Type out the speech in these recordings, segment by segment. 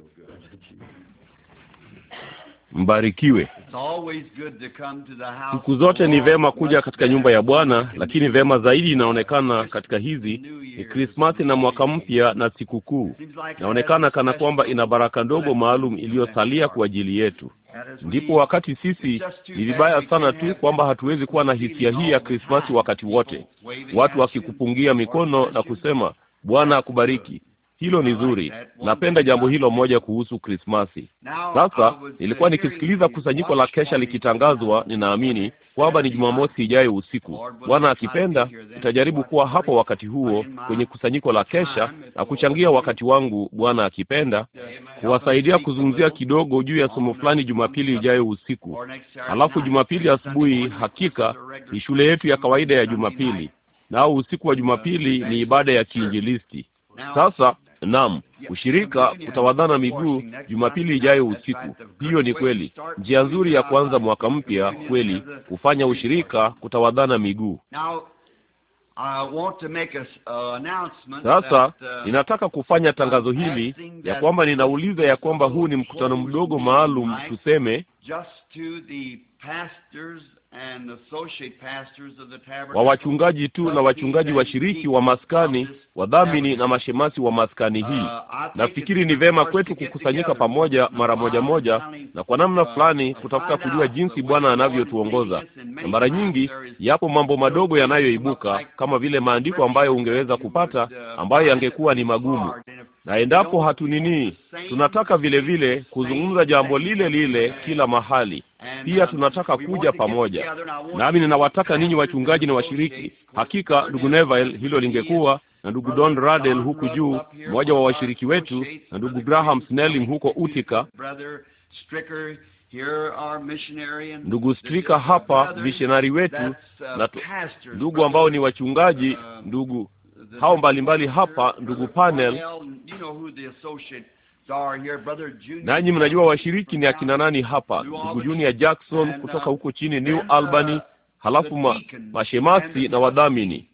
Mbarikiwe. Siku zote ni vema kuja katika nyumba ya Bwana, lakini vema zaidi inaonekana katika hizi ni Krismasi na mwaka mpya na sikukuu. Inaonekana kana kwamba ina baraka ndogo maalum iliyosalia kwa ajili yetu. Ndipo wakati sisi, ni vibaya sana tu kwamba hatuwezi kuwa na hisia hii ya Krismasi wakati wote, watu wakikupungia mikono na kusema Bwana akubariki. Hilo ni zuri. Napenda jambo hilo moja kuhusu Krismasi. Sasa nilikuwa nikisikiliza kusanyiko la kesha likitangazwa, ninaamini kwamba ni Jumamosi ijayo usiku. Bwana akipenda, nitajaribu kuwa hapo wakati huo kwenye kusanyiko la kesha na kuchangia wakati wangu, Bwana akipenda, kuwasaidia kuzungumzia kidogo juu ya somo fulani Jumapili ijayo usiku. alafu Jumapili asubuhi, hakika ni shule yetu ya kawaida ya Jumapili, nao usiku wa Jumapili ni ibada ya kiinjilisti. Sasa Naam, ushirika utawadhana miguu Jumapili ijayo usiku. Hiyo ni kweli. Njia nzuri ya kuanza mwaka mpya kweli, kufanya ushirika kutawadhana miguu. Sasa ninataka kufanya tangazo hili ya kwamba ninauliza ya kwamba huu ni mkutano mdogo maalum, tuseme wa wachungaji tu na wachungaji washiriki wa maskani, wadhamini na mashemasi wa maskani hii. Uh, Nafikiri ni vema kwetu kukusanyika pamoja mara moja moja, na kwa namna uh, fulani kutafuta kujua jinsi Bwana anavyotuongoza. Na mara nyingi yapo mambo madogo yanayoibuka kama vile maandiko ambayo ungeweza kupata uh, ambayo yangekuwa ni magumu na endapo hatunini, tunataka vile vile kuzungumza jambo lile lile kila mahali. Pia tunataka kuja pamoja, nami ninawataka ninyi wachungaji na washiriki. Hakika ndugu Neville, hilo lingekuwa na ndugu Don Radel huku juu, mmoja wa washiriki wetu, na ndugu Graham Snelling huko Utica, ndugu Strika hapa, mishonari wetu, na ndugu ambao ni wachungaji, ndugu hao mbalimbali hapa, ndugu Panel, nanyi mnajua washiriki ni akina nani hapa, ndugu Junior Jackson kutoka huko chini New Albany, halafu ma, mashemasi na wadhamini.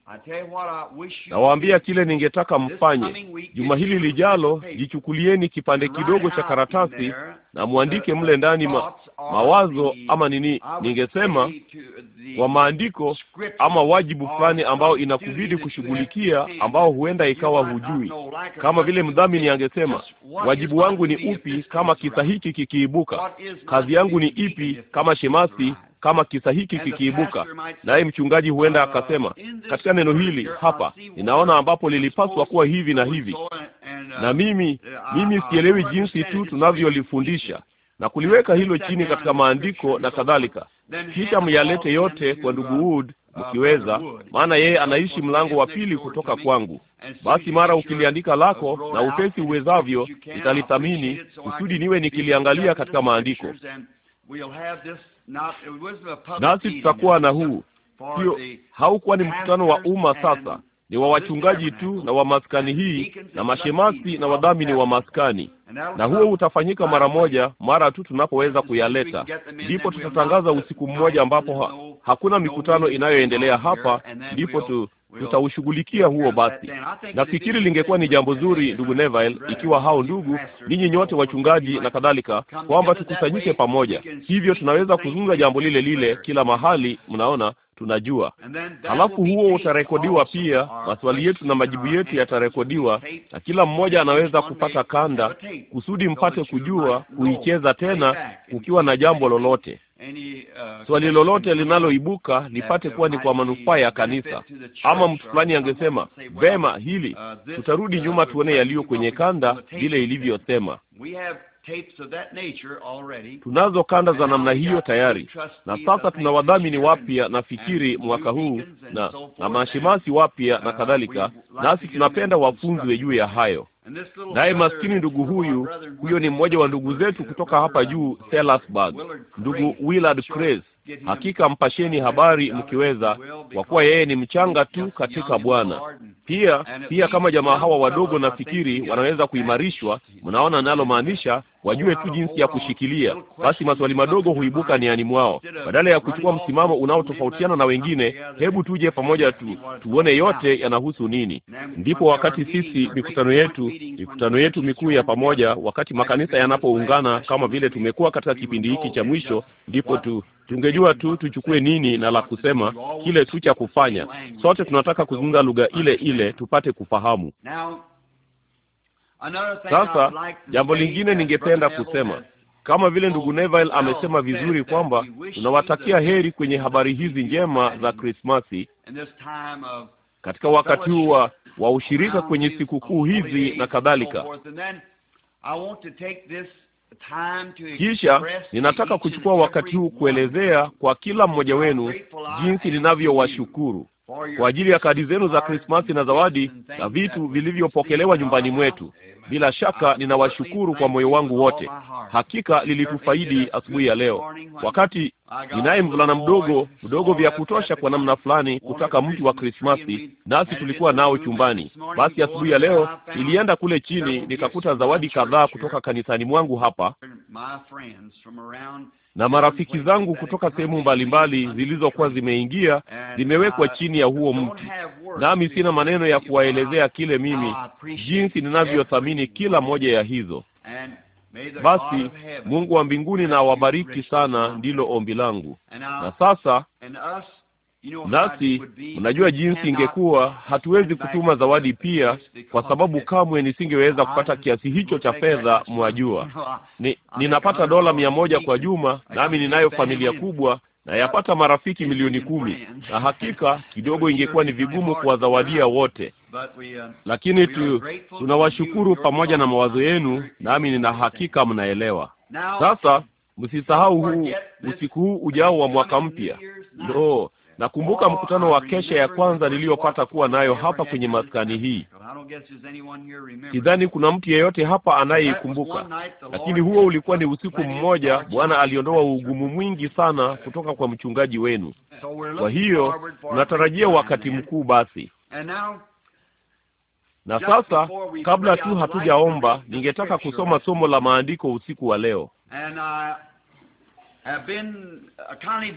Nawaambia kile ningetaka mfanye juma hili lijalo, jichukulieni kipande kidogo cha karatasi na mwandike mle ndani ma, mawazo ama nini, ningesema wa maandiko ama wajibu fulani ambao inakubidi kushughulikia, ambao huenda ikawa hujui. Kama vile mdhamini angesema, wajibu wangu ni upi kama kisa hiki kikiibuka? Kazi yangu ni ipi kama shemasi kama kisa hiki kikiibuka. Naye mchungaji huenda uh, akasema, katika neno hili hapa ninaona ambapo lilipaswa kuwa hivi na hivi, uh, na mimi uh, mimi sielewi jinsi tu tunavyolifundisha, na kuliweka hilo chini katika maandiko na kadhalika, kisha myalete yote kwa ndugu Wood mkiweza, maana yeye anaishi mlango wa pili kutoka kwangu. Basi mara ukiliandika lako na upesi uwezavyo, nitalithamini kusudi niwe nikiliangalia katika maandiko, nasi tutakuwa na huu sio, haukuwa ni mkutano wa umma sasa ni wa wachungaji tu na wa maskani hii na mashemasi na wadhamini wa maskani, na huo utafanyika mara moja, mara tu tunapoweza kuyaleta. Ndipo tutatangaza usiku mmoja ambapo ha hakuna mikutano inayoendelea hapa, ndipo tu tutaushughulikia huo. Basi nafikiri lingekuwa ni jambo zuri, ndugu Neville, ikiwa hao ndugu ninyi nyote wachungaji na kadhalika, kwamba tukusanyike pamoja. Hivyo tunaweza kuzungumza jambo lile lile kila mahali, mnaona, tunajua. Halafu huo utarekodiwa pia, maswali yetu na majibu yetu yatarekodiwa, na kila mmoja anaweza kupata kanda, kusudi mpate kujua kuicheza tena, kukiwa na jambo lolote, uh, swali lolote linaloibuka lipate kuwa ni kwa manufaa ya kanisa. Ama mtu fulani angesema vema, hili uh, tutarudi uh, nyuma tuone yaliyo kwenye kanda vile ilivyosema. Tunazo kanda za namna hiyo tayari, na sasa tuna wadhamini wapya, nafikiri mwaka huu na, na mashemasi wapya na uh, kadhalika, nasi tunapenda wafunzwe juu ya hayo. Naye maskini ndugu huyu, huyo ni mmoja wa ndugu zetu kutoka hapa juu Sellersburg, ndugu Willard Crace Hakika mpasheni habari mkiweza, kwa kuwa yeye ni mchanga tu katika Bwana. Pia pia kama jamaa hawa wadogo, nafikiri wanaweza kuimarishwa. Mnaona nalomaanisha, wajue tu jinsi ya kushikilia. Basi maswali madogo huibuka niani mwao, badala ya kuchukua msimamo unaotofautiana na wengine. Hebu tuje pamoja tu tuone yote yanahusu nini. Ndipo wakati sisi mikutano yetu mikutano yetu mikuu ya pamoja, wakati makanisa yanapoungana kama vile tumekuwa katika kipindi hiki cha mwisho, ndipo tu tunge Tumejua tu tuchukue nini na la kusema, kile tu cha kufanya. Sote tunataka kuzungumza lugha ile ile tupate kufahamu. Sasa jambo lingine ningependa kusema, kama vile ndugu Neville amesema vizuri, kwamba tunawatakia heri kwenye habari hizi njema za Krismasi katika wakati huu wa, wa ushirika kwenye sikukuu hizi na kadhalika. Kisha ninataka kuchukua wakati huu kuelezea kwa kila mmoja wenu jinsi ninavyowashukuru kwa ajili ya kadi zenu za Krismasi na zawadi na vitu vilivyopokelewa nyumbani mwetu. Bila shaka ah, ninawashukuru kwa moyo wangu wote, hakika lilitufaidi asubuhi ya leo. Wakati ninaye mvulana mdogo mdogo vya kutosha kwa namna fulani kutaka mti wa Krismasi, nasi tulikuwa nao chumbani. Basi asubuhi ya leo nilienda kule chini nikakuta zawadi kadhaa kutoka kanisani mwangu hapa na marafiki zangu kutoka sehemu mbalimbali zilizokuwa zimeingia zimewekwa chini ya huo mti, nami sina maneno ya kuwaelezea kile mimi jinsi ninavyothamini kuamini kila moja ya hizo. Basi Mungu wa mbinguni na wabariki sana, ndilo ombi langu. Na sasa nasi, unajua jinsi ingekuwa, hatuwezi kutuma zawadi pia, kwa sababu kamwe nisingeweza kupata kiasi hicho cha fedha. Mwajua ni, ninapata dola mia moja kwa juma, nami ninayo familia kubwa na yapata marafiki milioni kumi, na hakika kidogo ingekuwa ni vigumu kuwazawadia wote, um, lakini tu tunawashukuru pamoja na mawazo yenu, nami nina hakika mnaelewa. Sasa msisahau huu usiku huu ujao wa mwaka mpya, ndoo Nakumbuka mkutano wa kesha ya kwanza niliyopata kuwa nayo hapa kwenye maskani hii. Sidhani kuna mtu yeyote hapa anayeikumbuka, lakini huo ulikuwa ni usiku mmoja. Bwana aliondoa ugumu mwingi sana kutoka kwa mchungaji wenu. Kwa hiyo tunatarajia wakati mkuu basi. Na sasa, kabla tu hatujaomba, ningetaka kusoma somo la maandiko usiku wa leo. Uh,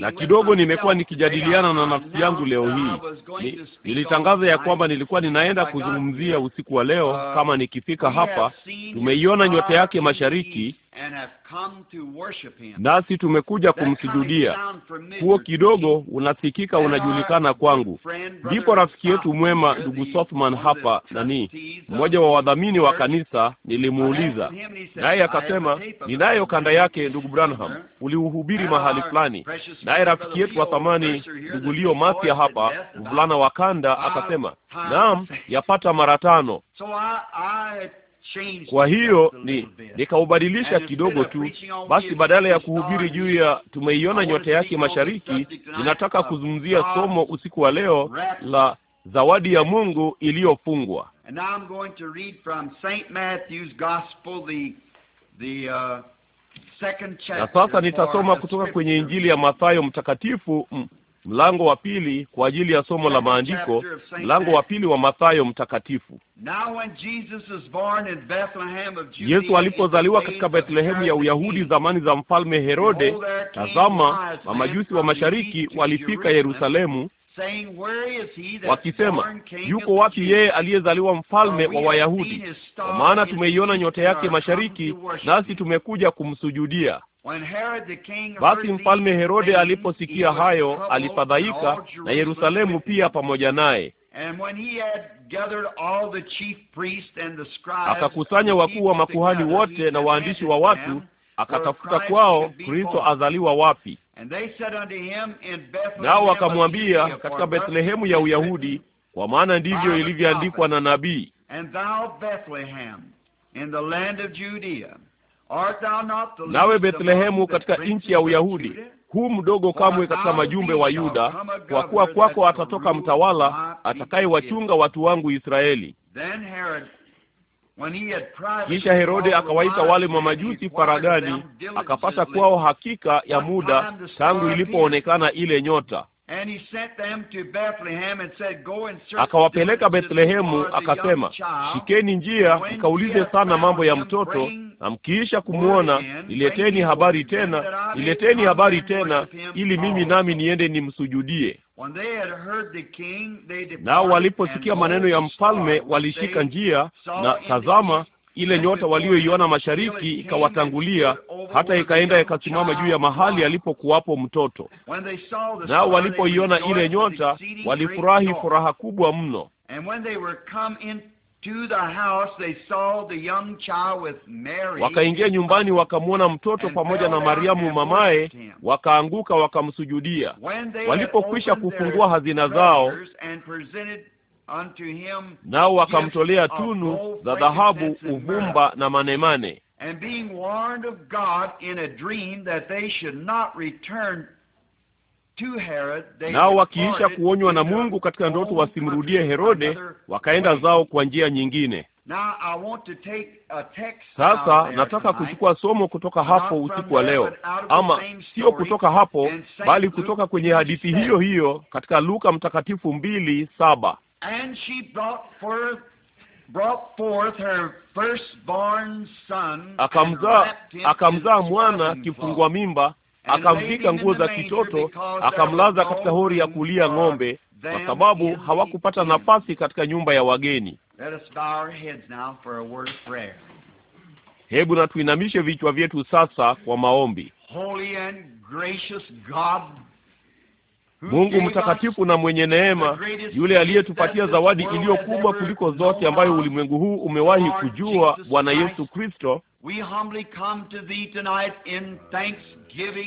na kidogo nimekuwa nikijadiliana na nafsi yangu leo hii. nilitangaza ya kwamba nilikuwa ninaenda oh kuzungumzia usiku wa leo, uh, kama nikifika hapa. Tumeiona nyota yake mashariki, nasi tumekuja kumsujudia. Huo kidogo unasikika, unajulikana kwangu. Ndipo rafiki yetu uh, mwema ndugu Sothman hapa nani, mmoja wa wadhamini wa kanisa, nilimuuliza naye akasema, ninayo kanda yake ndugu Branham, uliuhubiri mahali fulani. Naye rafiki yetu wa thamani ndugu Leo Mathia hapa, mvulana wa kanda, akasema, naam, yapata mara tano. Kwa hiyo ni nikaubadilisha kidogo tu. Basi badala ya kuhubiri juu ya tumeiona nyota yake mashariki, ninataka kuzungumzia somo usiku wa leo la zawadi ya Mungu iliyofungwa. Uh, Na sasa nitasoma kutoka kwenye Injili ya Mathayo mtakatifu, mlango wa pili kwa ajili ya somo la maandiko, mlango wa pili wa Mathayo mtakatifu. Yesu alipozaliwa katika Bethlehemu ya Uyahudi zamani za mfalme Herode, tazama, mamajusi wa mashariki walifika Yerusalemu wakisema, yuko wapi yeye aliyezaliwa mfalme wa Wayahudi? Kwa maana tumeiona nyota yake mashariki, nasi tumekuja kumsujudia. Basi mfalme Herode aliposikia hayo alifadhaika, na Yerusalemu pia pamoja naye. Akakusanya wakuu wa makuhani wote na waandishi wa watu, akatafuta kwao Kristo azaliwa wapi. Nao wakamwambia katika Bethlehemu ya Uyahudi, kwa maana ndivyo ilivyoandikwa na nabii nawe Bethlehemu, katika nchi ya Uyahudi, huu mdogo kamwe katika majumbe wa Yuda, kwa kuwa kwako atatoka mtawala atakayewachunga watu wangu Israeli. Kisha Herode akawaita wale mamajusi faragani, akapata kwao hakika ya muda tangu ilipoonekana ile nyota akawapeleka Bethlehemu, akasema, shikeni njia, mkaulize sana mambo ya mtoto, na mkiisha kumwona nileteni habari tena, nileteni habari tena, ili mimi nami niende nimsujudie. Nao waliposikia maneno ya mfalme, walishika njia, na tazama, ile nyota walioiona mashariki ikawatangulia hata ikaenda ikasimama juu ya mahali alipokuwapo mtoto. Nao walipoiona ile nyota walifurahi furaha kubwa mno. Wakaingia nyumbani wakamwona mtoto pamoja na Mariamu mamaye, wakaanguka wakamsujudia. Walipokwisha kufungua hazina zao nao wakamtolea tunu za dhahabu, uvumba na manemane And being warned of God in a dream that they should not return to Herod, they nao wakiisha kuonywa na Mungu katika ndoto wasimrudie Herode, wakaenda zao kwa njia nyingine. Now, I want to take a text sasa nataka kuchukua somo kutoka hapo usiku wa leo, ama sio kutoka hapo, bali kutoka kwenye hadithi hiyo hiyo katika Luka mtakatifu mbili saba. And she brought forth, brought forth her firstborn son, akamzaa akamzaa mwana kifungua mimba, akamvika nguo za kitoto, akamlaza katika hori ya kulia ng'ombe, kwa sababu hawakupata nafasi katika nyumba ya wageni. Hebu na tuinamishe vichwa vyetu sasa kwa maombi. Holy and gracious God, Mungu mtakatifu na mwenye neema, yule aliyetupatia zawadi iliyo kubwa kuliko zote ambayo ulimwengu huu umewahi kujua, Bwana Yesu Kristo,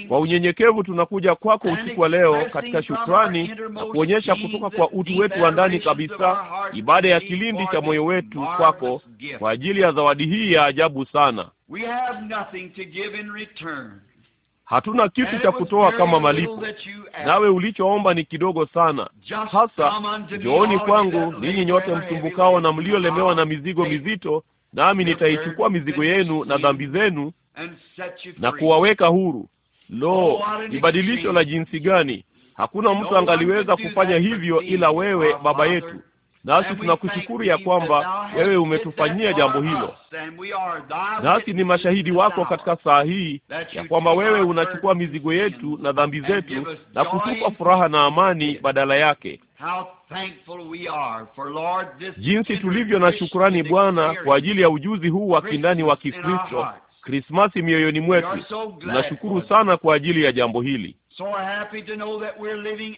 kwa unyenyekevu tunakuja kwako usiku wa leo katika shukrani na kuonyesha kutoka kwa utu wetu wa ndani kabisa ibada ya kilindi cha moyo wetu kwako kwa ajili ya zawadi hii ya ajabu sana. Hatuna kitu cha kutoa kama malipo, nawe ulichoomba ni kidogo sana. Hasa njooni kwangu ninyi nyote msumbukao na mliolemewa na mizigo mizito, nami nitaichukua mizigo yenu na dhambi zenu na kuwaweka huru. Lo, oh, ni badilisho la jinsi gani! Hakuna mtu angaliweza kufanya hivyo ila wewe, Baba yetu nasi tunakushukuru ya kwamba wewe umetufanyia jambo hilo, nasi ni mashahidi wako katika saa hii ya kwamba wewe unachukua mizigo yetu na dhambi zetu na kutupa furaha na amani badala yake. Jinsi tulivyo na shukurani Bwana kwa ajili ya ujuzi huu wa kindani wa Kikristo, Krismasi mioyoni mwetu. Tunashukuru sana kwa ajili ya jambo hili.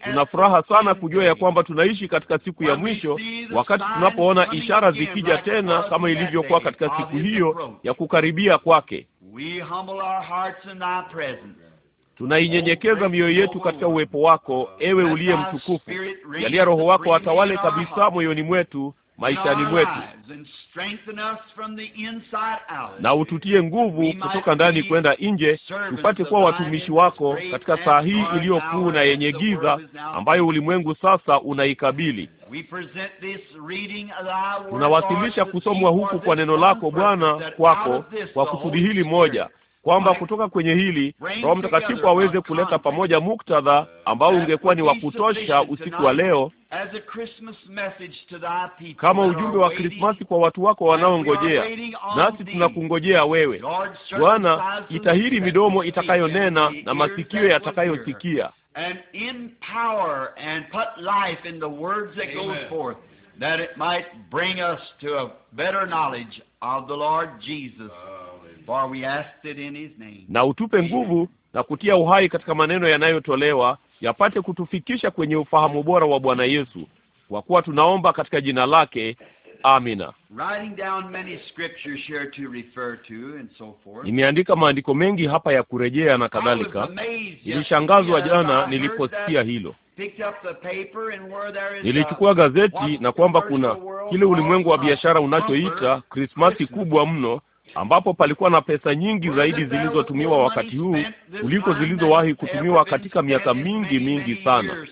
Tuna furaha sana kujua ya kwamba tunaishi katika siku ya mwisho, wakati tunapoona ishara zikija tena, kama ilivyokuwa katika siku hiyo ya kukaribia kwake. Tunainyenyekeza mioyo yetu katika uwepo wako, ewe uliye mtukufu. Jalia Roho wako atawale kabisa moyoni mwetu maishani mwetu na ututie nguvu kutoka ndani kwenda nje, tupate kuwa watumishi wako katika saa hii iliyokuu na yenye giza ambayo ulimwengu sasa unaikabili. Tunawasilisha kusomwa huku kwa neno lako Bwana kwako kwa kusudi hili moja kwamba kutoka kwenye hili Roho Mtakatifu aweze kuleta pamoja muktadha ambao ungekuwa ni wa kutosha usiku wa leo kama ujumbe wa Krismasi kwa watu wako wanaongojea, nasi tunakungojea wewe Bwana. Itahiri midomo itakayonena na masikio yatakayosikia na utupe nguvu na kutia uhai katika maneno yanayotolewa yapate kutufikisha kwenye ufahamu bora wa Bwana Yesu, kwa kuwa tunaomba katika jina lake, amina. Nimeandika maandiko mengi hapa ya kurejea na kadhalika. Nilishangazwa jana niliposikia hilo. Nilichukua gazeti na kwamba kuna kile ulimwengu wa biashara unachoita Krismasi kubwa mno ambapo palikuwa na pesa nyingi zaidi zilizotumiwa wakati huu kuliko zilizowahi kutumiwa katika miaka mingi mingi sana,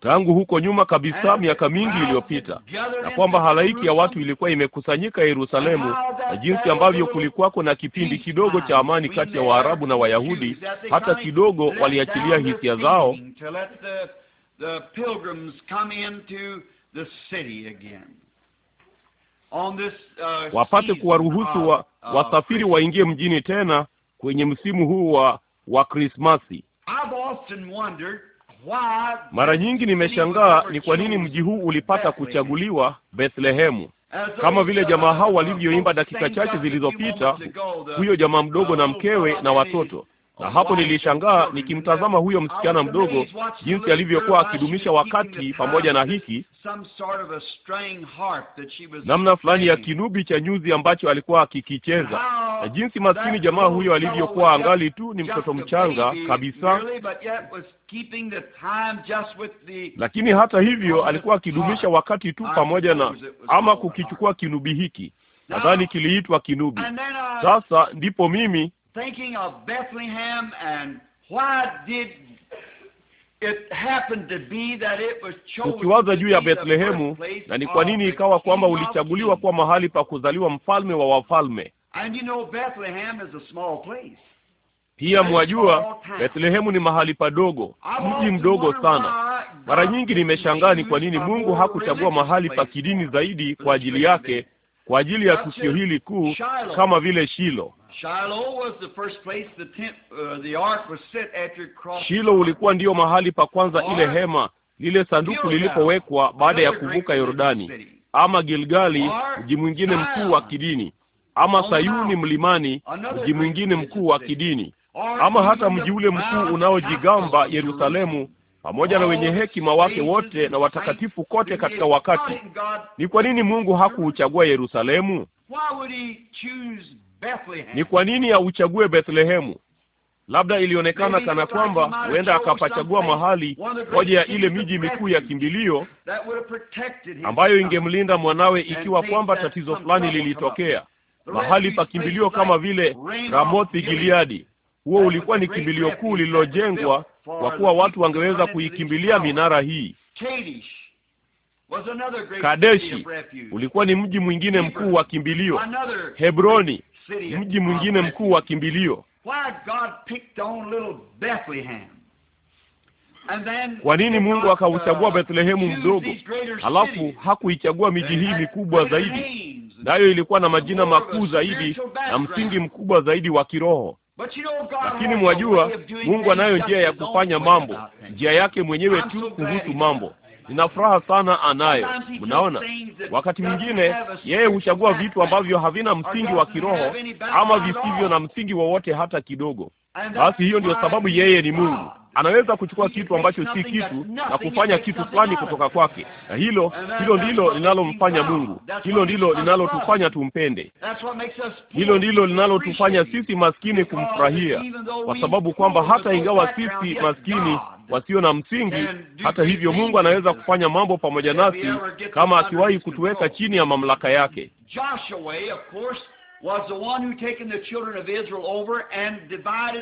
tangu huko nyuma kabisa, miaka mingi iliyopita, na kwamba halaiki ya watu ilikuwa imekusanyika Yerusalemu, na jinsi ambavyo kulikuwa na kipindi kidogo cha amani kati ya Waarabu na Wayahudi, hata kidogo waliachilia hisia zao Uh, wapate kuwaruhusu wa, uh, wasafiri waingie mjini tena kwenye msimu huu wa wa Krismasi. Mara nyingi nimeshangaa ni kwa nini mji huu ulipata kuchaguliwa Bethlehemu, kama vile jamaa hao walivyoimba dakika chache zilizopita, huyo jamaa mdogo na mkewe na watoto na hapo nilishangaa nikimtazama huyo msichana mdogo jinsi alivyokuwa akidumisha wakati pamoja na hiki namna fulani ya kinubi cha nyuzi ambacho alikuwa akikicheza, na jinsi maskini jamaa huyo alivyokuwa angali tu ni mtoto mchanga kabisa, lakini hata hivyo alikuwa akidumisha wakati tu pamoja na ama kukichukua kinubi hiki, nadhani kiliitwa kinubi. Sasa ndipo mimi thinking of Bethlehem and why did it happen to be that it was chosen. Ukiwaza juu ya Bethlehemu na ni kwa nini ikawa kwamba ulichaguliwa kuwa mahali pa kuzaliwa mfalme wa wafalme. And you know Bethlehem is a small place. Pia mwajua Bethlehemu ni mahali padogo, mji mdogo sana. Mara nyingi nimeshangaa ni kwa nini Mungu hakuchagua mahali pa kidini zaidi kwa ajili yake, kwa ajili ya tukio hili kuu kama vile Shilo. Shilo uh, ulikuwa ndiyo mahali pa kwanza ile hema lile sanduku lilipowekwa baada ya kuvuka Yordani, ama Gilgali, mji mwingine mkuu wa kidini, ama Sayuni mlimani, mji mwingine mkuu wa kidini, ama hata mji ule mkuu unaojigamba Yerusalemu, pamoja na wenye hekima wake wote na watakatifu kote katika wakati. Ni kwa nini Mungu hakuuchagua Yerusalemu? Ni kwa nini auchague Bethlehemu? Labda ilionekana kana kwamba huenda akapachagua mahali moja ya ile miji mikuu ya kimbilio ambayo ingemlinda mwanawe ikiwa kwamba tatizo fulani lilitokea, mahali pa kimbilio kama vile Ramothi Gileadi. Huo ulikuwa ni kimbilio kuu lililojengwa kwa kuwa watu wangeweza kuikimbilia minara hii. Kadeshi ulikuwa ni mji mwingine mkuu wa kimbilio. Hebroni mji mwingine mkuu wa kimbilio. Kwa nini Mungu akauchagua uh, Bethlehemu mdogo, alafu hakuichagua miji hii mikubwa zaidi? Nayo ilikuwa na majina makuu zaidi na msingi mkubwa zaidi wa kiroho. Lakini mwajua, Mungu anayo njia ya kufanya mambo, njia yake mwenyewe tu kuhusu mambo nina furaha sana anayo. Mnaona, wakati mwingine yeye huchagua vitu ambavyo havina msingi wa kiroho ama visivyo na msingi wowote hata kidogo. Basi hiyo ndiyo sababu yeye ni Mungu. Anaweza kuchukua kitu ambacho si kitu na kufanya kitu fulani kutoka kwake, na hilo hilo ndilo linalomfanya Mungu, hilo ndilo linalotufanya tumpende, hilo ndilo linalotufanya sisi maskini kumfurahia, kwa sababu kwamba hata ingawa sisi maskini wasio na msingi, hata hivyo Mungu anaweza kufanya mambo pamoja nasi, kama akiwahi kutuweka chini ya mamlaka yake.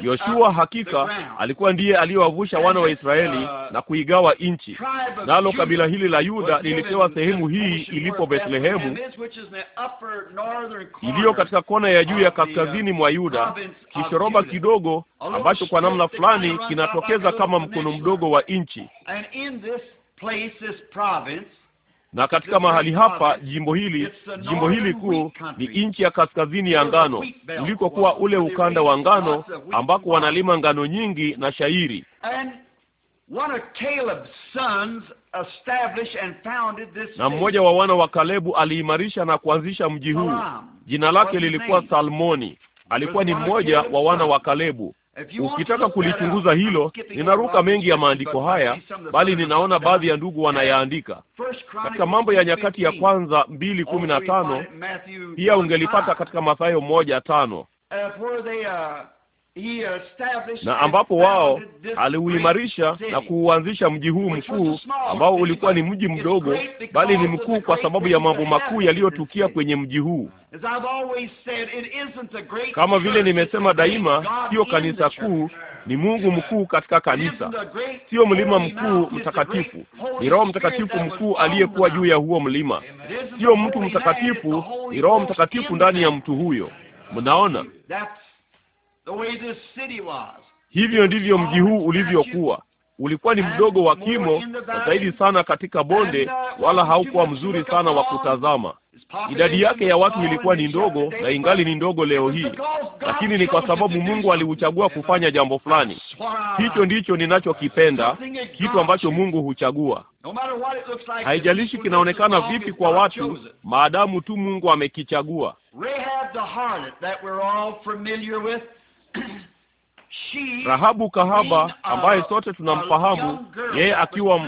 Yoshua hakika alikuwa ndiye aliyewavusha wana wa Israeli uh, na kuigawa nchi. Nalo kabila hili la Yuda lilipewa sehemu hii ilipo Bethlehemu, iliyo katika kona ya juu ya uh, kaskazini mwa Yuda, kishoroba kidogo ambacho kwa namna fulani kinatokeza kama mkono mdogo wa nchi na katika mahali hapa, jimbo hili jimbo hili kuu ni nchi ya kaskazini ya ngano, ulikokuwa ule ukanda wa ngano ambako wanalima ngano nyingi na shairi. Na mmoja wa wana wa Kalebu aliimarisha na kuanzisha mji huu, jina lake lilikuwa Salmoni. Alikuwa ni mmoja wa wana wa Kalebu. Ukitaka kulichunguza hilo, ninaruka mengi ya maandiko haya, bali ninaona baadhi ya ndugu wanayaandika katika Mambo ya Nyakati ya Kwanza mbili kumi na tano. Pia ungelipata katika Mathayo moja tano. Uh, na ambapo wao aliuimarisha na kuuanzisha mji huu mkuu ambao ulikuwa ni mji mdogo, bali ni mkuu kwa sababu ya mambo makuu yaliyotukia kwenye mji huu. Kama vile nimesema daima, sio kanisa kuu, ni Mungu mkuu katika kanisa, sio mlima mkuu mtakatifu, ni Roho Mtakatifu mkuu aliyekuwa juu ya huo mlima, sio mtu mtakatifu, ni Roho Mtakatifu ndani ya mtu huyo. Mnaona, Hivyo ndivyo mji huu ulivyokuwa. Ulikuwa ni mdogo wa kimo na zaidi sana katika bonde, uh, wala haukuwa mzuri sana wa kutazama. Idadi yake ya watu ilikuwa ni ndogo na ingali ni ndogo leo hii, lakini ni kwa sababu Mungu aliuchagua kufanya jambo fulani. Hicho ndicho ninachokipenda, kitu ambacho Mungu huchagua. Haijalishi kinaonekana vipi kwa watu, maadamu tu Mungu amekichagua. Rahabu kahaba, ambaye sote tunamfahamu yeye akiwa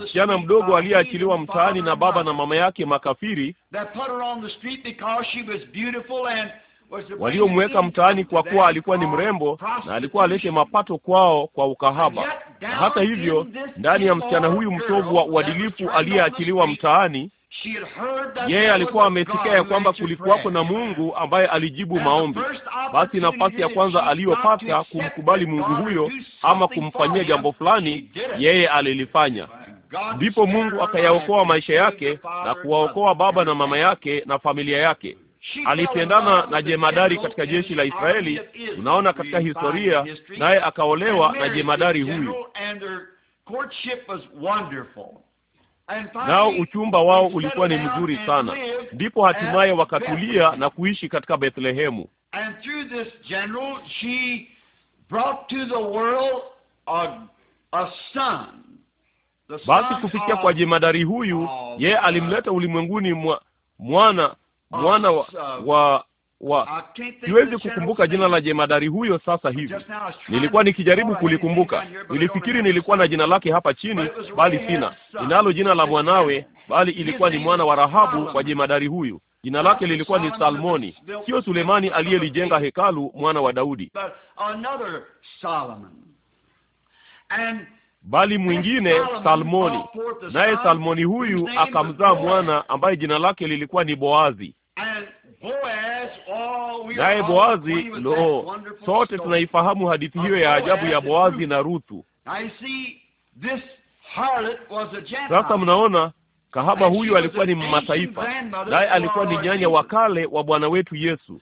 msichana mdogo aliyeachiliwa mtaani na baba na mama yake makafiri, waliomweka mtaani kwa kuwa alikuwa ni mrembo na alikuwa alete mapato kwao kwa ukahaba. Na hata hivyo, ndani ya msichana huyu mtovu wa uadilifu aliyeachiliwa mtaani yeye alikuwa amesikia ya kwamba kulikuwako na Mungu ambaye alijibu maombi. Basi nafasi ya kwanza aliyopata kumkubali Mungu huyo ama kumfanyia jambo fulani, yeye alilifanya. Ndipo Mungu akayaokoa maisha yake na kuwaokoa baba na mama yake na familia yake. Alipendana na jemadari katika jeshi la Israeli, unaona katika historia, naye akaolewa na jemadari huyu nao uchumba wao ulikuwa ni mzuri sana. Ndipo hatimaye wakatulia na kuishi katika Bethlehemu. Basi kupitia kwa jemadari huyu, yeye alimleta uh, ulimwenguni mwa, mwana mwana wa, uh, wa wa siwezi kukumbuka jina la jemadari huyo sasa hivi. Nilikuwa nikijaribu kulikumbuka, nilifikiri nilikuwa na jina lake hapa chini, bali sina. Ninalo jina la mwanawe, bali ilikuwa ni mwana wa Rahabu wa jemadari huyu. Jina lake lilikuwa ni Salmoni, sio Sulemani aliyelijenga hekalu, mwana wa Daudi, bali mwingine Salmoni. Naye Salmoni huyu akamzaa mwana ambaye jina lake lilikuwa ni Boazi naye Boazi, lo, sote tunaifahamu hadithi hiyo ya ajabu ya Boazi na Ruthu. Sasa mnaona kahaba huyu alikuwa ni mataifa, naye alikuwa ni nyanya wa kale wa Bwana wetu Yesu.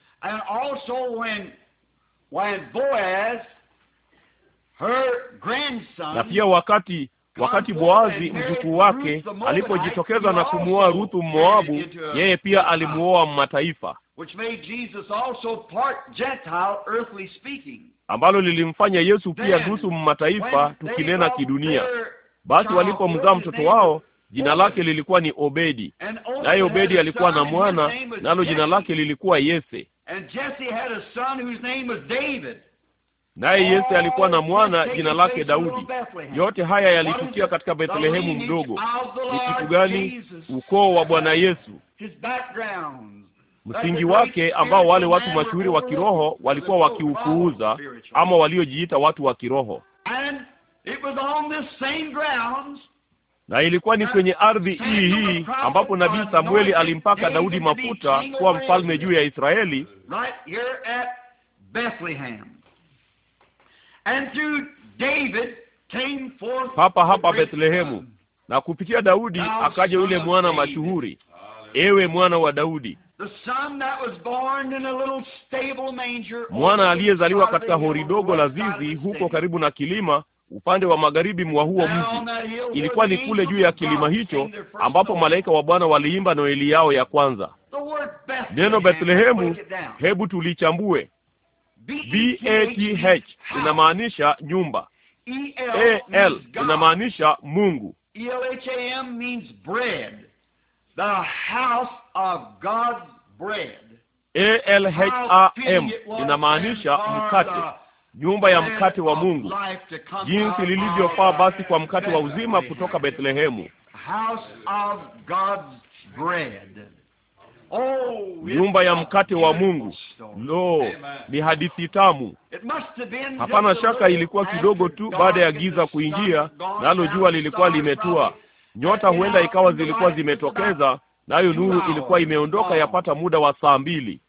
Na pia wakati Wakati Boazi mjukuu wake alipojitokeza na kumuoa Ruthu Moabu, uh, yeye pia alimuoa mataifa, ambalo lilimfanya Yesu pia nusu mataifa, tukinena kidunia. Basi walipomzaa mtoto wao jina lake lilikuwa ni Obedi, naye Obedi alikuwa na mwana nalo jina lake lilikuwa Yese naye Yesu alikuwa na mwana jina lake Daudi. Yote haya yalitukia katika Bethlehemu mdogo. Ni kitu gani? Ukoo wa Bwana Yesu, msingi wake ambao wale watu mashuhuri wa kiroho walikuwa wakiupuuza, ama waliojiita watu wa kiroho na ilikuwa ni kwenye ardhi hii hii ambapo nabii Samueli alimpaka Daudi mafuta kuwa mfalme juu ya Israeli papa hapa Bethlehemu, na kupitia Daudi akaja yule mwana mashuhuri, ewe mwana wa Daudi, mwana aliyezaliwa katika hori dogo la zizi huko karibu na kilima upande wa magharibi mwa huo mji. Ilikuwa ni kule juu ya kilima hicho ambapo malaika wa Bwana waliimba noeli yao ya kwanza. Neno Bethlehemu, hebu tulichambue. BATH inamaanisha nyumba. AL inamaanisha Mungu. ELHAM means bread. The house of God's bread. ALHAM inamaanisha mkate, nyumba ya mkate wa Mungu. Jinsi lilivyofaa basi kwa mkate wa uzima kutoka Bethlehemu. House of God's bread. Oh, nyumba ya mkate wa Mungu. Lo, ni hadithi tamu! Hapana shaka ilikuwa kidogo tu baada ya giza kuingia, nalo jua lilikuwa limetua, nyota huenda ikawa zilikuwa zimetokeza, nayo nuru ilikuwa imeondoka yapata muda wa saa mbili.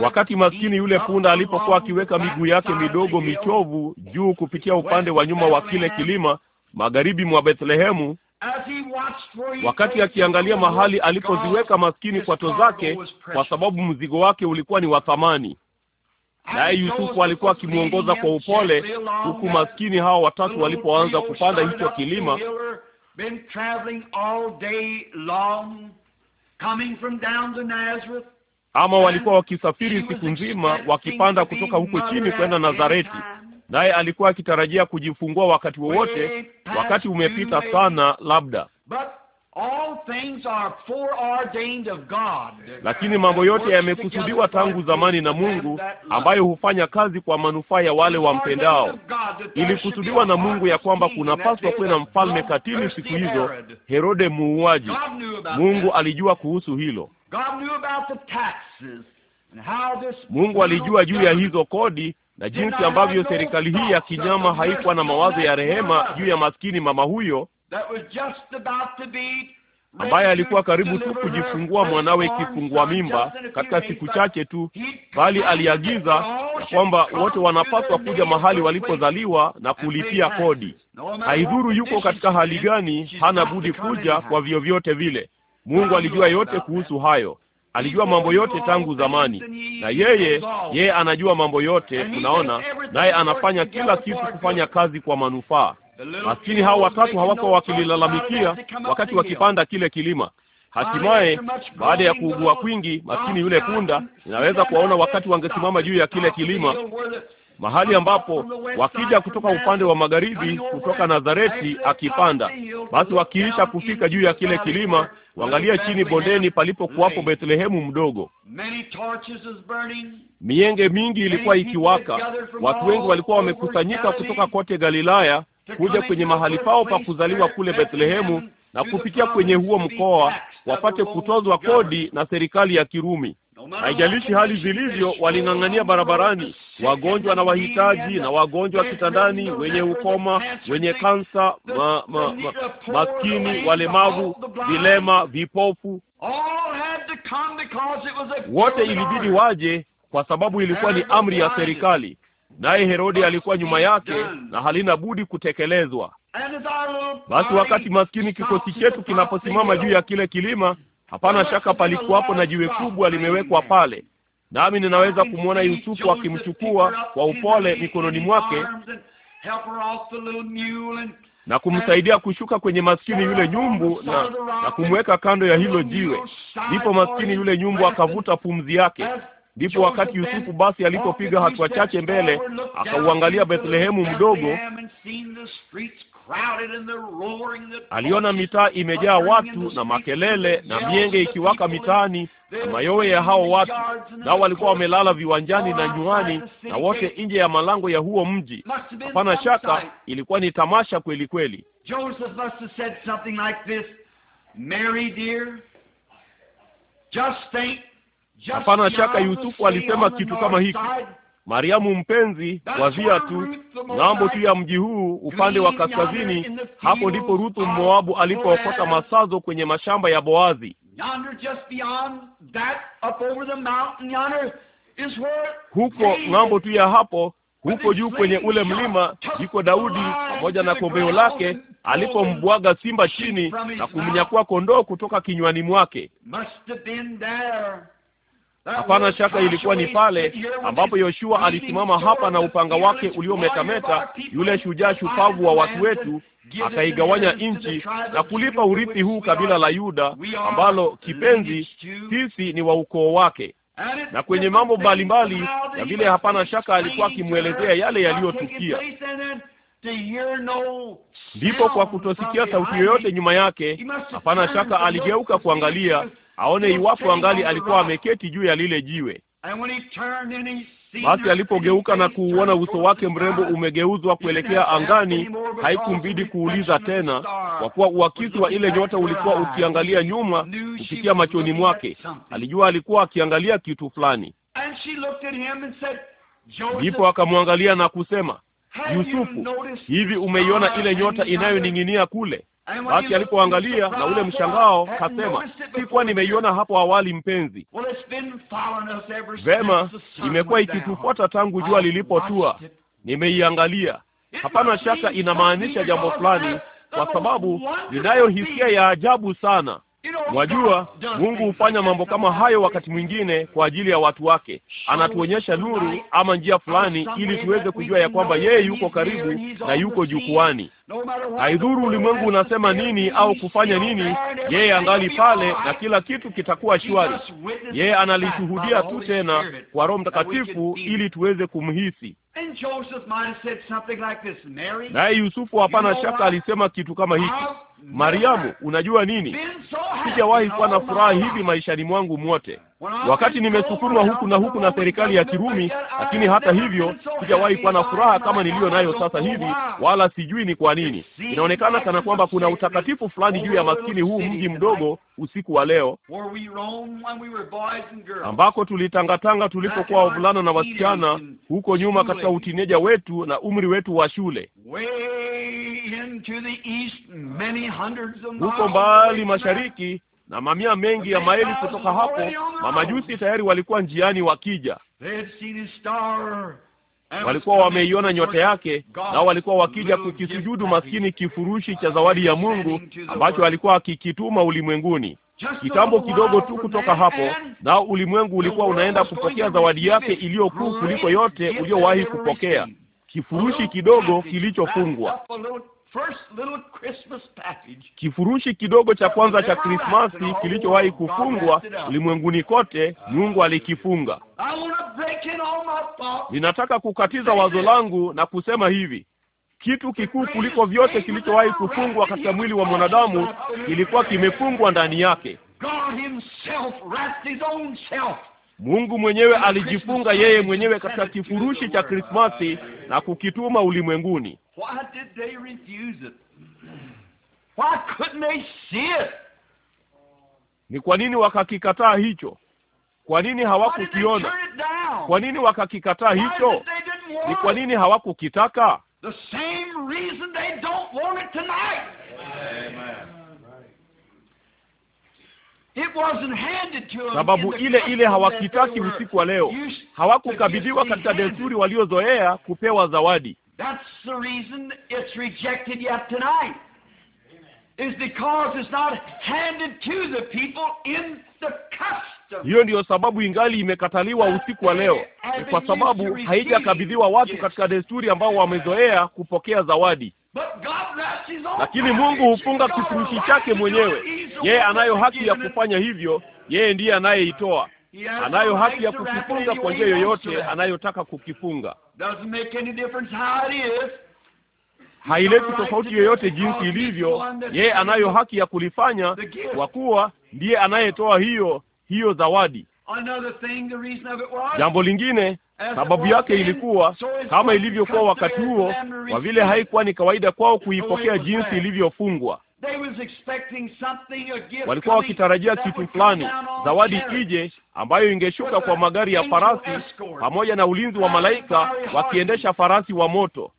Wakati maskini yule punda alipokuwa akiweka miguu yake midogo michovu juu kupitia upande wa nyuma wa kile kilima magharibi mwa Bethlehemu, wakati akiangalia mahali alipoziweka maskini kwato zake, kwa sababu mzigo wake ulikuwa ni wa thamani. Naye Yusufu alikuwa akimwongoza kwa upole, huku maskini hao watatu walipoanza kupanda hicho kilima ama walikuwa wakisafiri siku nzima wakipanda kutoka huko chini kwenda Nazareti naye alikuwa akitarajia kujifungua wakati wowote. Wakati umepita sana, labda lakini mambo yote yamekusudiwa tangu zamani na Mungu, ambayo hufanya kazi kwa manufaa ya wale wampendao. Ilikusudiwa na Mungu ya kwamba kunapaswa kuwe na mfalme katili siku hizo, Herode muuaji. Mungu alijua kuhusu hilo. Mungu alijua juu ya hizo kodi na jinsi ambavyo serikali hii ya kinyama haikuwa na mawazo ya rehema juu ya maskini mama huyo ambaye alikuwa karibu tu kujifungua mwanawe kifungua mimba katika siku chache tu, bali aliagiza ya kwamba wote wanapaswa kuja mahali walipozaliwa na kulipia kodi. Haidhuru yuko katika hali gani, hana budi kuja kwa vyovyote vile. Mungu alijua yote kuhusu hayo alijua mambo yote tangu zamani, na yeye yeye anajua mambo yote, unaona, naye anafanya kila kitu kufanya kazi kwa manufaa. Maskini hao watatu hawakuwa wakililalamikia wakati wakipanda kile kilima. Hatimaye, baada ya kuugua kwingi, maskini yule punda, inaweza kuwaona wakati wangesimama juu ya kile kilima mahali ambapo wakija kutoka upande wa magharibi kutoka Nazareti akipanda, basi wakiisha kufika juu ya kile kilima, waangalia chini bondeni palipokuwapo Bethlehemu mdogo. Mienge mingi ilikuwa ikiwaka, watu wengi walikuwa wamekusanyika kutoka kote Galilaya kuja kwenye mahali pao pa kuzaliwa kule Bethlehemu na kupitia kwenye huo mkoa wapate kutozwa kodi na serikali ya Kirumi. Haijalishi hali zilivyo, waling'ang'ania barabarani, wagonjwa na wahitaji, na wagonjwa kitandani, wenye ukoma, wenye kansa, ma, ma, ma, maskini, walemavu, vilema, vipofu, wote ilibidi waje kwa sababu ilikuwa ni amri ya serikali, naye herode alikuwa nyuma yake na halina budi kutekelezwa. Basi wakati maskini kikosi chetu kinaposimama juu ya kile kilima Hapana shaka palikuwapo na jiwe kubwa limewekwa pale, nami ninaweza kumwona Yusufu akimchukua kwa upole mikononi mwake na kumsaidia kushuka kwenye maskini yule nyumbu na, na kumweka kando ya hilo jiwe. Ndipo maskini yule nyumbu akavuta pumzi yake. Ndipo wakati Yusufu basi alipopiga hatua chache mbele, akauangalia Bethlehemu mdogo Aliona mitaa imejaa watu na makelele na mienge ikiwaka mitaani na mayowe ya hao watu, nao walikuwa wamelala viwanjani na nyuani na wote nje ya malango ya huo mji. Hapana shaka ilikuwa ni tamasha kweli kweli. Hapana shaka Yusufu alisema kitu kama hiki, Mariamu mpenzi wa viatu, ng'ambo tu ya mji huu upande wa kaskazini, hapo ndipo Ruthu moabu alipookota masazo kwenye mashamba ya Boazi. Huko ng'ambo tu ya hapo, huko juu kwenye ule mlima, yuko Daudi pamoja na kombeo lake alipombwaga simba chini na kumnyakua kondoo kutoka kinywani mwake. Hapana shaka ilikuwa ni pale ambapo Yoshua alisimama hapa na upanga wake uliometameta, yule shujaa shupavu wa watu wetu, akaigawanya nchi na kulipa urithi huu kabila la Yuda ambalo kipenzi sisi ni wa ukoo wake na kwenye mambo mbalimbali na vile, hapana shaka alikuwa akimwelezea yale yaliyotukia. Ndipo kwa kutosikia sauti yoyote nyuma yake, hapana shaka aligeuka kuangalia, aone iwapo angali alikuwa ameketi juu ya lile jiwe. Basi alipogeuka na kuuona uso wake mrembo umegeuzwa kuelekea angani, haikumbidi kuuliza tena, kwa kuwa uakisi wa ile nyota ulikuwa ukiangalia nyuma kupitia machoni mwake. Alijua alikuwa akiangalia kitu fulani. Ndipo akamwangalia na kusema, Yusufu, hivi umeiona ah, ile nyota inayoning'inia kule? Basi alipoangalia na ule mshangao, kasema sikuwa nimeiona hapo awali, mpenzi. Vema, imekuwa ikitufuata tangu jua lilipotua, nimeiangalia. Hapana shaka inamaanisha jambo fulani, kwa sababu ninayo hisia ya ajabu sana Wajua, Mungu hufanya mambo kama hayo wakati mwingine kwa ajili ya watu wake. Anatuonyesha nuru ama njia fulani, ili tuweze kujua ya kwamba yeye yuko karibu na yuko jukwani. Haidhuru ulimwengu unasema nini au kufanya nini, yeye angali pale na kila kitu kitakuwa shwari. Yeye analishuhudia tu tena kwa Roho Mtakatifu ili tuweze kumhisi. Naye Yusufu hapana shaka alisema kitu kama hiki. Mariamu, unajua nini, sijawahi kuwa na furaha hivi maishani mwangu mwote wakati nimesukumwa huku na huku na serikali ya Kirumi, lakini hata hivyo sijawahi kuwa na furaha kama niliyo nayo sasa hivi, wala sijui ni kwa nini. Inaonekana kana kwamba kuna utakatifu fulani juu ya maskini huu mji mdogo usiku wa leo, ambako tulitangatanga tulipokuwa wavulana na wasichana huko nyuma, katika utineja wetu na umri wetu wa shule, huko mbali mashariki na mamia mengi ya maeli kutoka hapo. Mamajusi tayari walikuwa njiani wakija, walikuwa wameiona nyota yake, nao walikuwa wakija kukisujudu maskini kifurushi cha zawadi ya Mungu ambacho alikuwa akikituma ulimwenguni. Kitambo kidogo tu kutoka hapo, nao ulimwengu ulikuwa unaenda kupokea zawadi yake iliyokuu kuliko yote uliowahi kupokea, kifurushi kidogo kilichofungwa. Kifurushi kidogo cha kwanza cha Krismasi kilichowahi kufungwa ulimwenguni kote, Mungu alikifunga. Ninataka kukatiza wazo langu na kusema hivi: kitu kikuu kuliko vyote kilichowahi kufungwa katika mwili wa mwanadamu kilikuwa kimefungwa ndani yake. Mungu mwenyewe alijifunga yeye mwenyewe katika kifurushi cha Krismasi na kukituma ulimwenguni. Why did they refuse it? Why couldn't they see it? Ni kwa nini wakakikataa hicho? Kwa nini hawakukiona? Kwa nini wakakikataa hicho? Ni kwa nini hawakukitaka? The same reason they don't want it tonight. It wasn't handed to them. Sababu ile ile hawakitaki usiku wa leo. Hawakukabidhiwa katika desturi waliozoea kupewa zawadi. That's the reason it's rejected yet tonight, is because it's not handed to the people in the custom. Hiyo ndiyo sababu ingali imekataliwa usiku wa leo, kwa sababu haijakabidhiwa watu katika desturi ambao wamezoea kupokea zawadi. Lakini Mungu hufunga kifurushi chake mwenyewe. Yeye anayo haki ya kufanya hivyo, yeye ndiye anayeitoa anayo haki ya kukifunga kwa njia yoyote anayotaka kukifunga. Haileti tofauti yoyote jinsi ilivyo, yeye anayo haki ya kulifanya kwa kuwa ndiye anayetoa hiyo hiyo zawadi. Jambo lingine, sababu yake ilikuwa kama ilivyokuwa wakati huo, kwa vile haikuwa ni kawaida kwao kuipokea jinsi ilivyofungwa walikuwa wakitarajia kitu fulani, zawadi ije ambayo ingeshuka kwa magari ya farasi pamoja na ulinzi wa malaika wakiendesha farasi wa moto.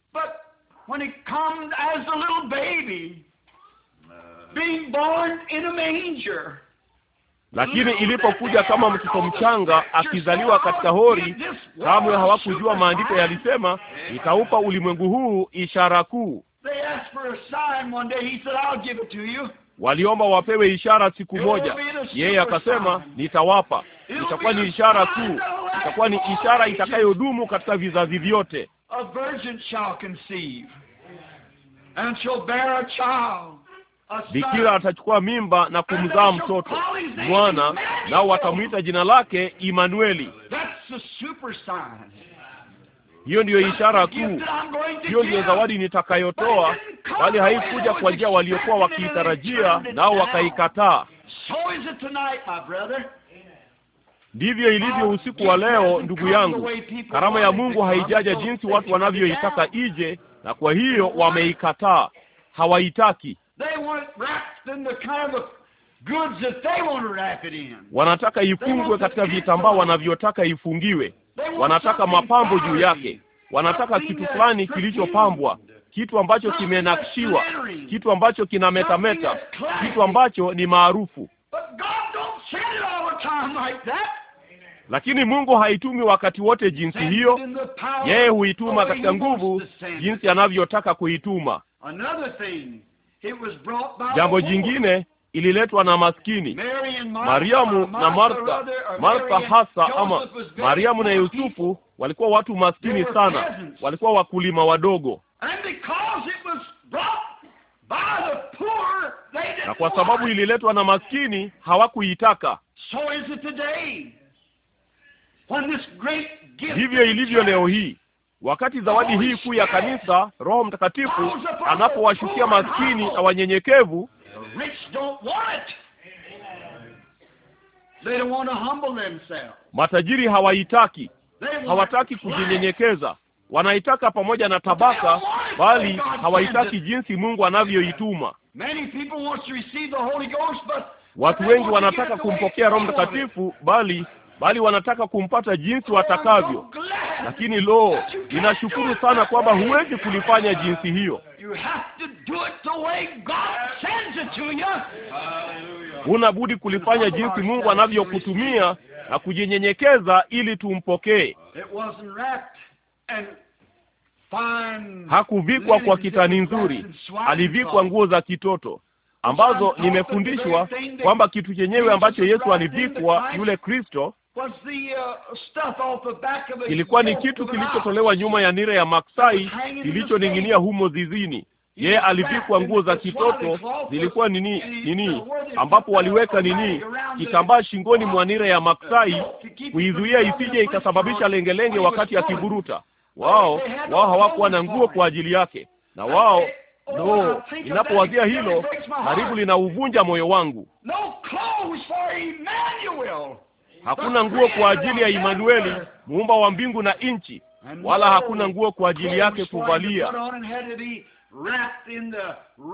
Lakini ilipokuja kama mtoto mchanga akizaliwa katika hori, kamwe hawakujua maandiko yalisema, itaupa ulimwengu huu ishara kuu. Waliomba wapewe ishara siku moja, yeye akasema nitawapa. Itakuwa ni ishara tu, itakuwa ni ishara itakayodumu katika vizazi vyote. Bikira atachukua mimba na kumzaa mtoto mwana, nao watamwita jina lake Imanueli. Hiyo ndiyo ishara kuu, hiyo ndiyo zawadi nitakayotoa, bali haikuja kwa njia waliokuwa wakiitarajia, nao wakaikataa. Ndivyo ilivyo usiku wa leo, ndugu yangu. Karama ya Mungu haijaja jinsi watu wanavyoitaka ije, na kwa hiyo wameikataa, hawaitaki. Wanataka ifungwe katika vitambaa wanavyotaka ifungiwe, wanataka mapambo juu yake, Wanataka kitu fulani kilichopambwa, kitu ambacho kimenakshiwa, kitu ambacho kinametameta, kitu ambacho ni maarufu. Lakini Mungu haitumi wakati wote jinsi hiyo. Yeye huituma katika nguvu, jinsi anavyotaka kuituma. Jambo jingine ililetwa na maskini Mariamu na Martha. Martha uh, hasa ama Mariamu na Yusufu walikuwa watu maskini sana, walikuwa wakulima wadogo, na kwa sababu ililetwa na maskini hawakuitaka. Hivyo ilivyo leo hii, wakati zawadi hii kuu ya kanisa, Roho Mtakatifu anapowashukia maskini na wanyenyekevu Matajiri hawaitaki, hawataki kujinyenyekeza, wanaitaka pamoja na tabaka, bali hawaitaki jinsi Mungu anavyoituma. Watu wengi wanataka kumpokea Roho Mtakatifu, bali bali wanataka kumpata jinsi watakavyo. Lakini lo, ninashukuru sana kwamba huwezi kulifanya jinsi hiyo. Huna budi kulifanya jinsi Mungu anavyokutumia na kujinyenyekeza ili tumpokee. Hakuvikwa kwa kitani nzuri, alivikwa nguo za kitoto ambazo nimefundishwa kwamba kitu chenyewe ambacho Yesu alivikwa yule Kristo Uh, Ilikuwa ni kitu kilichotolewa nyuma ya nira ya maksai kilichoning'inia humo zizini. Yeye alivikwa nguo za kitoto, zilikuwa nini nini, ambapo waliweka nini, kitambaa shingoni mwa nira ya maksai kuizuia isije ikasababisha lengelenge wakati akiburuta. Wao wao hawakuwa na nguo kwa ajili yake, na wao oh, no, ninapowazia hilo karibu linauvunja moyo wangu hakuna nguo kwa ajili ya emanueli muumba wa mbingu na nchi, wala hakuna nguo kwa ajili yake kuvalia.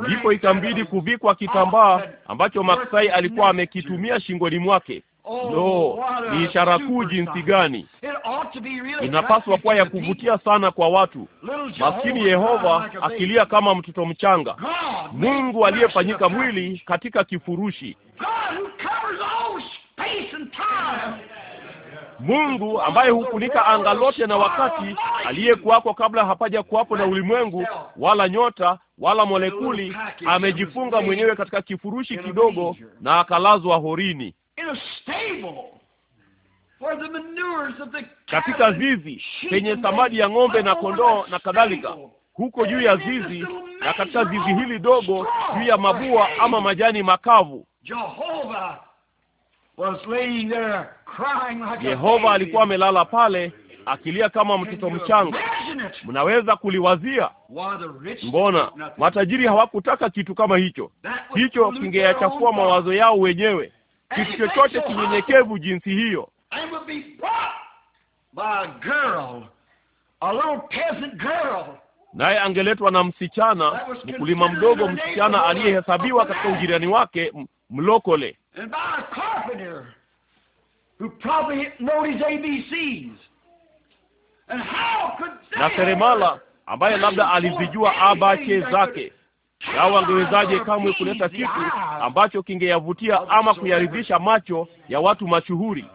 Ndipo ikambidi kuvikwa kitambaa ambacho Maksai alikuwa amekitumia shingoni mwake. No, ni ishara kuu jinsi gani! Inapaswa kuwa ya kuvutia sana kwa watu. Maskini Yehova akilia kama mtoto mchanga, Mungu aliyefanyika mwili katika kifurushi Mungu ambaye hufunika anga lote na wakati, aliyekuwako kabla hapaja kuwapo na ulimwengu wala nyota wala molekuli, amejifunga mwenyewe katika kifurushi kidogo na akalazwa horini katika zizi penye samadi ya ng'ombe na kondoo na kadhalika, huko juu ya zizi na katika zizi hili dogo juu ya mabua ama majani makavu. Yehova alikuwa amelala pale akilia kama mtoto mchanga. Mnaweza kuliwazia? Mbona matajiri hawakutaka kitu kama hicho? Hicho kingeyachafua mawazo yao wenyewe. Kitu chochote kinyenyekevu jinsi hiyo naye angeletwa na msichana, mkulima mdogo, msichana aliyehesabiwa katika ujirani wake, mlokole and by a carpenter who probably knows his ABCs. And how could they na seremala ambaye labda alizijua abache zake na wangewezaje kamwe kuleta kitu ambacho kingeyavutia ama kuyaridhisha macho ya watu mashuhuri?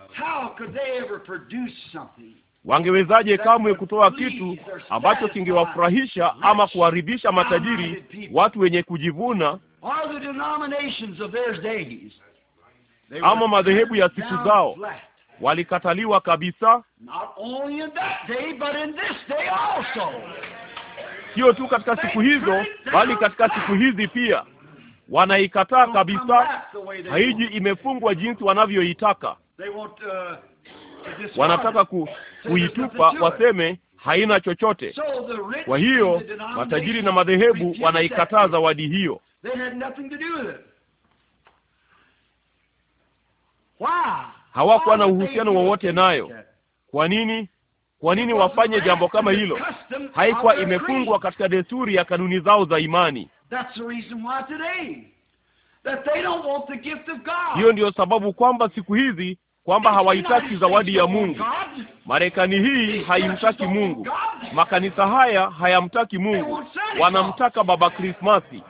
Wangewezaje kamwe kutoa kitu ambacho kingewafurahisha ama kuwaridhisha matajiri, watu wenye kujivuna ama madhehebu ya siku zao walikataliwa kabisa, sio tu katika siku hizo, bali katika siku hizi pia wanaikataa kabisa. Haiji imefungwa jinsi wanavyoitaka. Uh, Wanataka ku, kuitupa waseme haina chochote. Kwa hiyo matajiri na madhehebu wanaikataa zawadi hiyo. hawakuwa na uhusiano wowote nayo. Kwa nini? Kwa nini wafanye jambo kama hilo? Haikuwa imefungwa katika desturi ya kanuni zao za imani. Hiyo ndiyo sababu kwamba siku hizi kwamba hawahitaki zawadi ya Mungu. Marekani hii haimtaki Mungu, makanisa haya hayamtaki Mungu, wanamtaka Baba Krismasi.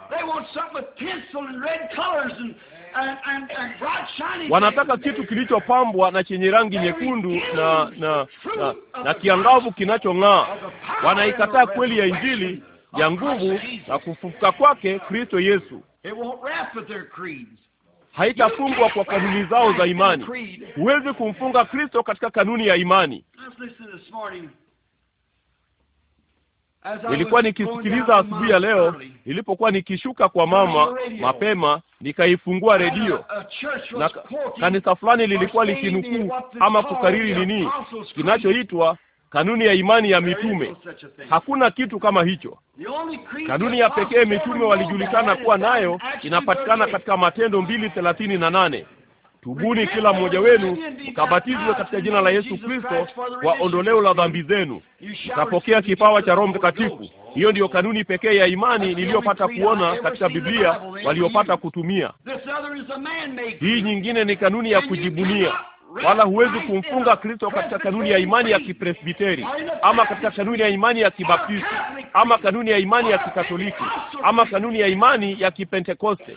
Wanataka kitu kilichopambwa na chenye rangi nyekundu na na na, na kiangavu kinachong'aa. Wanaikataa kweli ya Injili ya nguvu na kufufuka kwake Kristo Yesu. Haitafungwa kwa kanuni zao za imani. Huwezi kumfunga Kristo katika kanuni ya imani. Nilikuwa nikisikiliza asubuhi ya leo, nilipokuwa nikishuka kwa mama mapema, nikaifungua redio na kanisa fulani lilikuwa likinukuu ama kukariri nini kinachoitwa kanuni ya imani ya mitume. Hakuna kitu kama hicho. Kanuni ya pekee mitume walijulikana kuwa nayo inapatikana katika Matendo mbili thelathini na nane. Tubuni kila mmoja wenu ukabatizwe katika jina la Yesu Kristo kwa ondoleo la dhambi zenu, mtapokea kipawa cha Roho Mtakatifu. Hiyo ndiyo kanuni pekee ya imani niliyopata kuona katika Biblia, waliopata kutumia. Hii nyingine ni kanuni ya kujibunia wala huwezi kumfunga Kristo katika kanuni ya imani ya Kipresbiteri ama katika kanuni ya imani ya Kibaptisti ama kanuni ya imani ya Kikatoliki ama kanuni ya imani ya Kipentekoste.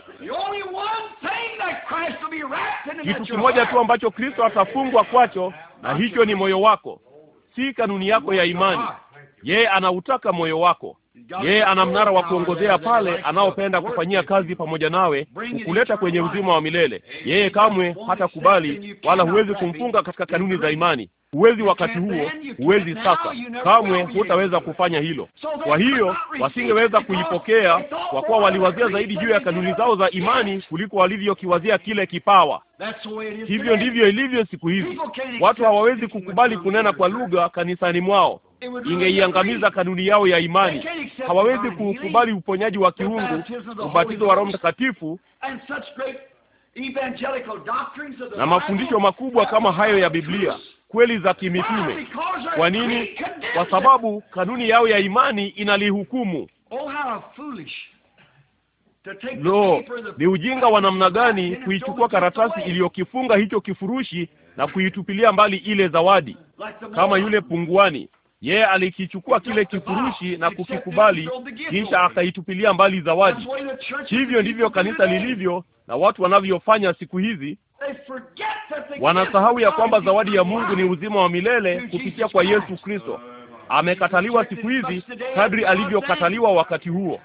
Kitu kimoja tu ambacho Kristo atafungwa kwacho, na hicho ni moyo wako, si kanuni yako ya imani. Yeye anautaka moyo wako. Yeye ana mnara wa kuongozea pale anaopenda kufanyia kazi pamoja nawe, kukuleta kwenye uzima wa milele. Yeye kamwe hata kubali wala huwezi kumfunga katika kanuni za imani. Huwezi wakati huo, huwezi sasa, kamwe hutaweza kufanya hilo. Kwa hiyo wasingeweza kuipokea kwa kuwa waliwazia zaidi juu ya kanuni zao za imani kuliko walivyokiwazia kile kipawa. Hivyo ndivyo ilivyo siku hizi, watu hawawezi kukubali kunena kwa lugha kanisani mwao, ingeiangamiza kanuni yao ya imani. Hawawezi kukubali uponyaji wa kiungu, ubatizo wa Roho Mtakatifu na mafundisho makubwa kama hayo ya Biblia kweli za kimitume. Kwa nini? Kwa sababu kanuni yao ya imani inalihukumu. Oh, Lo, ni ujinga wa namna gani kuichukua karatasi iliyokifunga hicho kifurushi na kuitupilia mbali ile zawadi, kama yule punguani. Yeye alikichukua kile kifurushi na kukikubali, kisha akaitupilia mbali zawadi. Hivyo ndivyo kanisa lilivyo na watu wanavyofanya siku hizi, Wanasahau ya kwamba zawadi ya Mungu ni uzima wa milele kupitia kwa Yesu Kristo. Amekataliwa siku hizi kadri alivyokataliwa wakati huo.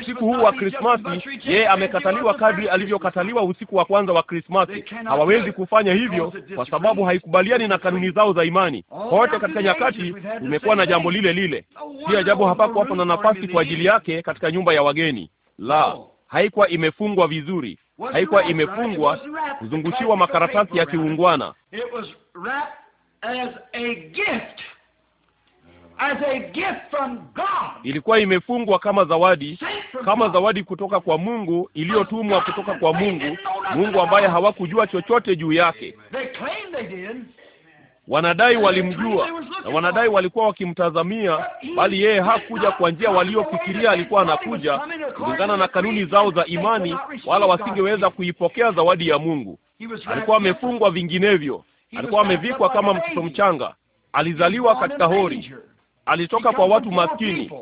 Usiku huu wa Krismasi, yeye amekataliwa kadri alivyokataliwa usiku wa kwanza wa Krismasi. Hawawezi kufanya hivyo kwa sababu haikubaliani na kanuni zao za imani. Kote katika nyakati imekuwa na jambo lile lile. Si ajabu hapakuwapo na nafasi kwa ajili yake katika nyumba ya wageni. La, haikuwa imefungwa vizuri haikuwa imefungwa kuzungushiwa makaratasi ya kiungwana ilikuwa imefungwa kama zawadi, kama zawadi kutoka kwa Mungu, iliyotumwa kutoka kwa Mungu, Mungu ambaye hawakujua chochote juu yake. Wanadai walimjua na wanadai walikuwa wakimtazamia, bali yeye hakuja kwa njia waliofikiria alikuwa anakuja. Kulingana na kanuni zao za imani, wala wasingeweza kuipokea zawadi ya Mungu. Alikuwa amefungwa vinginevyo, alikuwa amevikwa kama mtoto mchanga, alizaliwa katika hori, alitoka kwa watu maskini,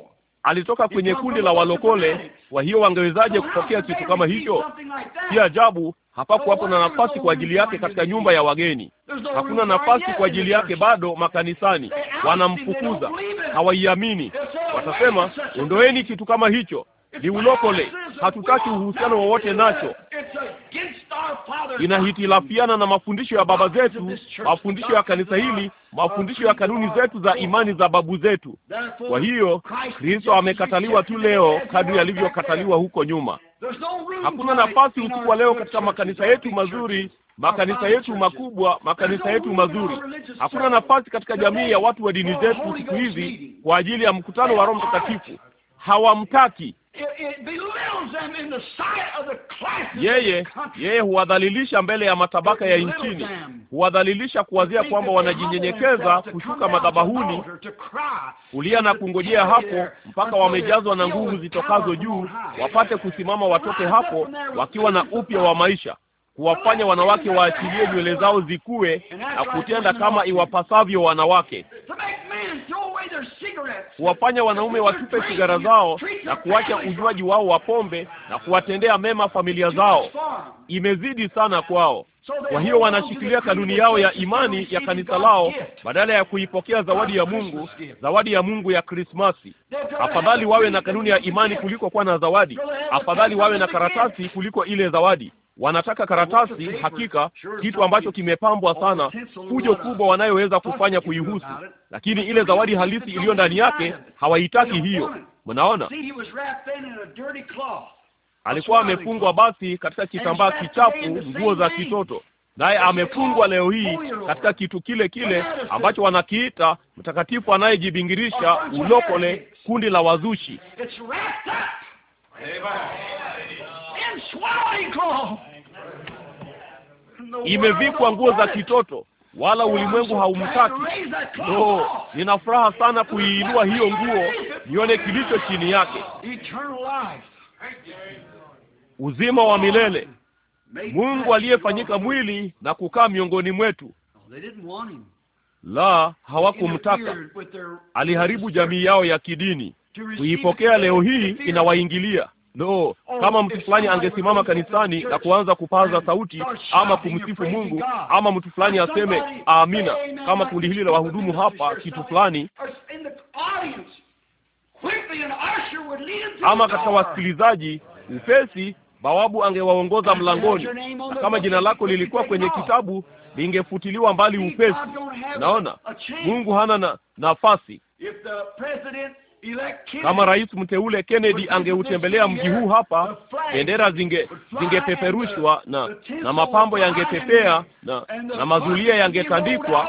alitoka kwenye kundi la walokole. Kwa hiyo wangewezaje kupokea kitu kama hicho? Si ajabu hapakuwapo na nafasi kwa ajili yake katika nyumba ya wageni. Hakuna nafasi kwa ajili yake bado makanisani. Wanamfukuza, hawaiamini. Watasema, ondoeni kitu kama hicho ni ulokole, hatutaki uhusiano wowote nacho. Inahitilafiana na mafundisho ya baba zetu, mafundisho ya kanisa hili, mafundisho ya kanuni zetu za imani za babu zetu. Kwa hiyo Kristo amekataliwa tu leo kadri alivyokataliwa huko nyuma. Hakuna nafasi usiku wa leo katika makanisa yetu mazuri makanisa yetu makubwa, makanisa yetu mazuri. Hakuna nafasi katika jamii ya watu wa dini zetu siku hizi kwa ajili ya mkutano wa Roho Mtakatifu. Hawamtaki, yeye yeye huwadhalilisha mbele ya matabaka ya nchini, huwadhalilisha kuwazia kwamba wanajinyenyekeza kushuka madhabahuni, kulia na kungojea hapo mpaka wamejazwa na nguvu zitokazo juu, wapate kusimama, watoke hapo wakiwa na upya wa maisha, kuwafanya wanawake waachilie nywele zao zikue na kutenda kama iwapasavyo wanawake kuwafanya wanaume watupe sigara zao na kuacha ujuaji wao wa pombe na kuwatendea mema familia zao. Imezidi sana kwao. Kwa hiyo wanashikilia kanuni yao ya imani ya kanisa lao badala ya kuipokea zawadi ya Mungu, zawadi ya Mungu ya Krismasi. Afadhali wawe na kanuni ya imani kuliko kuwa na zawadi. Afadhali wawe na karatasi kuliko ile zawadi. Wanataka karatasi, hakika kitu ambacho kimepambwa sana, fujo kubwa wanayoweza kufanya kuihusu, lakini ile zawadi halisi iliyo ndani yake hawaitaki hiyo. Mnaona? alikuwa amefungwa basi katika kitambaa kichafu, nguo za kitoto, naye amefungwa leo hii oh, katika kitu kile kile ambacho wanakiita mtakatifu anayejibingirisha ulokole, kundi la wazushi. Imevikwa nguo za kitoto, wala ulimwengu haumtaki. No, nina furaha sana kuiinua hiyo nguo nione kilicho chini yake uzima wa milele, Mungu aliyefanyika mwili na kukaa miongoni mwetu. La, hawakumtaka. Aliharibu jamii yao ya kidini. Kuipokea leo hii inawaingilia No, kama mtu fulani angesimama kanisani na kuanza kupaza sauti ama kumsifu Mungu ama mtu fulani aseme amina, kama kundi hili la wahudumu hapa, kitu fulani ama katika wasikilizaji upesi bawabu angewaongoza mlangoni, na kama jina lako lilikuwa kwenye kitabu lingefutiliwa mbali upesi. Naona Mungu hana na nafasi. Kama rais mteule Kennedy angeutembelea mji huu hapa, bendera zinge zingepeperushwa na na mapambo yangepepea na na mazulia yangetandikwa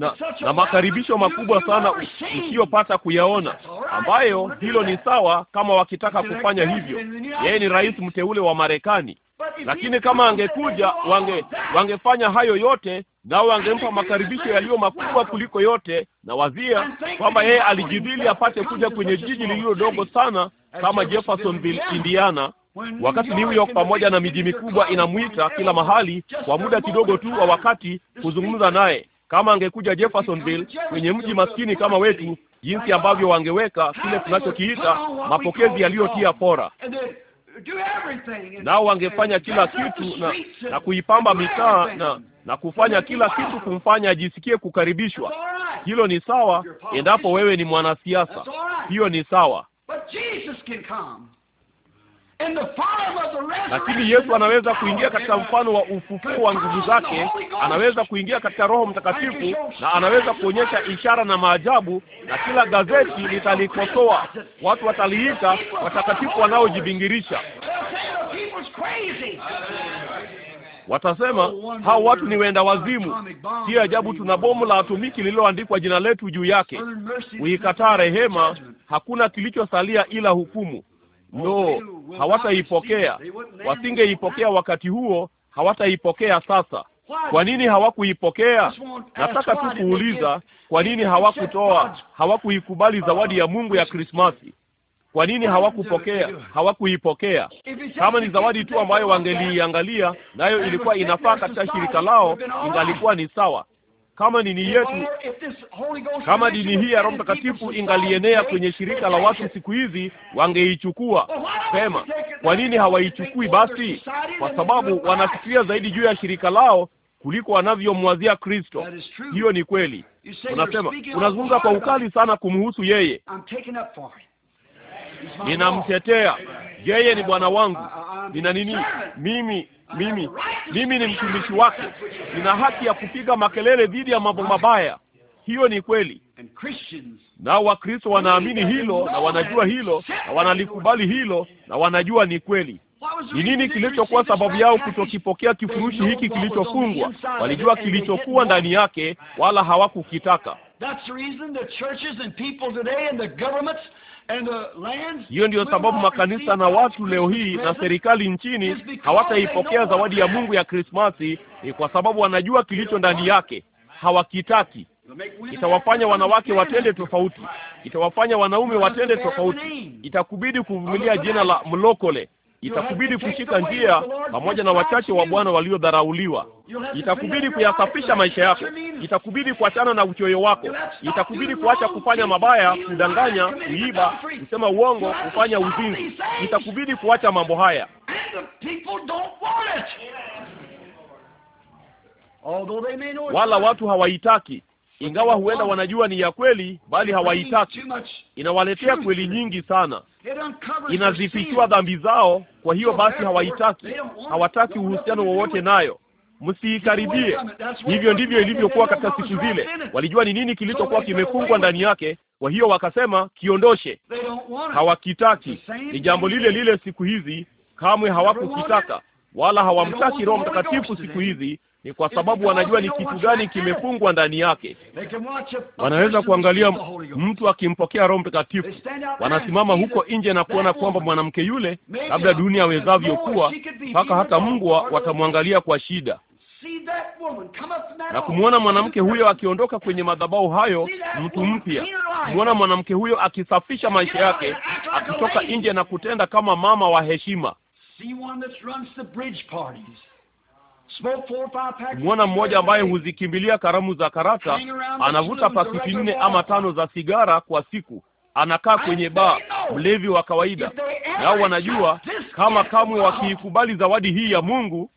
na, na makaribisho makubwa sana usiyopata kuyaona, ambayo hilo ni sawa kama wakitaka kufanya hivyo. Yeye ni rais mteule wa Marekani, lakini kama angekuja wange, wangefanya hayo yote nao wangempa makaribisho yaliyo makubwa kuliko yote, na wazia kwamba yeye alijidhili apate kuja kwenye jiji lililo dogo sana kama Jeffersonville, Indiana, wakati New York pamoja na miji mikubwa inamwita kila mahali kwa muda kidogo tu wa wakati kuzungumza naye. Kama angekuja Jeffersonville kwenye mji maskini kama wetu, jinsi ambavyo wangeweka kile tunachokiita mapokezi yaliyotia fora, nao wangefanya kila kitu na, na kuipamba mitaa na, na kufanya kila kitu kumfanya ajisikie kukaribishwa. Hilo ni sawa endapo wewe ni mwanasiasa, hiyo ni sawa lakini Yesu anaweza kuingia katika mfano wa ufufuo wa nguvu zake, anaweza kuingia katika Roho Mtakatifu na anaweza kuonyesha ishara na maajabu, na kila gazeti litalikosoa. Watu wataliita watakatifu wanaojibingirisha. Watasema hao watu ni wenda wazimu. Si ajabu tuna bomu la atomiki lililoandikwa jina letu juu yake. Kuikataa rehema, hakuna kilichosalia ila hukumu. Lo, hawataipokea. Wasingeipokea wakati huo, hawataipokea sasa. Kwa nini hawakuipokea? Nataka tu kuuliza, kwa nini hawakutoa, hawakuikubali uh, zawadi ya Mungu ya Krismasi? Kwa nini hawakupokea, hawakuipokea? Kama ni zawadi tu ambayo wangeliiangalia nayo ilikuwa inafaa katika shirika lao, ingalikuwa ni sawa kama dini yetu, kama dini hii ya Roho Mtakatifu ingalienea kwenye shirika la watu siku hizi, wangeichukua sema. Kwa nini hawaichukui basi? Kwa sababu wanafikiria zaidi juu ya shirika lao kuliko wanavyomwazia Kristo. Hiyo ni kweli. Unasema unazungumza kwa ukali sana kumhusu yeye ninamtetea yeye ni bwana wangu. Nina nini mimi? Mimi mimi ni mtumishi wake, nina haki ya kupiga makelele dhidi ya mambo mabaya. Hiyo ni kweli, nao Wakristo wanaamini hilo na wanajua hilo na wanalikubali hilo na wanajua ni kweli. Ni nini kilichokuwa sababu yao kutokipokea kifurushi hiki kilichofungwa? Walijua kilichokuwa ndani yake, wala hawakukitaka. Hiyo ndiyo sababu makanisa na watu leo hii na serikali nchini hawataipokea zawadi ya Mungu ya Krismasi, ni kwa sababu wanajua kilicho ndani yake, hawakitaki. Itawafanya wanawake watende tofauti, itawafanya wanaume watende tofauti. Itakubidi kuvumilia jina la mlokole itakubidi kushika njia pamoja na wachache wa Bwana waliodharauliwa. Itakubidi kuyasafisha maisha yako, itakubidi kuachana na uchoyo wako, itakubidi kuacha kufanya mabaya, kudanganya, kuiba, kusema uongo, kufanya uzinzi. Itakubidi kuacha mambo haya. Wala watu hawaitaki ingawa huenda wanajua ni ya kweli, bali hawaitaki. Inawaletea kweli nyingi sana, inazifichua dhambi zao. Kwa hiyo basi hawaitaki, hawataki uhusiano wowote nayo. Msiikaribie. Hivyo ndivyo ilivyokuwa katika siku zile. Walijua ni nini kilichokuwa kimefungwa ndani yake, kwa hiyo wakasema kiondoshe. Hawakitaki. Ni jambo lile lile siku hizi, kamwe hawakukitaka wala hawamtaki Roho Mtakatifu siku hizi, ni kwa sababu wanajua ni kitu gani kimefungwa ndani yake. Wanaweza kuangalia mtu akimpokea Roho Mtakatifu, wanasimama huko nje na kuona kwamba mwanamke yule, labda dunia awezavyo kuwa, mpaka hata mbwa watamwangalia kwa shida na kumwona mwanamke huyo akiondoka kwenye madhabahu hayo mtu mpya, kumwona mwanamke huyo akisafisha maisha yake, akitoka nje na kutenda kama mama wa heshima. Mwana mmoja ambaye huzikimbilia karamu za karata, anavuta pakiti nne ama tano za sigara kwa siku, anakaa kwenye baa, mlevi wa kawaida. Nao wanajua kama kamwe wakiikubali zawadi hii ya Mungu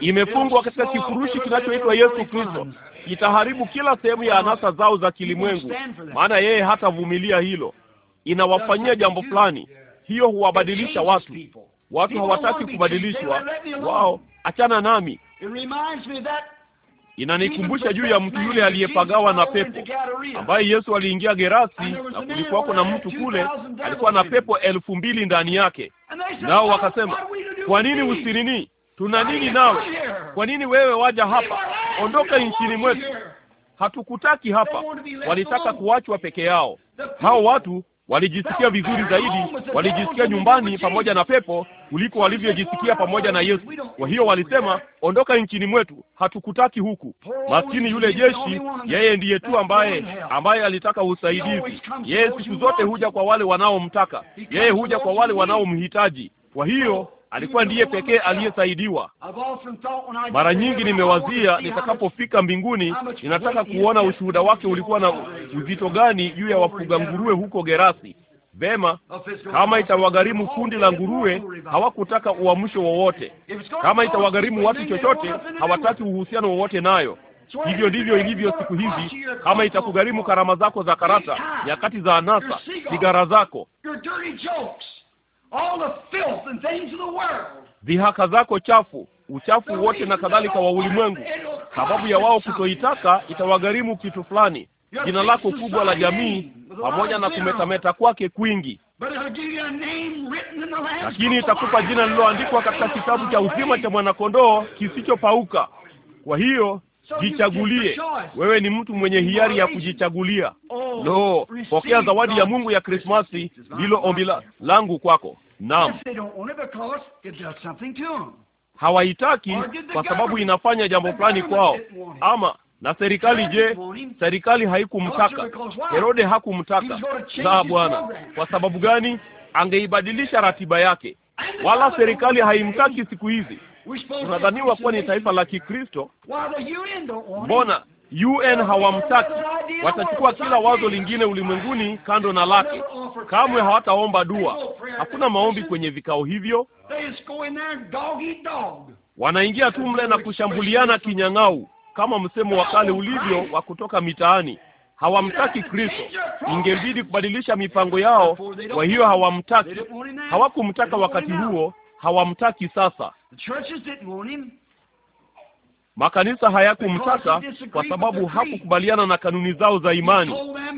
imefungwa katika kifurushi kinachoitwa Yesu Kristo, itaharibu kila sehemu ya anasa zao za kilimwengu, maana yeye hatavumilia hilo. Inawafanyia jambo fulani, hiyo huwabadilisha watu Watu hawataki kubadilishwa, wao achana nami. Inanikumbusha juu ya mtu yule aliyepagawa na pepo, ambaye Yesu aliingia Gerasi, na kulikuwako na mtu kule alikuwa na pepo elfu mbili ndani yake, nao wakasema, kwa nini usirini? Tuna nini nawe? Kwa nini wewe waja hapa? Ondoka nchini mwetu, hatukutaki hapa. Walitaka kuachwa peke yao. Hao watu walijisikia vizuri zaidi, walijisikia nyumbani pamoja na pepo kuliko walivyojisikia pamoja na Yesu. Kwa hiyo walisema, ondoka nchini mwetu, hatukutaki huku. Maskini yule jeshi, yeye ndiye tu ambaye ambaye alitaka usaidizi. Yeye siku zote huja kwa wale wanaomtaka, yeye huja kwa wale wanaomhitaji. Kwa hiyo alikuwa ndiye pekee aliyesaidiwa. Mara nyingi nimewazia nitakapofika mbinguni, ninataka kuona ushuhuda wake ulikuwa na uzito gani juu ya wafuga nguruwe huko Gerasi. Vema, kama itawagharimu kundi la nguruwe, hawakutaka uamsho wowote. Kama itawagharimu watu chochote, hawataki uhusiano wowote nayo. Hivyo ndivyo ilivyo siku hizi. Kama itakugharimu karama zako za karata, nyakati za anasa, sigara zako dhihaka zako chafu, uchafu wote na kadhalika wa ulimwengu. Sababu ya wao kutoitaka itawagharimu kitu fulani, jina lako kubwa la jamii, pamoja na kumetameta kwake kwingi, lakini itakupa jina lililoandikwa katika kitabu cha uzima cha mwanakondoo kisichopauka. Kwa hiyo jichagulie. Wewe ni mtu mwenye hiari ya kujichagulia. Lo, oh, pokea zawadi ya Mungu ya Krismasi, ndilo ombi langu kwako. Naam, hawaitaki kwa sababu inafanya jambo fulani kwao, ama na serikali. Je, serikali haikumtaka? Herode hakumtaka. La, Bwana. Kwa sababu gani? Angeibadilisha ratiba yake. Wala serikali haimtaki siku hizi tunadhaniwa kuwa ni taifa la Kikristo. Mbona UN hawamtaki? Watachukua kila wazo lingine ulimwenguni kando na lake. Kamwe hawataomba dua, hakuna maombi kwenye vikao hivyo. Wanaingia tu mle na kushambuliana kinyang'au, kama msemo wa kale ulivyo wa kutoka mitaani. Hawamtaki Kristo, ingebidi kubadilisha mipango yao. Kwa hiyo hawamtaki, hawakumtaka wakati huo, hawamtaki sasa. Makanisa hayakumtaka kwa sababu hakukubaliana na kanuni zao za imani.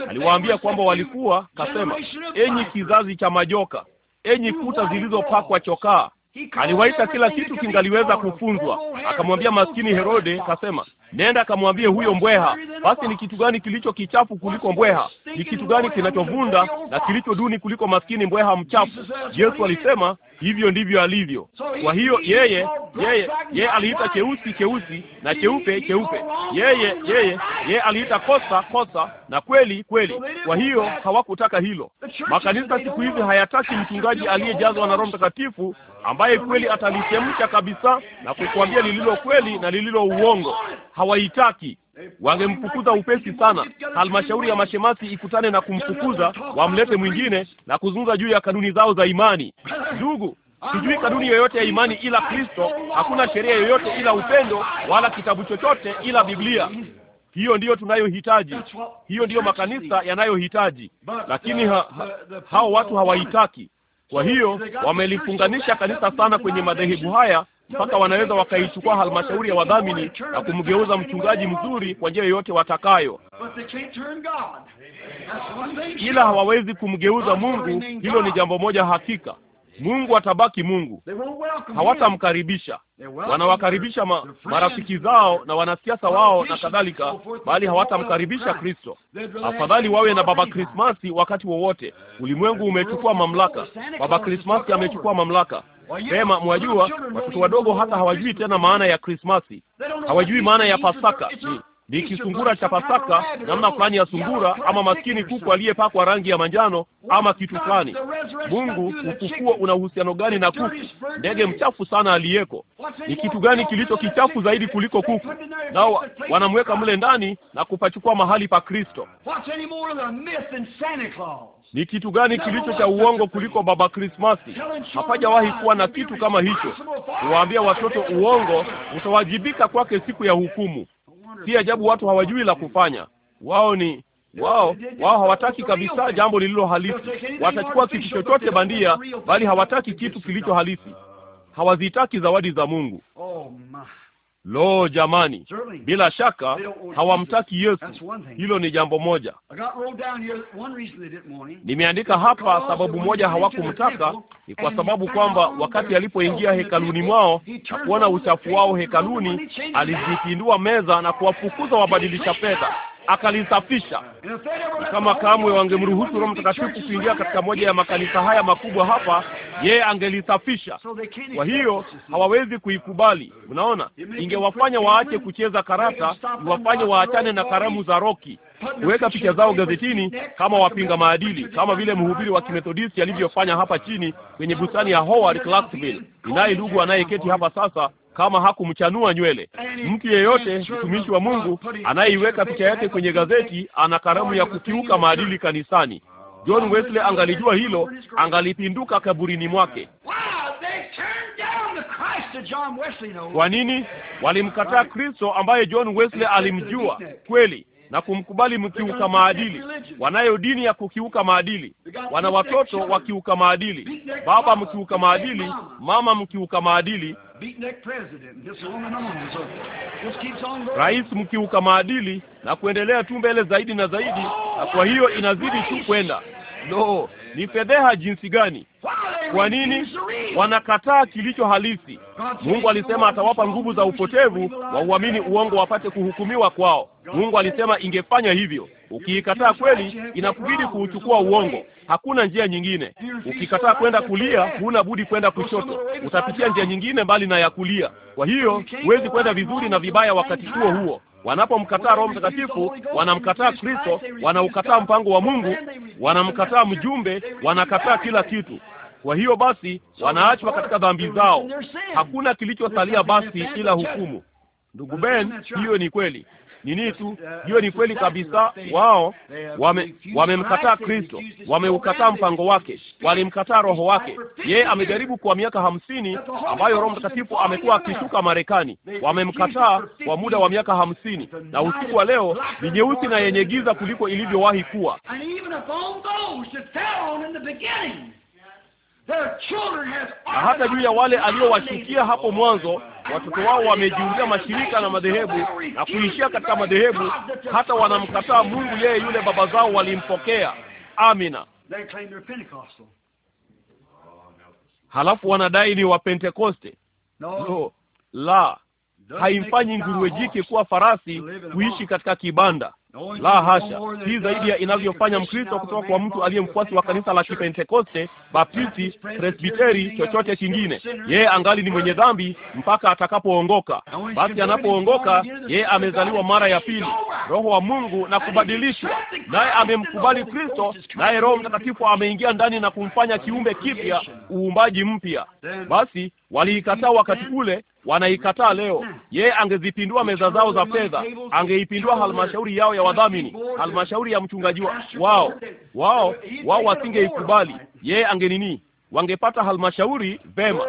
Aliwaambia kwamba walikuwa, kasema, enyi kizazi cha majoka, enyi kuta zilizopakwa chokaa. Aliwaita kila kitu kingaliweza kufunzwa. Akamwambia maskini Herode, kasema, nenda kamwambie huyo mbweha. Basi ni kitu gani kilicho kichafu kuliko mbweha? Ni kitu gani kinachovunda na kilicho duni kuliko maskini mbweha mchafu? Yesu alisema hivyo ndivyo alivyo. Kwa hiyo yeye yeye yeye aliita cheusi cheusi na cheupe cheupe, yeye yeye yeye aliita kosa kosa na kweli kweli. Kwa hiyo hawakutaka hilo. Makanisa siku hizi hayataki mchungaji aliyejazwa na Roho Mtakatifu ambaye kweli atalichemsha kabisa na kukuambia lililo kweli na lililo uongo. Hawaitaki, wangemfukuza upesi sana. Halmashauri ya mashemasi ikutane na kumfukuza, wamlete mwingine na kuzungumza juu ya kanuni zao za imani. Ndugu, sijui kanuni yoyote ya imani ila Kristo, hakuna sheria yoyote ila upendo, wala kitabu chochote ila Biblia. Hiyo ndiyo tunayohitaji, hiyo ndiyo makanisa yanayohitaji, lakini ha, ha, hao watu hawaitaki. Kwa hiyo wamelifunganisha kanisa sana kwenye madhehebu haya mpaka wanaweza wakaichukua halmashauri ya wadhamini na kumgeuza mchungaji mzuri kwa njia yoyote watakayo, ila hawawezi kumgeuza Mungu. Hilo ni jambo moja hakika. Mungu atabaki Mungu, hawatamkaribisha. Wanawakaribisha ma, marafiki zao na wanasiasa wao na kadhalika, bali hawatamkaribisha Kristo. Afadhali wawe na Baba Krismasi wakati wowote. Ulimwengu umechukua mamlaka, Baba Krismasi amechukua mamlaka. Sema, mwajua watoto wadogo hata hawajui tena maana ya Krismasi, hawajui maana ya Pasaka ni kisungura cha Pasaka, namna fulani ya sungura ama maskini kuku aliyepakwa rangi ya manjano ama kitu fulani. Mungu, ufufuo una uhusiano gani na kuku? Ndege mchafu sana aliyeko. Ni kitu gani kilicho kichafu zaidi kuliko kuku? Nao wanamweka mle ndani na kupachukua mahali pa Kristo. Ni kitu gani kilicho cha uongo kuliko Baba Krismasi? Hapajawahi kuwa na kitu kama hicho. Kuwaambia watoto uongo, utawajibika kwake siku ya hukumu si ajabu watu hawajui la kufanya. Wao ni wao, wao hawataki kabisa jambo lililo halisi. Watachukua kitu chochote bandia, bali hawataki kitu kilicho halisi. Hawazitaki zawadi za Mungu. Oh, Lo, jamani, bila shaka hawamtaki Yesu. Hilo ni jambo moja. Nimeandika hapa, sababu moja hawakumtaka ni kwa sababu kwamba wakati alipoingia hekaluni mwao na kuona uchafu wao hekaluni, alizipindua meza na kuwafukuza wabadilisha fedha akalisafisha. Kama kamwe wangemruhusu Roho Mtakatifu kuingia katika moja ya makanisa haya makubwa hapa, yeye angelisafisha. Kwa hiyo hawawezi kuikubali. Unaona, ingewafanya waache kucheza karata, iwafanye waachane na karamu za roki, kuweka picha zao gazetini kama wapinga maadili, kama vile mhubiri wa Kimethodisti alivyofanya hapa chini kwenye bustani ya Howard Clarksville. Ninaye ndugu anayeketi hapa sasa kama hakumchanua nywele. Mtu yeyote mtumishi wa Mungu anayeiweka picha yake kwenye gazeti ana karamu ya kukiuka maadili kanisani. John Wesley angalijua hilo, angalipinduka kaburini mwake. Kwa nini walimkataa Kristo ambaye John Wesley alimjua kweli? na kumkubali mkiuka maadili. Wanayo dini ya kukiuka maadili, wana watoto wakiuka maadili, baba mkiuka maadili, mama mkiuka maadili, rais mkiuka maadili, na kuendelea tu mbele zaidi na zaidi, na kwa hiyo inazidi tu kwenda. Lo no ni fedheha jinsi gani! Kwa nini wanakataa kilicho halisi? Mungu alisema atawapa nguvu za upotevu wa uamini uongo wapate kuhukumiwa kwao. Mungu alisema ingefanya hivyo. Ukiikataa kweli, inakubidi kuuchukua uongo. Hakuna njia nyingine. Ukikataa kwenda kulia, huna budi kwenda kushoto. Utapitia njia nyingine mbali na ya kulia. Kwa hiyo huwezi kwenda vizuri na vibaya wakati huo huo. Wanapomkataa Roho Mtakatifu, wanamkataa Kristo, wanaukataa mpango wa Mungu, wanamkataa mjumbe, wanakataa kila kitu. Kwa hiyo basi wanaachwa katika dhambi zao, hakuna kilichosalia basi ila hukumu. Ndugu Ben, hiyo ni kweli nini tu. Hiyo uh, ni kweli kabisa. Wao wamemkataa wame Kristo, wameukataa mpango wake, walimkataa roho wake. Yeye amejaribu kwa miaka hamsini ambayo Roho Mtakatifu amekuwa akishuka Marekani, wamemkataa kwa muda wa miaka hamsini, na usiku wa leo ni nyeusi na yenye giza kuliko ilivyowahi kuwa na hata juu ya wale aliowachukia hapo mwanzo, watoto wao wamejiungia mashirika na madhehebu na kuishia katika madhehebu, hata wanamkataa Mungu yeye yule baba zao walimpokea. Amina. Halafu wanadai ni Wapentekoste. No, la, haimfanyi nguruwe jike kuwa farasi kuishi katika kibanda. La hasha, hii zaidi ya inavyofanya Mkristo kutoka kwa mtu aliye mfuasi wa kanisa la Kipentekoste, Baptisti, Presbiteri, chochote kingine. Yeye angali ni mwenye dhambi mpaka atakapoongoka. Basi anapoongoka, yeye amezaliwa mara ya pili, Roho wa Mungu na kubadilishwa, naye amemkubali Kristo, naye Roho Mtakatifu ameingia ndani na kumfanya kiumbe kipya, uumbaji mpya. Basi waliikataa wakati ule, wanaikataa leo. Yeye angezipindua meza zao za fedha, angeipindua halmashauri yao ya ya wadhamini, halmashauri ya mchungaji wao wao wao, wasingeikubali yeye angenini wangepata halmashauri vema.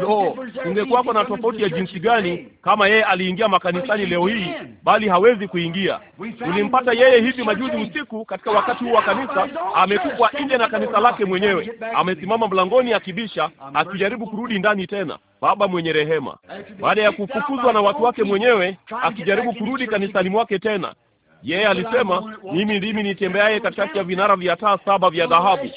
Lo, kungekuwako na tofauti ya jinsi gani kama yeye aliingia makanisani leo hii, bali hawezi kuingia. Tulimpata yeye hivi majuzi usiku katika wakati huu wa kanisa, ametupwa nje na kanisa lake mwenyewe, amesimama mlangoni akibisha, akijaribu kurudi ndani tena. Baba mwenye rehema, baada ya kufukuzwa na watu wake mwenyewe, akijaribu kurudi kanisani mwake tena yeye alisema mimi ndimi nitembeaye katikati ya vinara vya taa saba vya dhahabu,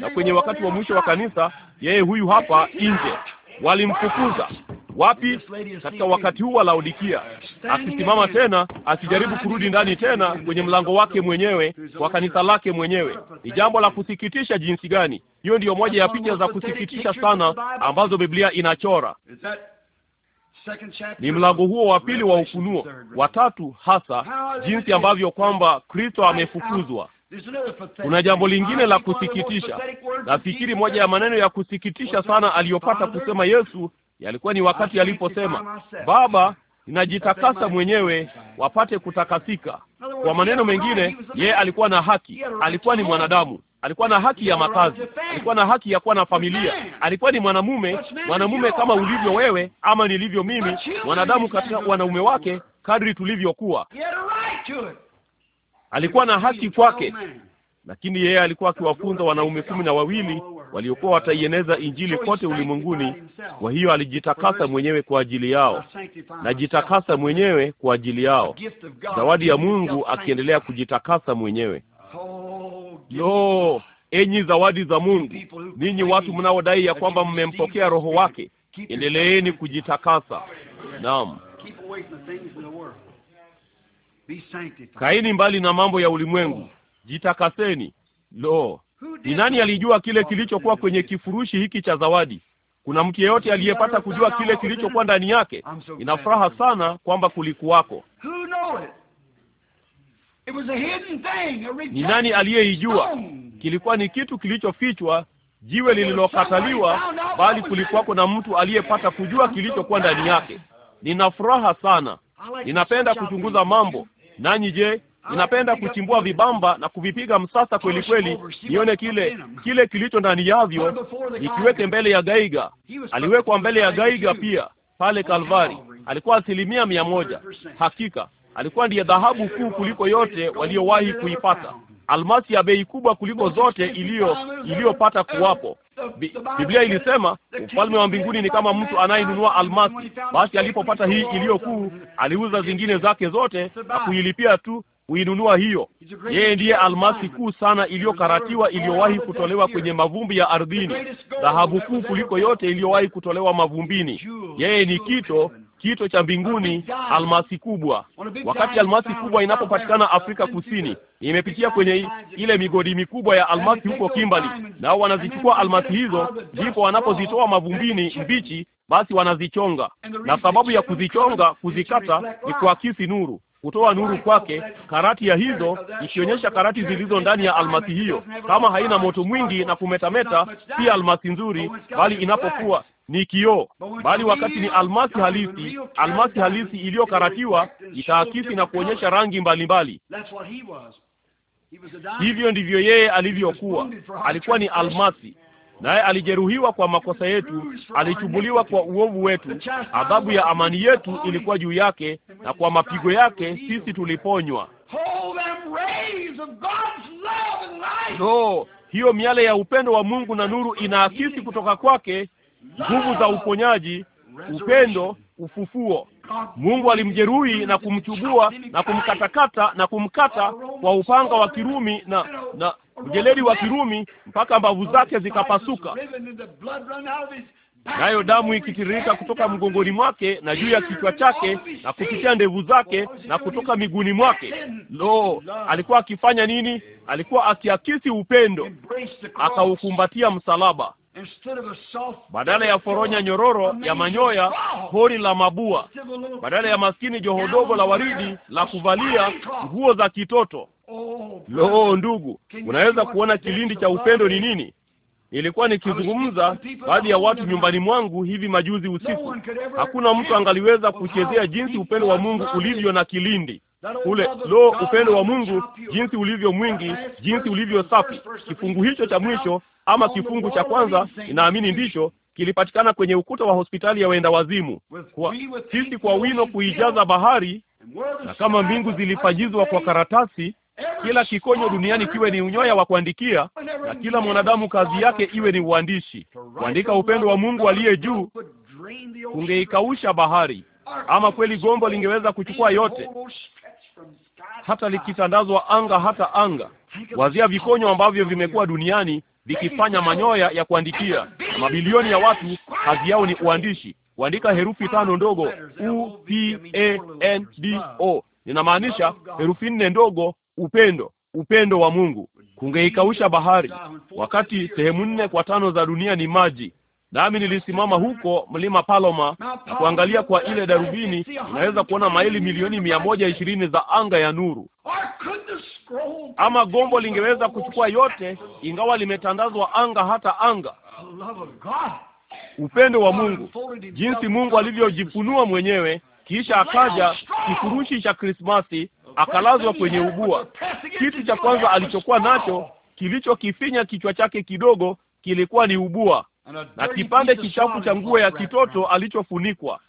na kwenye wakati wa mwisho wa kanisa, yeye huyu hapa nje. Walimfukuza wapi? Katika wakati huu wa Laodikia, akisimama tena, akijaribu kurudi ndani tena kwenye mlango wake mwenyewe wa kanisa lake mwenyewe. Ni jambo la kusikitisha jinsi gani! Hiyo ndiyo moja ya picha za kusikitisha sana ambazo Biblia inachora. Ni mlango huo wa pili wa Ufunuo, watatu hasa, jinsi ambavyo kwamba Kristo amefukuzwa. Kuna jambo lingine la kusikitisha. Nafikiri moja ya maneno ya kusikitisha sana aliyopata kusema Yesu yalikuwa ni wakati aliposema, Baba, ninajitakasa mwenyewe wapate kutakasika. Kwa maneno mengine, yeye alikuwa na haki, alikuwa ni mwanadamu alikuwa na haki ya makazi, alikuwa na haki ya kuwa na familia. Alikuwa ni mwanamume, mwanamume kama ulivyo wewe ama nilivyo mimi, mwanadamu katika wanaume wake kadri tulivyokuwa. Alikuwa na haki kwake, lakini yeye alikuwa akiwafunza wanaume kumi na wawili waliokuwa wataieneza Injili kote ulimwenguni. Kwa hiyo alijitakasa mwenyewe kwa ajili yao, najitakasa mwenyewe kwa ajili yao, zawadi ya Mungu, akiendelea kujitakasa mwenyewe. Oh. Lo, enyi zawadi za Mungu, ninyi watu mnaodai ya kwamba mmempokea Roho wake, endeleeni kujitakasa. Naam, kaini mbali na mambo ya ulimwengu, jitakaseni. Lo, ni nani alijua kile kilichokuwa kwenye kifurushi hiki cha zawadi? Kuna mtu yeyote aliyepata kujua kile kilichokuwa ndani yake? Ina furaha sana kwamba kulikuwako. Ni nani aliyeijua? Kilikuwa ni kitu kilichofichwa, jiwe lililokataliwa, bali kulikuwa kuna mtu aliyepata kujua kilichokuwa ndani yake. Nina furaha sana, ninapenda kuchunguza mambo. Nanyi je, ninapenda kuchimbua vibamba na kuvipiga msasa kweli kweli, nione kile kile kilicho ndani yavyo, nikiweke mbele ya Gaiga. Aliwekwa mbele ya Gaiga pia pale Kalvari, alikuwa asilimia mia moja. Hakika alikuwa ndiye dhahabu kuu kuliko yote waliowahi kuipata, almasi ya bei kubwa kuliko zote iliyo iliyopata kuwapo. Biblia ilisema ufalme wa mbinguni ni kama mtu anayenunua almasi. Basi alipopata hii iliyo kuu, aliuza zingine zake zote na kuilipia tu kuinunua hiyo. Yeye ndiye almasi kuu sana iliyokaratiwa, iliyowahi kutolewa kwenye mavumbi ya ardhini, dhahabu kuu kuliko yote iliyowahi kutolewa mavumbini. Yeye ni kito kito cha mbinguni almasi kubwa. Wakati almasi kubwa inapopatikana Afrika Kusini, imepitia kwenye ile migodi mikubwa ya almasi huko Kimbali, nao wanazichukua almasi hizo, ndipo wanapozitoa mavumbini mbichi, basi wanazichonga, na sababu ya kuzichonga, kuzikata ni kuakisi nuru kutoa nuru kwake, karati ya hizo ikionyesha karati zilizo ndani ya almasi hiyo. Kama haina moto mwingi na kumetameta, si almasi nzuri, bali inapokuwa ni kioo, bali wakati ni almasi halisi, almasi halisi iliyokaratiwa itaakisi na kuonyesha rangi mbalimbali mbali. Hivyo ndivyo yeye alivyokuwa, alikuwa ni almasi naye alijeruhiwa kwa makosa yetu, alichubuliwa kwa uovu wetu, adhabu ya amani yetu ilikuwa juu yake, na kwa mapigo yake sisi tuliponywa. No, hiyo miale ya upendo wa Mungu na nuru inaakisi kutoka kwake nguvu za uponyaji, upendo, ufufuo Mungu alimjeruhi na kumchubua na kumkatakata na kumkata kwa upanga wa Kirumi na na mjeledi wa Kirumi mpaka mbavu zake zikapasuka, nayo damu ikitiririka kutoka mgongoni mwake na juu ya kichwa chake na kupitia ndevu zake na kutoka miguuni mwake. Lo, alikuwa akifanya nini? Alikuwa akiakisi upendo, akaukumbatia msalaba badala ya foronya nyororo ya manyoya, hori la mabua, badala ya maskini joho dogo la waridi la kuvalia nguo za kitoto. Oh, Loo, ndugu, unaweza kuona kilindi cha upendo ni nini? Nilikuwa nikizungumza baadhi ya watu nyumbani mwangu hivi majuzi usiku. Hakuna mtu angaliweza kuchezea jinsi upendo wa Mungu ulivyo na kilindi ule lo upendo wa Mungu jinsi ulivyo mwingi, jinsi ulivyo safi. Kifungu hicho cha mwisho ama kifungu cha kwanza, inaamini ndicho kilipatikana kwenye ukuta wa hospitali ya waenda wazimu, kwa sisi kwa wino kuijaza bahari, na kama mbingu zilifanyizwa kwa karatasi, kila kikonyo duniani kiwe ni unyoya wa kuandikia, na kila mwanadamu kazi yake iwe ni uandishi. Kuandika upendo wa Mungu aliye juu kungeikausha bahari, ama kweli gombo lingeweza kuchukua yote hata likitandazwa anga hata anga. Wazia vikonyo ambavyo vimekuwa duniani vikifanya manyoya ya kuandikia na mabilioni ya watu, kazi yao ni uandishi, kuandika herufi tano ndogo U P A N D O, ninamaanisha herufi nne ndogo, upendo, upendo wa Mungu kungeikausha bahari, wakati sehemu nne kwa tano za dunia ni maji. Nami nilisimama huko mlima Paloma na kuangalia kwa ile darubini, naweza kuona maili milioni mia moja ishirini za anga ya nuru. Ama gombo lingeweza kuchukua yote, ingawa limetandazwa anga hata anga. Upendo wa Mungu, jinsi Mungu alivyojifunua mwenyewe, kisha akaja kifurushi cha Krismasi, akalazwa kwenye ubua. Kitu cha kwanza alichokuwa nacho kilichokifinya kichwa chake kidogo kilikuwa ni ubua na kipande kichafu cha nguo ya kitoto alichofunikwa.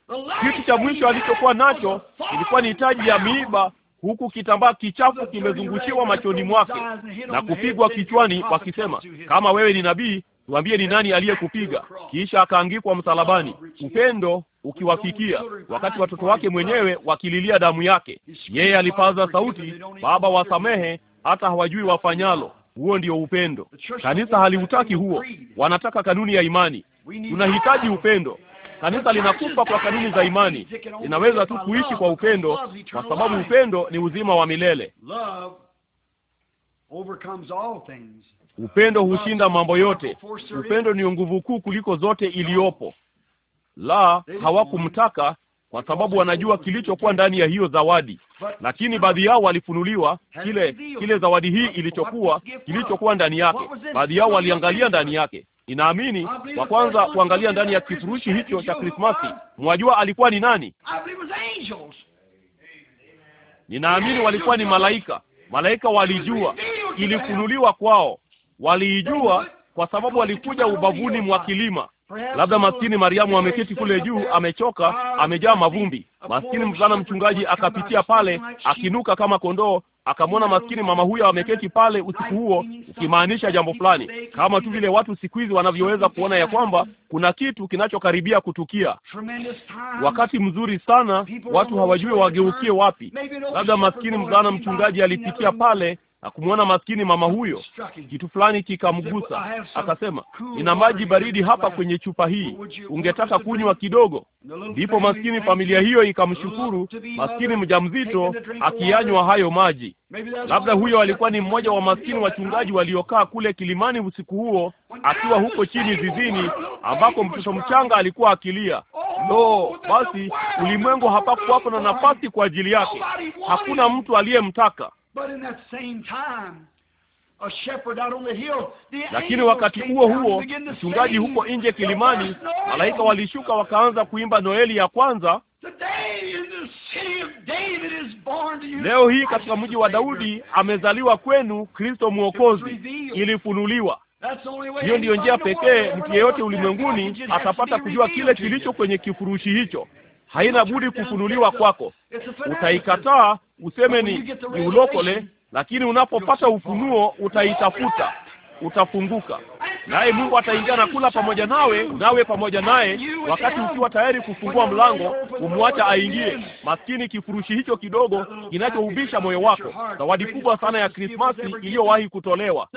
Kitu cha mwisho alichokuwa nacho ilikuwa ni taji ya miiba, huku kitambaa kichafu kimezungushiwa machoni mwake na kupigwa kichwani, wakisema, kama wewe ni nabii, tuambie ni nani aliyekupiga. Kisha akaangikwa msalabani, upendo ukiwafikia wakati watoto wake mwenyewe wakililia damu yake. Yeye alipaza sauti, Baba, wasamehe, hata hawajui wafanyalo. Huo ndio upendo. Kanisa haliutaki huo, wanataka kanuni ya imani. Tunahitaji upendo. Kanisa linakufa kwa kanuni za imani, linaweza tu kuishi kwa upendo, kwa sababu upendo ni uzima wa milele. Upendo hushinda mambo yote. Upendo ni nguvu kuu kuliko zote iliyopo. La, hawakumtaka kwa sababu wanajua kilichokuwa ndani ya hiyo zawadi, lakini baadhi yao walifunuliwa kile kile zawadi hii ilichokuwa kilichokuwa ndani yake. Baadhi yao waliangalia ndani yake. Ninaamini wa kwanza kuangalia ndani ya kifurushi hicho cha Krismasi, mwajua alikuwa ni nani? Ninaamini walikuwa ni malaika. Malaika walijua, ilifunuliwa kwao, waliijua kwa sababu walikuja ubavuni mwa kilima Labda maskini Mariamu ameketi kule juu, amechoka, amejaa mavumbi. Maskini mvulana mchungaji akapitia pale akinuka kama kondoo, akamwona maskini mama huyo ameketi pale usiku huo, ukimaanisha jambo fulani, kama tu vile watu siku hizi wanavyoweza kuona ya kwamba kuna kitu kinachokaribia kutukia. Wakati mzuri sana, watu hawajui wageukie wapi. Labda maskini mvulana mchungaji alipitia pale na kumwona maskini mama huyo, kitu fulani kikamgusa, akasema, nina maji baridi hapa kwenye chupa hii, ungetaka kunywa kidogo? Ndipo maskini familia hiyo ikamshukuru maskini mjamzito akiyanywa hayo maji. Labda huyo alikuwa ni mmoja wa maskini wachungaji waliokaa kule kilimani usiku huo, akiwa huko chini zizini, ambako mtoto mchanga alikuwa akilia. Oh, Lo, basi ulimwengu hapakuwapo na nafasi kwa ajili yake, hakuna mtu aliyemtaka. Lakini wakati huo huo, mchungaji huko nje kilimani, malaika walishuka wakaanza kuimba Noeli ya kwanza. Leo hii katika mji wa Daudi amezaliwa kwenu Kristo Mwokozi, ilifunuliwa. Hiyo ndiyo njia pekee mtu yeyote ulimwenguni atapata kujua kile kilicho kwenye kifurushi hicho haina budi kufunuliwa kwako. Utaikataa useme ni, ni ulokole, lakini unapopata ufunuo utaitafuta, utafunguka, naye Mungu ataingia na kula pamoja nawe, nawe pamoja naye, wakati ukiwa tayari kufungua mlango, kumwacha aingie. Maskini kifurushi hicho kidogo kinachoubisha moyo wako, zawadi kubwa sana ya Krismasi iliyowahi kutolewa,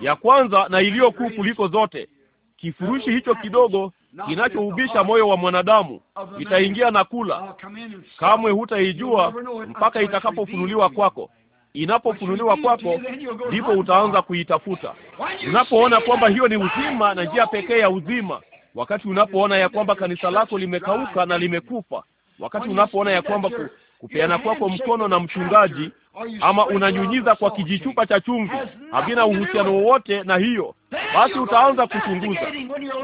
ya kwanza na iliyokuu kuliko zote, kifurushi hicho kidogo kinachoubisha moyo wa mwanadamu, itaingia na kula. Kamwe hutaijua mpaka itakapofunuliwa kwako. Inapofunuliwa kwako, ndipo utaanza kuitafuta, unapoona kwamba hiyo ni uzima na njia pekee ya uzima, wakati unapoona ya kwamba kanisa lako limekauka na limekufa, wakati unapoona ya kwamba kupeana kwako mkono na mchungaji ama unanyunyiza kwa kijichupa cha chumvi, havina uhusiano wowote na hiyo. Basi utaanza kuchunguza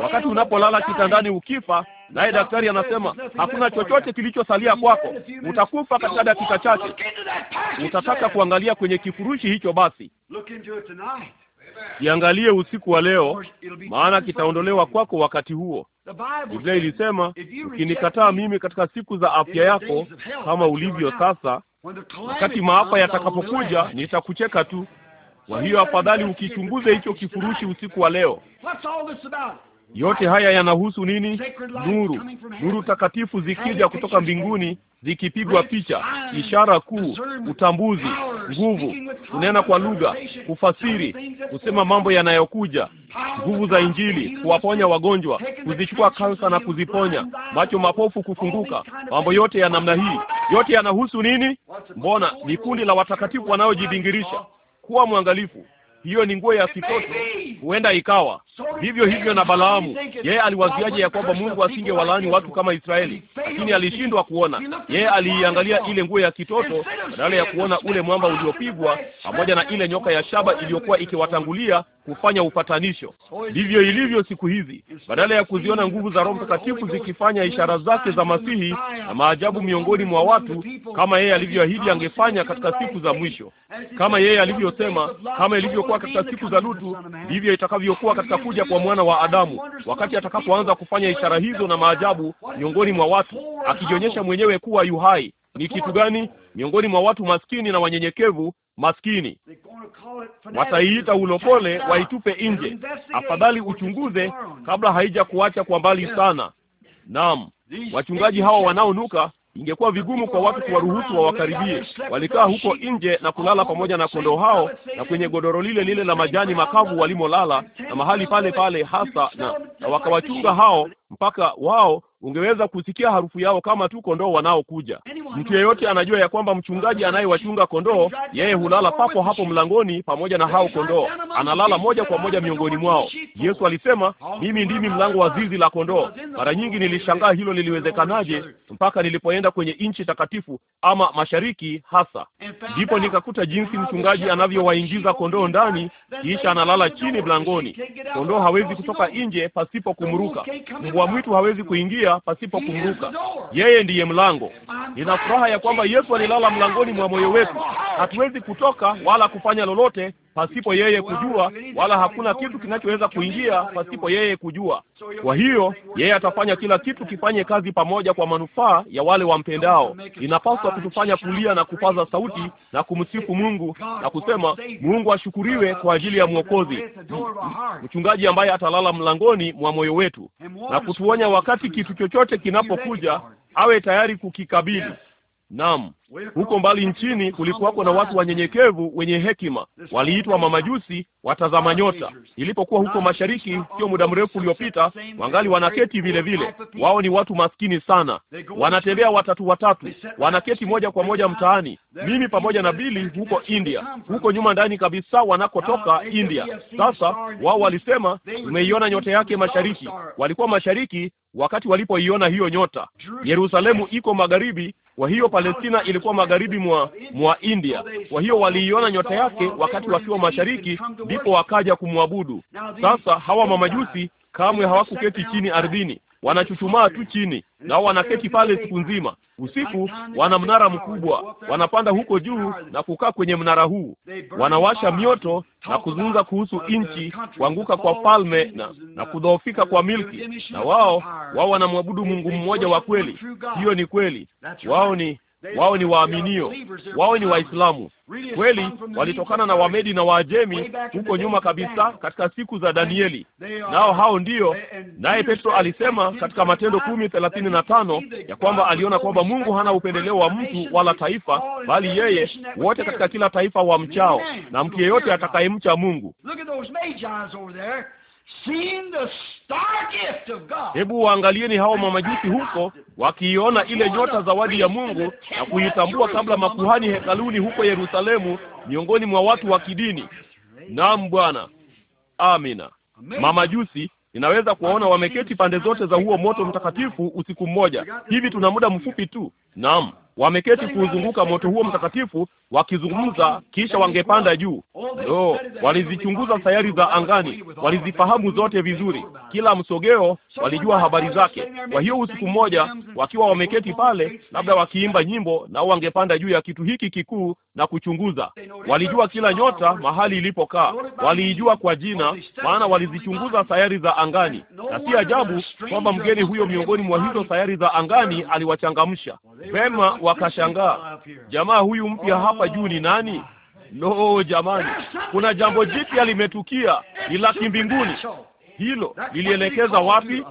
wakati unapolala kitandani ukifa, naye daktari anasema hakuna chochote kilichosalia kwako, utakufa katika dakika chache. Utataka kuangalia kwenye kifurushi hicho, basi kiangalie usiku wa leo, maana kitaondolewa kwako wakati huo. Biblia ilisema ukinikataa mimi katika siku za afya yako, kama ulivyo sasa Wakati maafa yatakapokuja, nitakucheka tu. Kwa hiyo afadhali ukichunguze hicho kifurushi usiku wa leo. Yote haya yanahusu nini? Nuru, nuru takatifu zikija kutoka mbinguni, zikipigwa picha, ishara kuu, utambuzi, nguvu, kunena kwa lugha, kufasiri, kusema mambo yanayokuja, nguvu za Injili, kuwaponya wagonjwa, kuzichukua kansa na kuziponya, macho mapofu kufunguka, mambo yote ya namna hii, yote yanahusu nini? Mbona ni kundi la watakatifu wanaojibingirisha. Kuwa mwangalifu hiyo ni nguo ya kitoto, huenda ikawa vivyo hivyo na Balaamu. Yeye aliwaziaje ya kwamba Mungu asinge walani watu kama Israeli? Lakini alishindwa kuona. Yeye aliiangalia ile nguo ya kitoto badala ya kuona ule mwamba uliopigwa pamoja na ile nyoka ya shaba iliyokuwa ikiwatangulia kufanya upatanisho. Ndivyo ilivyo siku hizi, badala ya kuziona nguvu za Roho Mtakatifu zikifanya ishara zake za Masihi na maajabu miongoni mwa watu kama yeye alivyoahidi angefanya katika siku za mwisho, kama yeye alivyosema, kama ilivyo ilivyokuwa katika siku za Lutu, ndivyo itakavyokuwa katika kuja kwa mwana wa Adamu, wakati atakapoanza kufanya ishara hizo na maajabu miongoni mwa watu, akijionyesha mwenyewe kuwa yu hai. Ni kitu gani? Miongoni mwa watu maskini na wanyenyekevu maskini wataiita ulokole, waitupe nje. Afadhali uchunguze kabla haija kuacha kwa mbali sana. Naam, wachungaji hawa wanaonuka ingekuwa vigumu kwa watu kuwaruhusu wawakaribie. Walikaa huko nje na kulala pamoja na kondoo hao na kwenye godoro lile lile la majani makavu walimolala, na mahali pale pale hasa na, na wakawachunga hao mpaka wao ungeweza kusikia harufu yao kama tu kondoo wanaokuja. Mtu yeyote anajua ya kwamba mchungaji anayewachunga kondoo, yeye hulala papo hapo mlangoni pamoja na hao kondoo, analala moja kwa moja miongoni mwao. Yesu alisema, mimi ndimi mlango wa zizi la kondoo. Mara nyingi nilishangaa hilo liliwezekanaje, mpaka nilipoenda kwenye nchi takatifu, ama mashariki hasa, ndipo nikakuta jinsi mchungaji anavyowaingiza kondoo ndani, kisha analala chini mlangoni. Kondoo hawezi kutoka nje pasipo kumruka. Mbwa mwitu hawezi kuingia kuingia pasipo kumruka. Yeye ndiye mlango. Nina furaha ya kwamba Yesu alilala mlangoni mwa moyo wetu. Hatuwezi kutoka wala kufanya lolote pasipo yeye kujua, wala hakuna kitu kinachoweza kuingia pasipo yeye kujua. Kwa hiyo yeye atafanya kila kitu kifanye kazi pamoja kwa manufaa ya wale wampendao. Inapaswa kutufanya kulia na kupaza sauti na kumsifu Mungu na kusema, Mungu ashukuriwe kwa ajili ya Mwokozi, mchungaji ambaye atalala mlangoni mwa moyo wetu na kutuonya wakati kitu chochote kinapokuja awe tayari kukikabili. Naam, huko mbali nchini kulikuwako na watu wanyenyekevu wenye hekima, waliitwa mamajusi, watazama nyota. Ilipokuwa huko mashariki, sio muda mrefu uliopita, wangali wanaketi vile vile. Wao ni watu maskini sana, wanatembea watatu watatu, wanaketi moja kwa moja mtaani. Mimi pamoja na Bili huko India, huko nyuma ndani kabisa wanakotoka India. Sasa wao walisema tumeiona nyota yake mashariki. Walikuwa mashariki wakati walipoiona hiyo nyota. Yerusalemu iko magharibi, kwa hiyo Palestina ili ilikuwa magharibi mwa mwa India. Kwa hiyo waliiona nyota yake wakati wakiwa mashariki, ndipo wakaja kumwabudu. Sasa hawa mamajusi kamwe hawakuketi chini ardhini, wanachuchumaa tu chini, nao wanaketi pale siku nzima. Usiku wana mnara mkubwa, wanapanda huko juu na kukaa kwenye mnara huu, wanawasha mioto na kuzungumza kuhusu nchi, kuanguka kwa falme na, na kudhoofika kwa milki. Na wao wao wanamwabudu Mungu mmoja wa kweli. Hiyo ni kweli, wao ni wao ni waaminio, wao ni Waislamu kweli. Walitokana na Wamedi na Waajemi huko nyuma kabisa, katika siku za Danieli. Nao hao ndiyo, naye Petro alisema katika Matendo kumi thelathini na tano ya kwamba aliona kwamba Mungu hana upendeleo wa mtu wala taifa, bali yeye wote katika kila taifa wa mchao, na mtu yeyote atakayemcha Mungu. Hebu waangalieni hao mamajusi huko wakiiona ile nyota, zawadi ya Mungu, na kuitambua kabla makuhani hekaluni huko Yerusalemu, miongoni mwa watu wa kidini. Naam Bwana, amina. Mamajusi ninaweza kuwaona wameketi pande zote za huo moto mtakatifu usiku mmoja hivi. Tuna muda mfupi tu. Naam wameketi kuuzunguka moto huo mtakatifu wakizungumza, kisha wangepanda juu. Lo, walizichunguza sayari za angani, walizifahamu zote vizuri, kila msogeo walijua habari zake. Kwa hiyo usiku mmoja, wakiwa wameketi pale, labda wakiimba nyimbo, nao wangepanda juu ya kitu hiki kikuu na kuchunguza. Walijua kila nyota mahali ilipokaa, waliijua kwa jina, maana walizichunguza sayari za angani, na si ajabu kwamba mgeni huyo miongoni mwa hizo sayari za angani aliwachangamsha vema wakashangaa, jamaa huyu mpya hapa juu ni nani? Lo, jamani, kuna jambo jipya limetukia, ni la kimbinguni. Hilo lilielekeza wapi?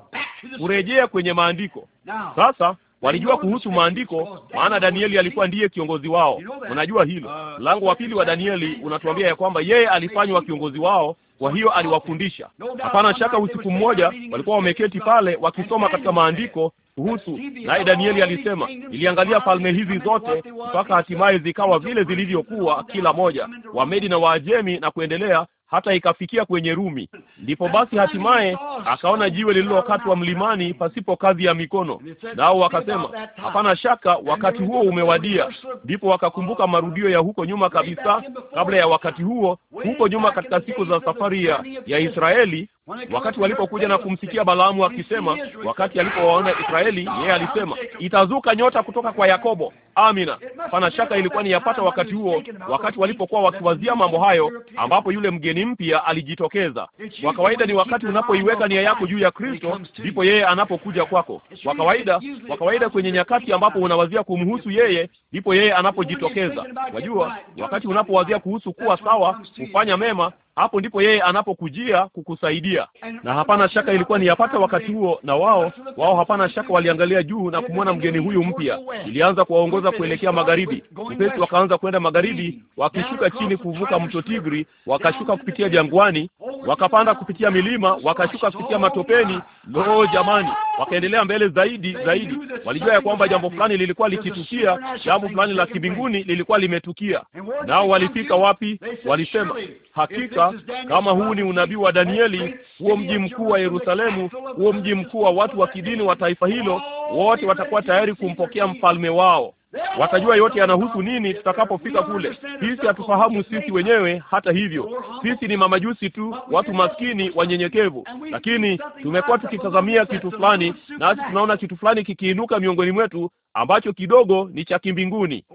Kurejea kwenye maandiko. Sasa walijua kuhusu maandiko, maana Danieli alikuwa ndiye kiongozi wao. Unajua hilo, mlango wa pili wa Danieli unatuambia ya kwamba yeye alifanywa kiongozi wao kwa hiyo aliwafundisha. Hapana shaka, usiku mmoja walikuwa wameketi pale wakisoma katika maandiko kuhusu, naye Danieli alisema, niliangalia falme hizi zote mpaka hatimaye zikawa vile zilivyokuwa, kila moja Wamedi na Waajemi na kuendelea, hata ikafikia kwenye Rumi. Ndipo basi hatimaye akaona jiwe lililokatwa mlimani pasipo kazi ya mikono, nao wakasema hapana shaka wakati huo umewadia. Ndipo wakakumbuka marudio ya huko nyuma kabisa, kabla ya wakati huo, huko nyuma katika siku za safari ya, ya Israeli Wakati walipokuja na kumsikia Balaamu akisema, wakati alipowaona Israeli, yeye alisema itazuka nyota kutoka kwa Yakobo. Amina, pana shaka ilikuwa ni yapata wakati huo, wakati walipokuwa wakiwazia mambo hayo, ambapo yule mgeni mpya alijitokeza. Kwa kawaida ni wakati unapoiweka nia yako juu ya Kristo, ndipo yeye anapokuja kwako. Kwa kawaida, kwa kawaida kwenye nyakati ambapo unawazia kumhusu yeye, ndipo yeye anapojitokeza. Wajua, wakati unapowazia kuhusu kuwa sawa, kufanya mema hapo ndipo yeye anapokujia kukusaidia, na hapana shaka ilikuwa ni yapata wakati huo, na wao wao hapana shaka waliangalia juu na kumwona mgeni huyu mpya. Ilianza kuwaongoza kuelekea magharibi, upesi wakaanza kwenda magharibi, wakishuka chini kuvuka mto Tigri, wakashuka kupitia jangwani, wakapanda kupitia milima, wakashuka kupitia matopeni. Lo, jamani! Wakaendelea mbele zaidi zaidi, walijua ya kwamba jambo fulani lilikuwa likitukia, jambo fulani la kibinguni lilikuwa limetukia. Nao walifika wapi? Walisema hakika kama huu ni unabii wa Danieli, huo mji mkuu wa Yerusalemu, huo mji mkuu wa watu wa kidini wa taifa hilo, wote watakuwa tayari kumpokea mfalme wao. Watajua yote yanahusu nini tutakapofika kule. Sisi hatufahamu sisi wenyewe. Hata hivyo, sisi ni mamajusi tu, watu maskini wanyenyekevu, lakini tumekuwa tukitazamia kitu fulani, nasi tunaona kitu fulani kikiinuka miongoni mwetu ambacho kidogo ni cha kimbinguni.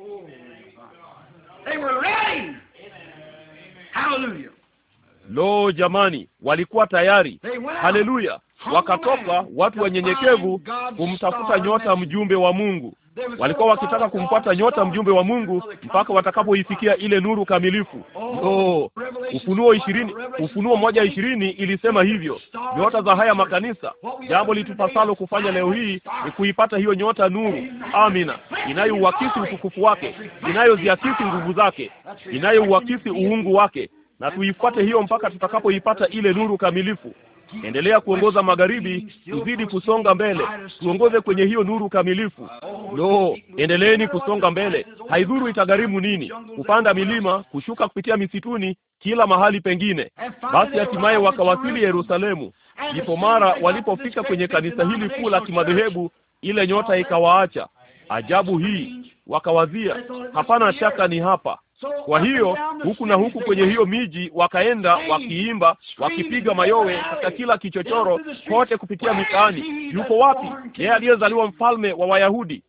Lo, jamani, walikuwa tayari. Haleluya! Wakatoka watu wanyenyekevu kumtafuta nyota mjumbe wa Mungu. Walikuwa wakitaka kumpata nyota mjumbe wa Mungu mpaka watakapoifikia ile nuru kamilifu. Oh, no, Ufunuo ishirini, Ufunuo moja ishirini ilisema hivyo, nyota za haya makanisa. Jambo litupasalo kufanya leo hii ni kuipata hiyo nyota nuru, amina, inayouakisi utukufu wake, inayoziakisi nguvu zake, inayouakisi uungu wake na tuifuate hiyo mpaka tutakapoipata ile nuru kamilifu. Endelea kuongoza magharibi, tuzidi kusonga mbele, tuongoze kwenye hiyo nuru kamilifu. Lo, endeleeni kusonga mbele, haidhuru itagharimu nini, kupanda milima, kushuka kupitia misituni, kila mahali pengine. Basi hatimaye wakawasili Yerusalemu. Ndipo mara walipofika kwenye kanisa hili kuu la kimadhehebu, ile nyota ikawaacha. Ajabu hii, wakawazia, hapana shaka ni hapa kwa hiyo huku na huku kwenye hiyo miji wakaenda wakiimba, wakipiga mayowe katika kila kichochoro, kote kupitia mitaani. Yuko wapi yeye aliyezaliwa mfalme wa Wayahudi?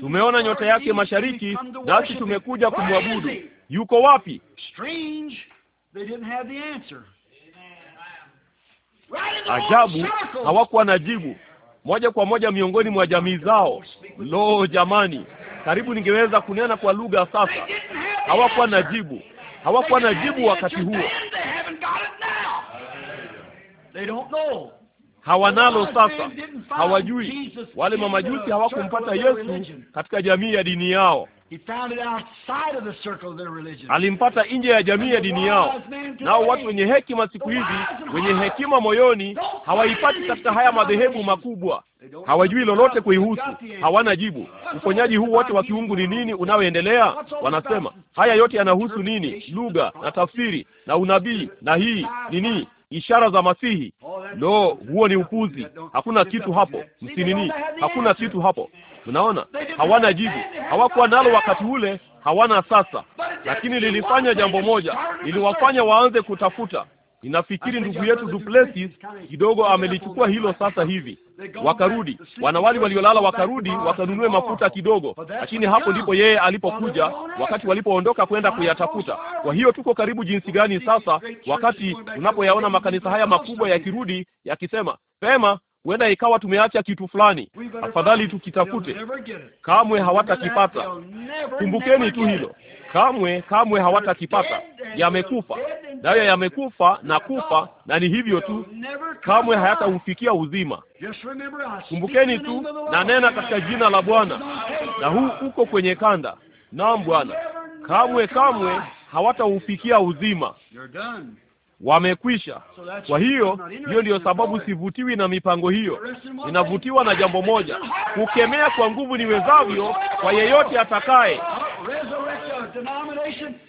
Tumeona nyota yake mashariki, nasi tumekuja kumwabudu. Yuko wapi? Ajabu, hawakuwa na jibu moja kwa moja miongoni mwa jamii zao. Lo, jamani! Karibu ningeweza kunena kwa lugha sasa. Hawakuwa na jibu, hawakuwa na jibu wakati huo, hawanalo sasa, hawajui. Wale mamajusi hawakumpata Yesu katika jamii ya dini yao alimpata nje ya jamii ya dini yao. Nao watu wenye hekima siku hizi, wenye hekima moyoni, hawaipati katika haya madhehebu makubwa. Hawajui lolote kuihusu, hawana jibu. Uponyaji huu wote wa kiungu ni nini unaoendelea? Wanasema haya yote yanahusu nini? Lugha na tafsiri na unabii na hii nini ishara za Masihi. Lo, huo ni upuzi. Hakuna kitu hapo, msinini. Hakuna kitu hapo. Mnaona, hawana jibu, hawakuwa nalo wakati ule, hawana sasa, lakini lilifanya jambo moja, liliwafanya waanze kutafuta. Ninafikiri ndugu yetu Duplessis kidogo amelichukua hilo sasa hivi. Wakarudi wanawali waliolala, wakarudi wakanunue mafuta kidogo, lakini hapo ndipo yeye alipokuja, wakati walipoondoka kwenda kuyatafuta. Kwa hiyo tuko karibu jinsi gani sasa, wakati unapoyaona makanisa haya makubwa yakirudi yakisema, pema Huenda ikawa tumeacha kitu fulani, afadhali tukitafute. Kamwe hawatakipata. Kumbukeni tu hilo, kamwe kamwe hawatakipata. Yamekufa, nayo yamekufa na kufa, na ni hivyo tu, kamwe hayataufikia uzima. Kumbukeni tu na nena katika jina la Bwana, na huu uko kwenye kanda. Naam Bwana, kamwe kamwe hawataufikia uzima wamekwisha. Kwa hiyo hiyo ndiyo sababu sivutiwi na mipango hiyo, ninavutiwa na jambo moja, kukemea kwa nguvu niwezavyo kwa yeyote atakaye,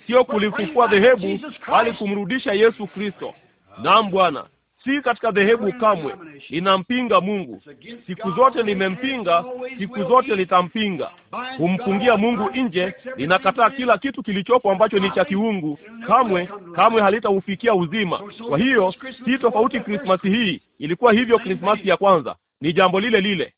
sio kulifufua dhehebu, bali kumrudisha Yesu Kristo. Naam Bwana, si katika dhehebu kamwe. Linampinga Mungu siku zote, limempinga siku zote, litampinga. Humfungia Mungu nje, linakataa kila kitu kilichopo ambacho ni cha kiungu, kamwe kamwe halitaufikia uzima. Kwa hiyo si tofauti. Krismasi hii ilikuwa hivyo, Krismasi ya kwanza ni jambo lile lile.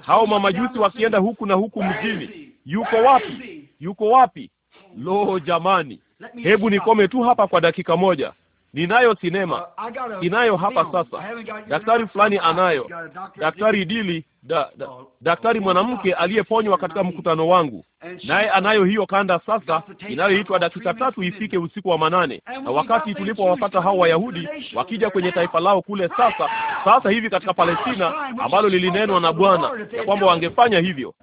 Hao mamajusi wakienda huku na huku mjini, yuko wapi? Yuko wapi? Lo, jamani, hebu nikome tu hapa kwa dakika moja. Ninayo sinema, uh, ninayo hapa sasa. Daktari fulani anayo, daktari dili da, da, oh, daktari oh, mwanamke oh, aliyeponywa katika mkutano wangu, naye anayo hiyo kanda sasa inayoitwa dakika tatu ifike usiku wa manane. Na wakati tulipowapata hao Wayahudi wakija kwenye taifa lao kule sasa sasa hivi katika Palestina, ambalo lilinenwa na Bwana ya kwamba wangefanya hivyo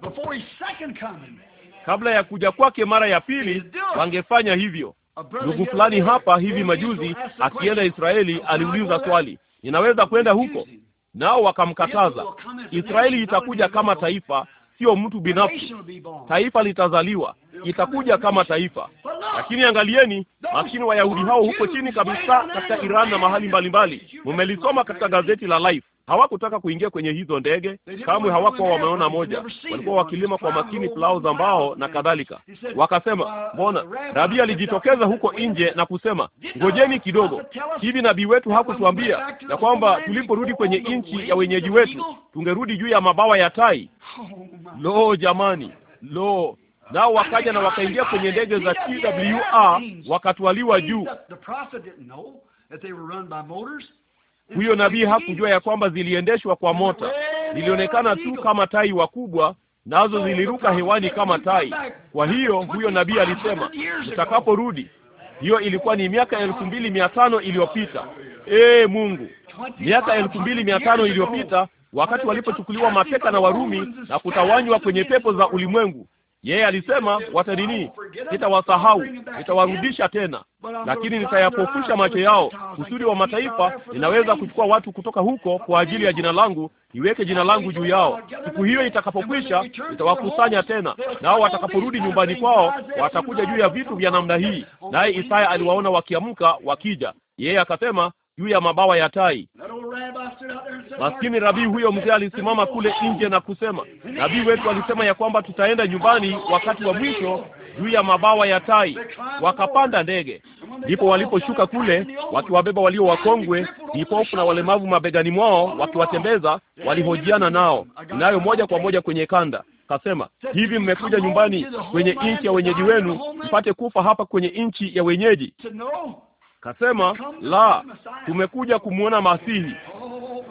kabla ya kuja kwake mara ya pili, wangefanya hivyo Ndugu fulani hapa hivi majuzi akienda Israeli aliuliza swali, ninaweza kwenda huko? Nao wakamkataza. Israeli itakuja kama taifa, sio mtu binafsi. Taifa litazaliwa, itakuja kama taifa. Lakini angalieni, lakini Wayahudi hao huko chini kabisa katika Iran na mahali mbalimbali, mumelisoma katika gazeti la Life Hawakutaka kuingia kwenye hizo ndege, kamwe hawakuwa wameona moja. Walikuwa wakilima kwa makini plau za mbao na kadhalika. Wakasema, mbona nabii alijitokeza huko nje na kusema, ngojeni kidogo. Hivi nabii wetu hakutuambia ya kwamba tuliporudi kwenye nchi ya wenyeji wetu tungerudi juu ya mabawa ya tai? Oh, lo, jamani, lo nao wakaja na wakaingia kwenye ndege za TWA wakatwaliwa juu. Huyo nabii hakujua ya kwamba ziliendeshwa kwa mota, zilionekana tu kama tai wakubwa, nazo ziliruka hewani kama tai. Kwa hiyo huyo nabii alisema mtakaporudi. Hiyo ilikuwa ni miaka elfu mbili mia tano iliyopita. Ee Mungu, miaka elfu mbili mia tano iliyopita wakati walipochukuliwa mateka na Warumi na kutawanywa kwenye pepo za ulimwengu, yeye yeah, alisema watanini, nitawasahau, nitawarudisha tena, lakini nitayapofusha macho yao kusudi wa mataifa. Ninaweza kuchukua watu kutoka huko kwa ajili ya jina langu, niweke jina langu juu yao. Siku hiyo itakapokwisha, nitawakusanya tena, nao watakaporudi nyumbani kwao watakuja juu ya vitu vya namna hii. Naye Isaya aliwaona wakiamka wakija, yeye yeah, akasema juu ya mabawa ya tai. Maskini rabii huyo mzee alisimama kule nje na kusema, nabii wetu alisema ya kwamba tutaenda nyumbani wakati wa mwisho juu ya mabawa ya tai. Wakapanda ndege, ndipo waliposhuka kule wakiwabeba walio wakongwe, vipofu na walemavu mabegani mwao, wakiwatembeza. Walihojiana nao, nayo moja kwa moja kwenye kanda Kasema hivi, mmekuja nyumbani kwenye nchi ya wenyeji wenu mpate kufa hapa kwenye nchi ya wenyeji? Kasema, la, tumekuja kumwona Masihi. Oh,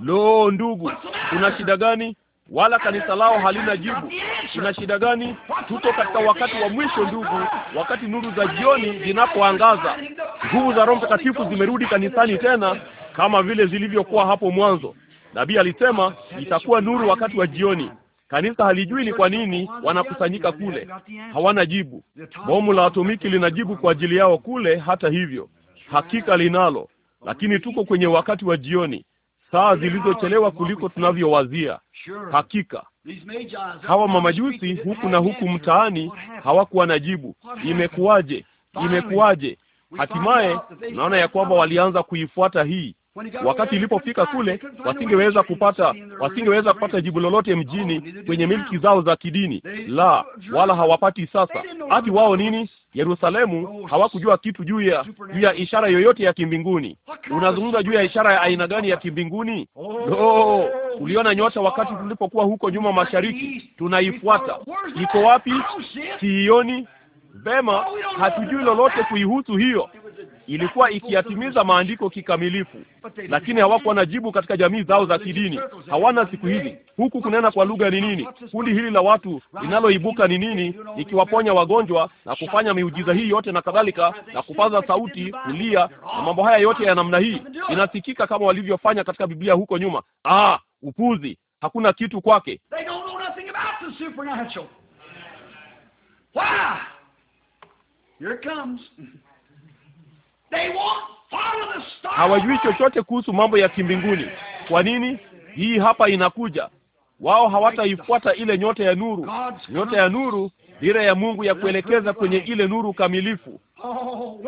Lo, ndugu, kuna shida gani? Wala kanisa lao halina jibu. Kuna shida gani? Tuko katika wakati wa mwisho ndugu, wakati nuru za jioni zinapoangaza. Nguvu za Roho Mtakatifu zimerudi kanisani tena kama vile zilivyokuwa hapo mwanzo. Nabii alisema itakuwa nuru wakati wa jioni. Kanisa halijui ni kwa nini wanakusanyika kule, hawana jibu. Bomu la atomiki linajibu kwa ajili yao kule, hata hivyo hakika linalo. Lakini tuko kwenye wakati wa jioni, saa zilizochelewa kuliko tunavyowazia. Hakika hawa mamajusi huku na huku mtaani hawakuwa na jibu. Imekuwaje? Imekuwaje? Hatimaye naona ya kwamba walianza kuifuata hii Wakati ilipofika kule, wasingeweza kupata wasingeweza kupata jibu lolote mjini kwenye milki zao za kidini, la wala hawapati sasa. Ati wao nini? Yerusalemu hawakujua kitu juu ya juu ya ishara yoyote ya kimbinguni. Unazungumza juu ya ishara ya aina gani ya kimbinguni? No, uliona nyota wakati tulipokuwa huko nyuma mashariki. Tunaifuata, iko wapi? Siioni. Vema, hatujui lolote kuihusu hiyo ilikuwa ikiyatimiza maandiko kikamilifu, lakini hawakuwa na jibu katika jamii zao za kidini. Hawana siku hizi. Huku kunena kwa lugha ni nini? Kundi hili la watu linaloibuka ni nini, ikiwaponya wagonjwa na kufanya miujiza hii yote na kadhalika, na kupaza sauti, kulia na mambo haya yote ya namna hii, inasikika kama walivyofanya katika Biblia huko nyuma. Ah, upuzi! Hakuna kitu kwake. hawajui chochote kuhusu mambo ya kimbinguni. Kwa nini? Hii hapa inakuja. Wao hawataifuata ile nyota ya nuru, nyota ya nuru, dira ya Mungu ya kuelekeza kwenye ile nuru kamilifu. Oh,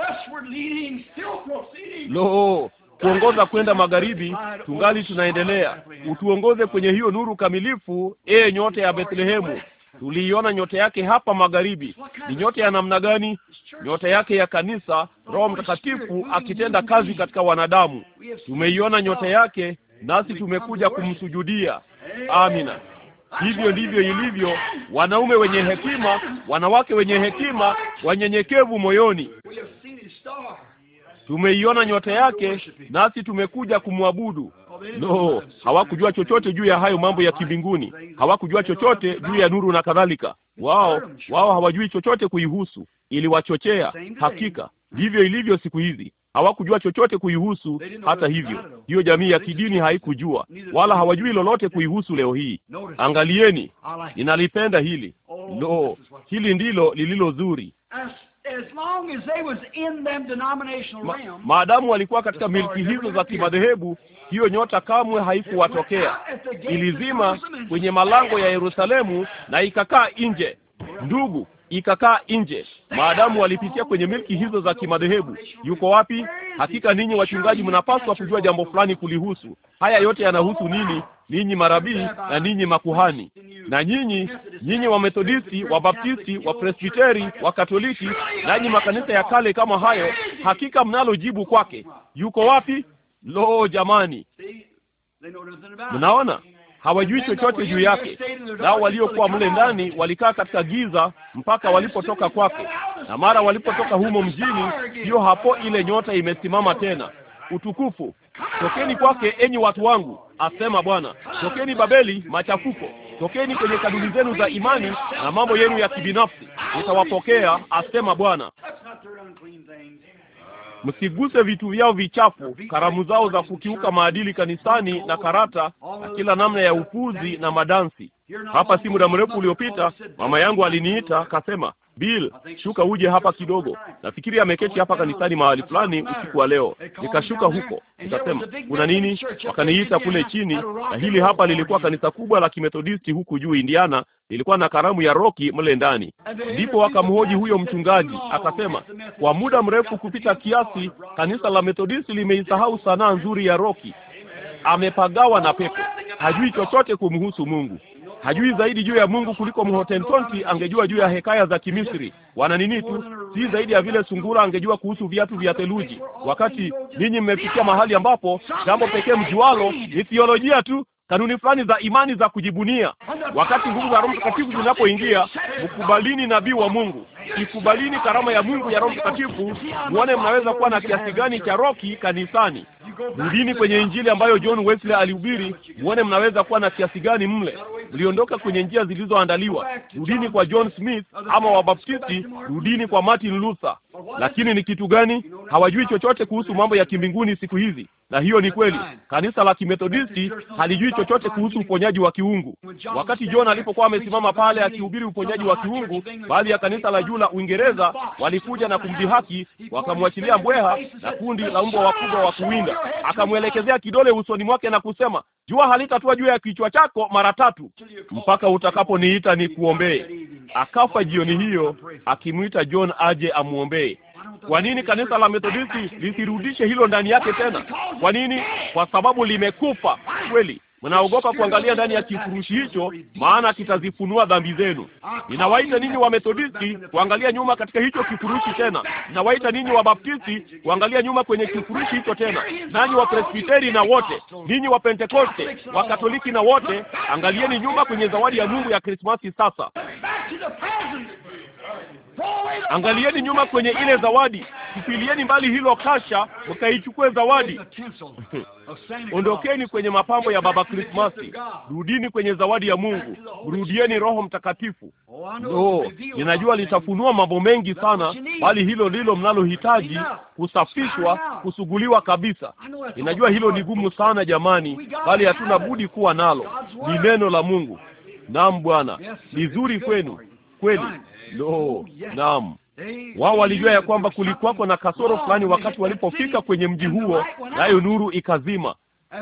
Lo, kuongoza kwenda magharibi, tungali tunaendelea. Utuongoze kwenye hiyo nuru kamilifu, ee nyota ya Bethlehemu. Tuliiona nyota yake hapa magharibi. Ni nyota ya namna gani? Nyota yake ya kanisa, Roho Mtakatifu akitenda kazi katika wanadamu. Tumeiona nyota yake, nasi tumekuja kumsujudia. Amina. Hivyo ndivyo ilivyo, wanaume wenye hekima, wanawake wenye hekima, wanyenyekevu moyoni. Tumeiona nyota yake, nasi tumekuja kumwabudu. No, hawakujua chochote juu ya hayo mambo ya kimbinguni, hawakujua chochote juu ya nuru na kadhalika. Wao wao hawajui chochote kuihusu, iliwachochea. Hakika ndivyo ilivyo siku hizi, hawakujua chochote kuihusu. Hata hivyo, hiyo jamii ya kidini haikujua wala hawajui lolote kuihusu. Leo hii, angalieni, ninalipenda hili. No, hili ndilo lililo zuri maadamu walikuwa katika milki hizo za kimadhehebu, hiyo nyota kamwe haikuwatokea. Ilizima kwenye malango ya Yerusalemu na ikakaa nje, ndugu, ikakaa nje, maadamu walipitia kwenye milki hizo za kimadhehebu. Yuko wapi? Hakika ninyi wachungaji mnapaswa kujua jambo fulani kulihusu. Haya yote yanahusu nini? ninyi marabii na ninyi makuhani, na nyinyi nyinyi Wamethodisti, Wabaptisti, Wapresbiteri, katoliki nanyi makanisa ya kale kama hayo, hakika mnalo jibu kwake. Yuko wapi? Lo, jamani, mnaona hawajui chochote juu yake. Nao waliokuwa mle ndani walikaa katika giza mpaka walipotoka kwake, na mara walipotoka humo mjini, hiyo hapo ile nyota imesimama tena. Utukufu! Tokeni kwake, enyi watu wangu, asema Bwana. Tokeni Babeli machafuko, tokeni kwenye kaduli zenu za imani na mambo yenu ya kibinafsi, nitawapokea asema Bwana. Msiguse vitu vyao vichafu, karamu zao za kukiuka maadili kanisani na karata na kila namna ya upuzi na madansi. Hapa si muda mrefu uliopita, mama yangu aliniita kasema Bill, shuka uje hapa kidogo. Nafikiri ameketi hapa kanisani mahali fulani usiku wa leo. Nikashuka huko, nikasema kuna nini? Wakaniita kule chini, na hili hapa lilikuwa kanisa kubwa la Kimethodisti huku juu Indiana, lilikuwa na karamu ya roki mle ndani. Ndipo wakamhoji huyo mchungaji, akasema kwa muda mrefu kupita kiasi kanisa la Methodisti limeisahau sanaa nzuri ya roki amepagawa na pepo, hajui chochote kumhusu Mungu, hajui zaidi juu ya Mungu kuliko Mhotentonti angejua juu ya hekaya za Kimisri. Wana nini tu, si zaidi ya vile sungura angejua kuhusu viatu vya theluji, wakati ninyi mmefikia mahali ambapo jambo pekee mjualo ni theolojia tu, kanuni fulani za imani za kujibunia. Wakati nguvu za Roho Mtakatifu zinapoingia, mkubalini nabii wa Mungu, ikubalini karama ya Mungu ya Roho Mtakatifu, muone mnaweza kuwa na kiasi gani cha roki kanisani. Rudini kwenye Injili ambayo John Wesley alihubiri, muone mnaweza kuwa na kiasi gani mle. Mliondoka kwenye njia zilizoandaliwa. Rudini kwa John Smith ama Wabaptisti, rudini kwa Martin Luther. Lakini ni kitu gani? Hawajui chochote kuhusu mambo ya kimbinguni siku hizi na hiyo ni kweli. Kanisa la Kimethodisti halijui chochote kuhusu uponyaji wa kiungu. Wakati John alipokuwa amesimama pale akihubiri uponyaji wa kiungu, baadhi ya kanisa la juu la Uingereza walikuja na kumdhihaki, wakamwachilia mbweha na kundi la mbwa wakubwa wa kuwinda. Akamwelekezea kidole usoni mwake na kusema, jua halitatua juu ya kichwa chako mara tatu mpaka utakaponiita nikuombee. Akafa jioni hiyo akimwita John aje amwombee. Kwa nini kanisa la Methodisti lisirudishe hilo ndani yake tena? Kwa nini? Kwa sababu limekufa kweli. Mnaogopa kuangalia ndani ya kifurushi hicho, maana kitazifunua dhambi zenu. Ninawaita ninyi wa Methodisti kuangalia nyuma katika hicho kifurushi tena. Ninawaita ninyi wa Baptisti kuangalia nyuma kwenye kifurushi hicho tena, nanyi wa Presbiteri na wote ninyi wa Pentekoste, wa Katoliki na wote, angalieni nyuma kwenye zawadi ya Mungu ya Krismasi. Sasa Angalieni nyuma kwenye ile zawadi, kipilieni mbali hilo kasha, mkaichukue zawadi. Ondokeni kwenye mapambo ya Baba Krismasi, rudini kwenye zawadi ya Mungu, mrudieni Roho Mtakatifu. No, ninajua litafunua mambo mengi sana, bali hilo ndilo mnalohitaji: kusafishwa, kusuguliwa kabisa. Ninajua hilo ni gumu sana jamani, bali hatuna budi kuwa nalo. Ni neno la Mungu. Naam Bwana, ni zuri kwenu kweli Lo, naam, wao walijua ya kwamba kulikuwako na kasoro fulani wakati walipofika kwenye mji huo, nayo nuru ikazima.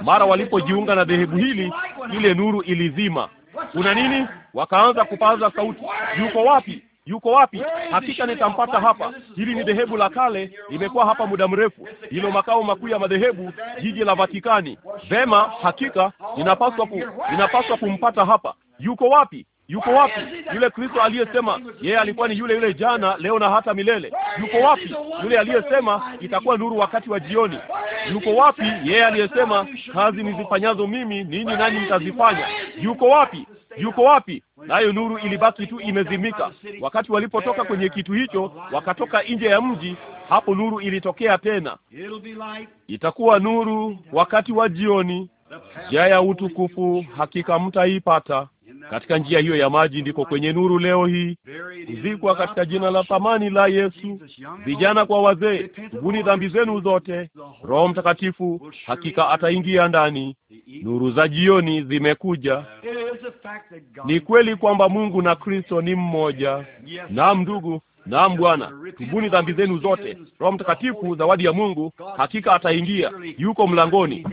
Mara walipojiunga na dhehebu hili, ile nuru ilizima. Kuna nini? Wakaanza kupaza sauti, yuko wapi? Yuko wapi? Hakika nitampata hapa. Hili ni dhehebu la kale, limekuwa hapa muda mrefu. Hilo makao makuu ya madhehebu, jiji la Vatikani. Vema, hakika ninapaswa ku, ninapaswa kumpata hapa. Yuko wapi? Yuko wapi yule Kristo aliyesema yeye alikuwa ni yule yule jana, leo na hata milele? Yuko wapi yule aliyesema itakuwa nuru wakati wa jioni? Yuko wapi yeye aliyesema kazi nizifanyazo mimi ninyi nani mtazifanya? Yuko wapi? Yuko wapi? Nayo nuru ilibaki tu imezimika. Wakati walipotoka kwenye kitu hicho, wakatoka nje ya mji, hapo nuru ilitokea tena. Itakuwa nuru wakati wa jioni, njia ya utukufu hakika mtaipata. Katika njia hiyo ya maji ndiko kwenye nuru leo hii kuzikwa katika jina la thamani la Yesu. Vijana kwa wazee, tubuni dhambi zenu zote. Roho Mtakatifu hakika ataingia ndani. Nuru za jioni zimekuja. Ni kweli kwamba Mungu na Kristo ni mmoja. Naam ndugu, naam bwana, tubuni dhambi zenu zote. Roho Mtakatifu, zawadi ya Mungu, hakika ataingia, yuko mlangoni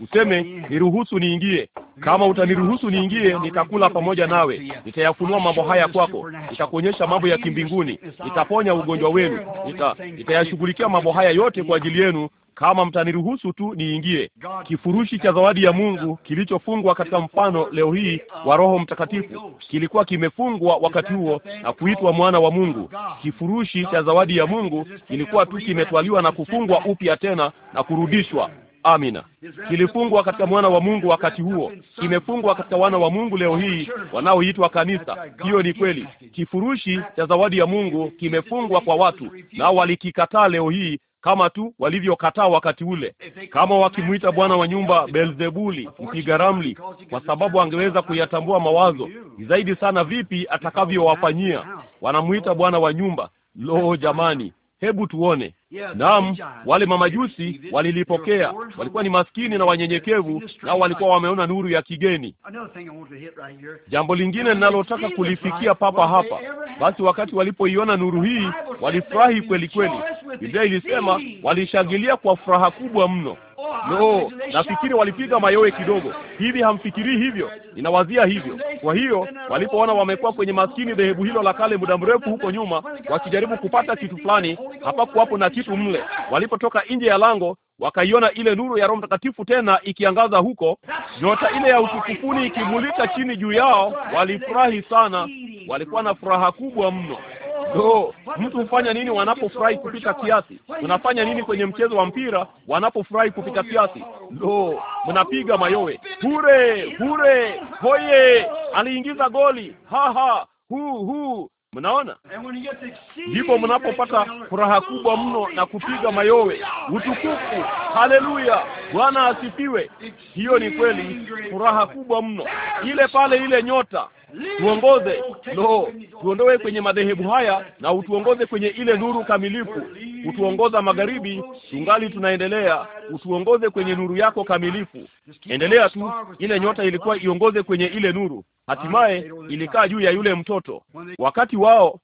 useme, niruhusu niingie. Kama utaniruhusu niingie, nitakula pamoja nawe, nitayafunua mambo haya kwako, nitakuonyesha mambo ya kimbinguni, nitaponya ugonjwa wenu, nita nitayashughulikia mambo haya yote kwa ajili yenu kama mtaniruhusu tu niingie. Kifurushi cha zawadi ya Mungu kilichofungwa katika mfano leo hii wa Roho Mtakatifu kilikuwa kimefungwa wakati huo na kuitwa mwana wa Mungu. Kifurushi cha zawadi ya Mungu kilikuwa tu kimetwaliwa na kufungwa upya tena na kurudishwa. Amina. Kilifungwa katika mwana wa Mungu wakati huo, kimefungwa katika wana wa Mungu leo hii wanaoitwa kanisa. Hiyo ni kweli. Kifurushi cha zawadi ya Mungu kimefungwa kwa watu, nao walikikataa leo hii kama tu walivyokataa wakati ule. Kama wakimwita bwana wa nyumba Beelzebuli, mpiga ramli, kwa sababu angeweza kuyatambua mawazo, ni zaidi sana vipi atakavyowafanyia. Wanamwita bwana wa nyumba. Lo, jamani, hebu tuone. Naam, wale mamajusi walilipokea, walikuwa ni maskini na wanyenyekevu, nao walikuwa wameona nuru ya kigeni. Jambo lingine ninalotaka kulifikia papa hapa, basi wakati walipoiona nuru hii walifurahi kweli kweli. Biblia ilisema walishangilia kwa furaha kubwa mno. No, nafikiri walipiga mayowe kidogo hivi. Hamfikirii hivyo? Ninawazia hivyo. Kwa hiyo walipoona wamekuwa kwenye maskini dhehebu hilo la kale muda mrefu huko nyuma, wakijaribu kupata kitu fulani, hapakuwapo na kitu mle. Walipotoka nje ya lango wakaiona ile nuru ya Roho Mtakatifu tena ikiangaza huko, nyota ile ya utukufuni ikimulika chini juu yao. Walifurahi sana, walikuwa na furaha kubwa mno. Lo, mtu hufanya nini wanapofurahi kupita kiasi? Unafanya nini kwenye mchezo wa mpira wanapofurahi kupita kiasi? Lo, mnapiga mayowe, hure hure, hoye, aliingiza goli, ha, hu hu. Mnaona, ndipo mnapopata furaha kubwa mno na kupiga mayowe, utukufu, haleluya, Bwana asifiwe. Hiyo ni kweli, furaha kubwa mno ile pale, ile nyota tuongoze, lo, tuondoe kwenye madhehebu haya na utuongoze kwenye ile nuru kamilifu. Utuongoza magharibi, tungali tunaendelea. Utuongoze kwenye nuru yako kamilifu. Endelea tu, ile nyota ilikuwa iongoze kwenye ile nuru. Hatimaye ilikaa juu ya yule mtoto wakati wao,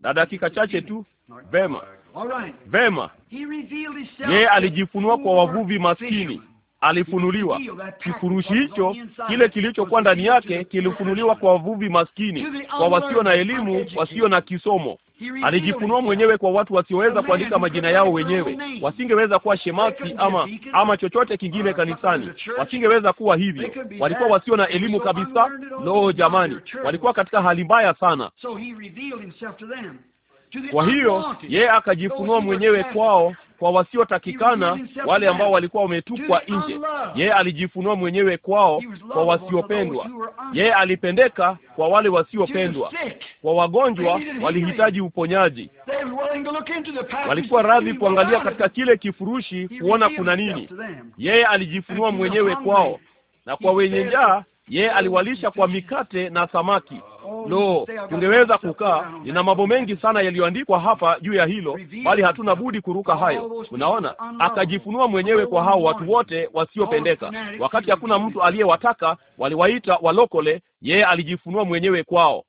na dakika chache tu. Vema, vema, yeye alijifunua kwa wavuvi maskini alifunuliwa. Kifurushi hicho kile kilichokuwa ndani yake kilifunuliwa kwa wavuvi maskini, kwa wasio na elimu, wasio na kisomo. Alijifunua mwenyewe kwa watu wasioweza kuandika majina yao wenyewe, wasingeweza kuwa shemasi ama ama chochote kingine uh, kanisani, wasingeweza kuwa hivyo, walikuwa wasio na elimu kabisa. Loo jamani, walikuwa katika hali mbaya sana. Kwa hiyo yeye akajifunua mwenyewe kwao kwa wasiotakikana, wale ambao walikuwa wametupwa nje. Yeye alijifunua mwenyewe kwao, kwa wasiopendwa. Yeye alipendeka kwa wale wasiopendwa, kwa wagonjwa walihitaji uponyaji. Walikuwa radhi kuangalia katika kile kifurushi kuona kuna nini. Yeye alijifunua mwenyewe kwao, na kwa wenye njaa yeye aliwalisha kwa mikate na samaki. Lo, oh, tungeweza kukaa. Nina mambo mengi sana yaliyoandikwa hapa juu ya hilo, bali hatuna budi kuruka hayo. Unaona, akajifunua mwenyewe kwa hao watu wote wasiopendeka. Wakati hakuna mtu aliyewataka, waliwaita walokole, yeye alijifunua mwenyewe kwao.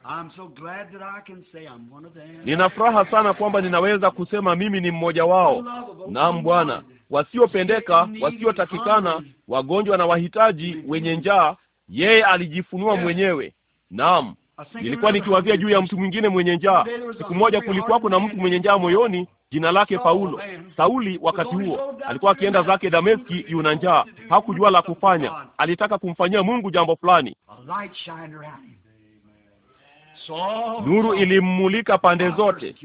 Nina furaha sana kwamba ninaweza kusema mimi ni mmoja wao. Naam Bwana, wasiopendeka, wasiotakikana, wagonjwa na wahitaji, wenye njaa, yeye alijifunua mwenyewe. Naam. Nilikuwa nikiwazia juu ya mtu mwingine mwenye njaa. Siku moja kulikuwa kuna mtu mwenye njaa moyoni, jina lake Paulo. Sauli wakati huo alikuwa akienda zake Dameski, yuna njaa, hakujua la kufanya, alitaka kumfanyia Mungu jambo fulani. Nuru ilimmulika pande zote.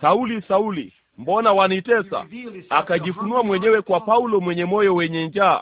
Sauli, Sauli, mbona wanitesa? Akajifunua mwenyewe kwa Paulo mwenye moyo wenye njaa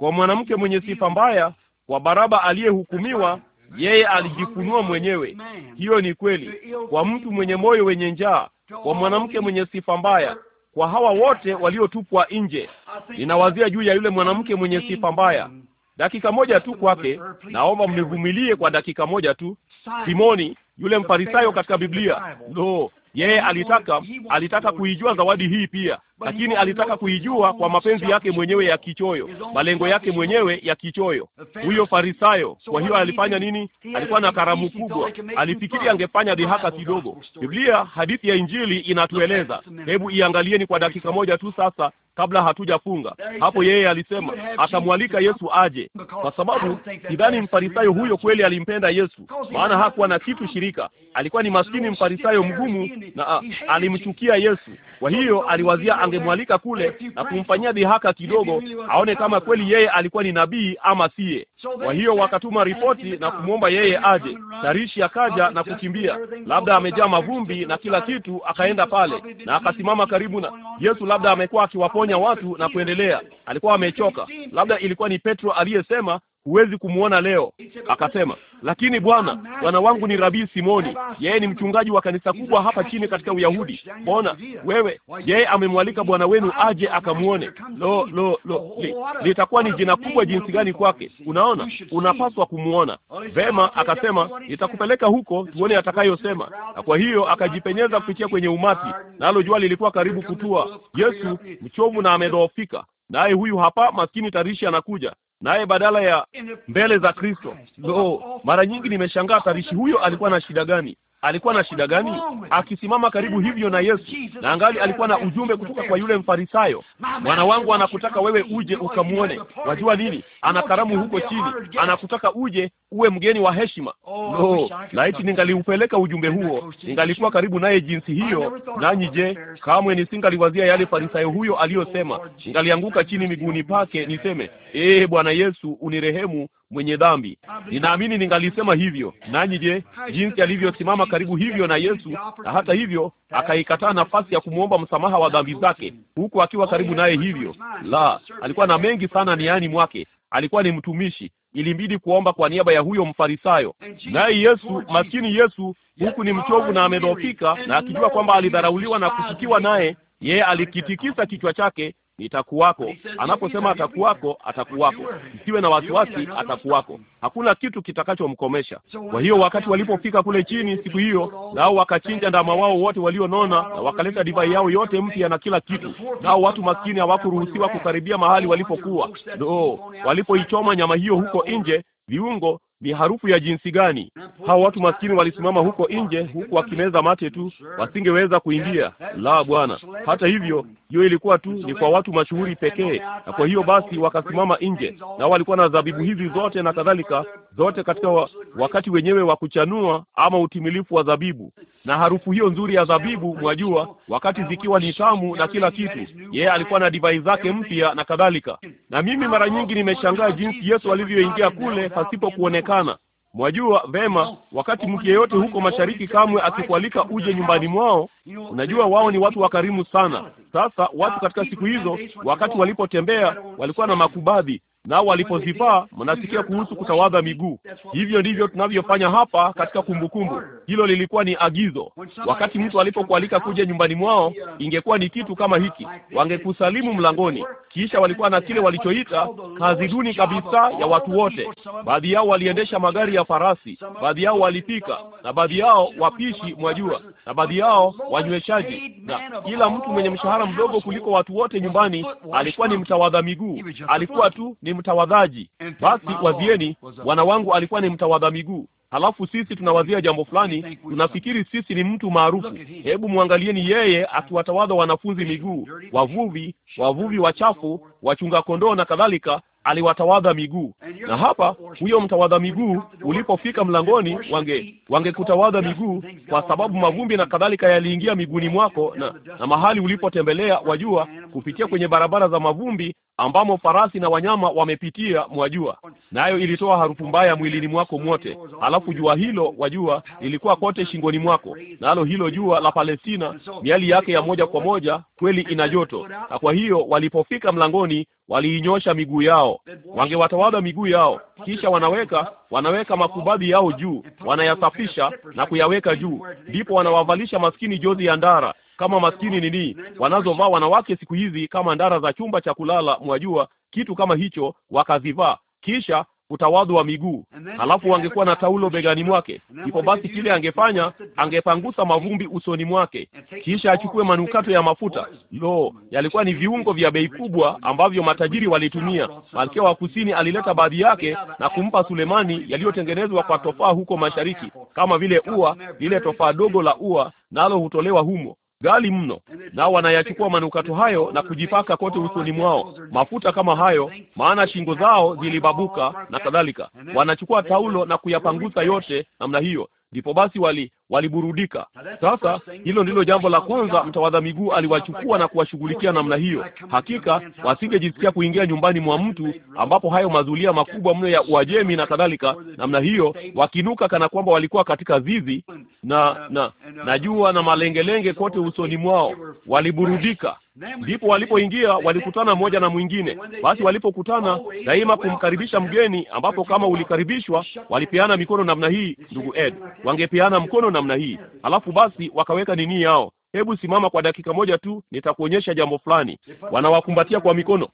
kwa mwanamke mwenye sifa mbaya kwa Baraba aliyehukumiwa, yeye alijifunua mwenyewe. Hiyo ni kweli. Kwa mtu mwenye moyo wenye njaa, kwa mwanamke mwenye sifa mbaya, kwa hawa wote waliotupwa nje, ninawazia juu ya yule mwanamke mwenye sifa mbaya. Dakika moja tu kwake, naomba mnivumilie kwa dakika moja tu. Simoni yule Mfarisayo katika Biblia, lo, yeye alitaka alitaka kuijua zawadi hii pia lakini alitaka kuijua kwa mapenzi yake mwenyewe ya kichoyo, malengo yake mwenyewe ya kichoyo, huyo Farisayo. Kwa hiyo alifanya nini? Alikuwa na karamu kubwa, alifikiri angefanya dhihaka kidogo. Biblia, hadithi ya Injili inatueleza, hebu iangalieni kwa dakika moja tu sasa kabla hatujafunga hapo. Yeye alisema atamwalika Yesu aje, kwa sababu sidhani mfarisayo huyo kweli alimpenda Yesu, maana hakuwa na kitu shirika. Alikuwa ni maskini mfarisayo mgumu, na ah, alimchukia Yesu. Kwa hiyo aliwazia angemwalika kule na kumfanyia dhihaka kidogo, aone kama kweli yeye alikuwa ni nabii ama siye. Kwa hiyo wakatuma ripoti na kumwomba yeye aje. Tarishi akaja na kukimbia, labda amejaa mavumbi na kila kitu, akaenda pale na akasimama karibu na Yesu. Labda amekuwa akiwaponya watu na kuendelea, alikuwa amechoka. Labda ilikuwa ni Petro aliyesema huwezi kumwona leo. Akasema, lakini Bwana, bwana wangu ni Rabii Simoni, yeye ni mchungaji wa kanisa kubwa hapa chini katika Uyahudi. Mbona wewe, yeye amemwalika bwana wenu aje akamwone. Lo, lo, lo, li, litakuwa ni jina kubwa jinsi gani kwake! Unaona, unapaswa kumwona vema. Akasema, nitakupeleka huko tuone atakayosema. Na kwa hiyo akajipenyeza kupitia kwenye umati, nalo jua lilikuwa karibu kutua. Yesu mchovu na amedhoofika, naye huyu hapa maskini tarishi anakuja naye badala ya mbele za Kristo. Lo, oh, mara nyingi nimeshangaa tarishi huyo alikuwa na shida gani? alikuwa na shida gani? Akisimama karibu hivyo na Yesu, na angali alikuwa na ujumbe kutoka kwa yule Mfarisayo, bwana wangu anakutaka wewe uje ukamwone. Wajua nini? Ana karamu huko chini, anakutaka uje uwe mgeni wa heshima. No, laiti ningaliupeleka ujumbe huo, ningalikuwa karibu naye jinsi hiyo. Nanyi je, kamwe nisingaliwazia yale Farisayo huyo aliyosema. Ningalianguka chini miguuni pake niseme, ee Bwana Yesu, unirehemu mwenye dhambi. Ninaamini ningalisema hivyo. Nanyi je, jinsi alivyosimama karibu hivyo na Yesu, na hata hivyo akaikataa nafasi ya kumwomba msamaha wa dhambi zake, huku akiwa karibu naye hivyo? La, alikuwa na mengi sana niani mwake. Alikuwa ni mtumishi, ilimbidi kuomba kwa niaba ya huyo Mfarisayo. Naye Yesu, maskini Yesu, huku ni mchovu na amedhoofika, na akijua kwamba alidharauliwa na kushikiwa naye, yeye alikitikisa kichwa chake nitakuwako. Anaposema atakuwako, atakuwako. isiwe na wasiwasi, atakuwako. Hakuna kitu kitakachomkomesha. Kwa hiyo wakati walipofika kule chini siku hiyo, nao wakachinja ndama wao wote walionona na wakaleta divai yao yote mpya na kila kitu, nao watu maskini hawakuruhusiwa kukaribia mahali walipokuwa. No, walipoichoma nyama hiyo huko nje, viungo ni harufu ya jinsi gani! Hao watu maskini walisimama huko nje, huku wakimeza mate tu, wasingeweza kuingia. La, Bwana! Hata hivyo, hiyo ilikuwa tu ni kwa watu mashuhuri pekee, na kwa hiyo basi wakasimama nje, na walikuwa na zabibu hizi zote na kadhalika, zote katika wa, wakati wenyewe wa kuchanua ama utimilifu wa zabibu, na harufu hiyo nzuri ya zabibu, mwajua, wakati zikiwa ni tamu na kila kitu. Yeye alikuwa na divai zake mpya na kadhalika. Na mimi mara nyingi nimeshangaa jinsi Yesu alivyoingia kule pasipo kuonekana Mwajua vema, wakati mtu yeyote huko mashariki kamwe akikualika uje nyumbani mwao, unajua wao ni watu wakarimu sana. Sasa watu katika siku hizo, wakati walipotembea, walikuwa na makubadhi nao walipozivaa mnasikia kuhusu kutawadha miguu. Hivyo ndivyo tunavyofanya hapa katika kumbukumbu. Hilo lilikuwa ni agizo. Wakati mtu alipokualika kuja nyumbani mwao, ingekuwa ni kitu kama hiki, wangekusalimu mlangoni. Kisha walikuwa na kile walichoita kazi duni kabisa ya watu wote. Baadhi yao waliendesha magari ya farasi, baadhi yao walipika, na baadhi yao wapishi, mwajua, na baadhi yao wanyweshaji, na kila mtu mwenye mshahara mdogo kuliko watu wote nyumbani alikuwa ni mtawadha miguu. Alikuwa tu ni ni mtawadhaji. Basi wazieni, bwana wangu alikuwa ni mtawadha miguu. Halafu sisi tunawazia jambo fulani, tunafikiri sisi ni mtu maarufu. Hebu mwangalieni yeye akiwatawadha wanafunzi miguu, wavuvi, wavuvi wachafu, wachunga kondoo na kadhalika, aliwatawadha miguu. Na hapa huyo mtawadha miguu ulipofika mlangoni, wange wangekutawadha miguu, kwa sababu mavumbi na kadhalika yaliingia miguuni mwako, na, na mahali ulipotembelea, wajua, kupitia kwenye barabara za mavumbi ambamo farasi na wanyama wamepitia, mwajua nayo ilitoa harufu mbaya mwilini mwako mwote. Halafu jua hilo wajua lilikuwa kote shingoni mwako, nalo na hilo jua la Palestina, miali yake ya moja kwa moja kweli ina joto. Na kwa hiyo walipofika mlangoni, waliinyosha miguu yao, wangewatawada miguu yao, kisha wanaweka wanaweka makubadhi yao juu, wanayasafisha na kuyaweka juu, ndipo wanawavalisha maskini jozi ya ndara kama maskini nini wanazovaa wanawake siku hizi, kama ndara za chumba cha kulala, mwajua kitu kama hicho, wakazivaa kisha utawadhu wa miguu, halafu angekuwa na taulo begani mwake. Ndipo basi kile angefanya, angepangusa mavumbi usoni mwake, kisha achukue manukato ya mafuta. Lo, yalikuwa ni viungo vya bei kubwa ambavyo matajiri walitumia. Malkia wa Kusini alileta baadhi yake na kumpa Sulemani, yaliyotengenezwa kwa tofaa huko mashariki, kama vile ua, lile tofaa dogo la ua nalo hutolewa humo ghali mno, nao wanayachukua manukato hayo na kujipaka kote usoni mwao mafuta kama hayo, maana shingo zao zilibabuka na kadhalika. Wanachukua taulo na kuyapangusa yote namna hiyo. Ndipo basi wali waliburudika. Sasa hilo ndilo jambo la kwanza mtawadha miguu aliwachukua na kuwashughulikia namna hiyo. Hakika wasingejisikia kuingia nyumbani mwa mtu ambapo hayo mazulia makubwa mno ya Uajemi na kadhalika namna hiyo, wakinuka kana kwamba walikuwa katika zizi na na najua na malengelenge kote usoni mwao, waliburudika. Ndipo walipoingia walikutana mmoja na mwingine. Basi walipokutana, oh, daima kumkaribisha mgeni, ambapo kama ulikaribishwa walipeana mikono namna hii, ndugu Ed, wangepeana mkono na namna hii, alafu basi wakaweka nini yao. Hebu simama kwa dakika moja tu, nitakuonyesha jambo fulani. Wanawakumbatia kwa mikono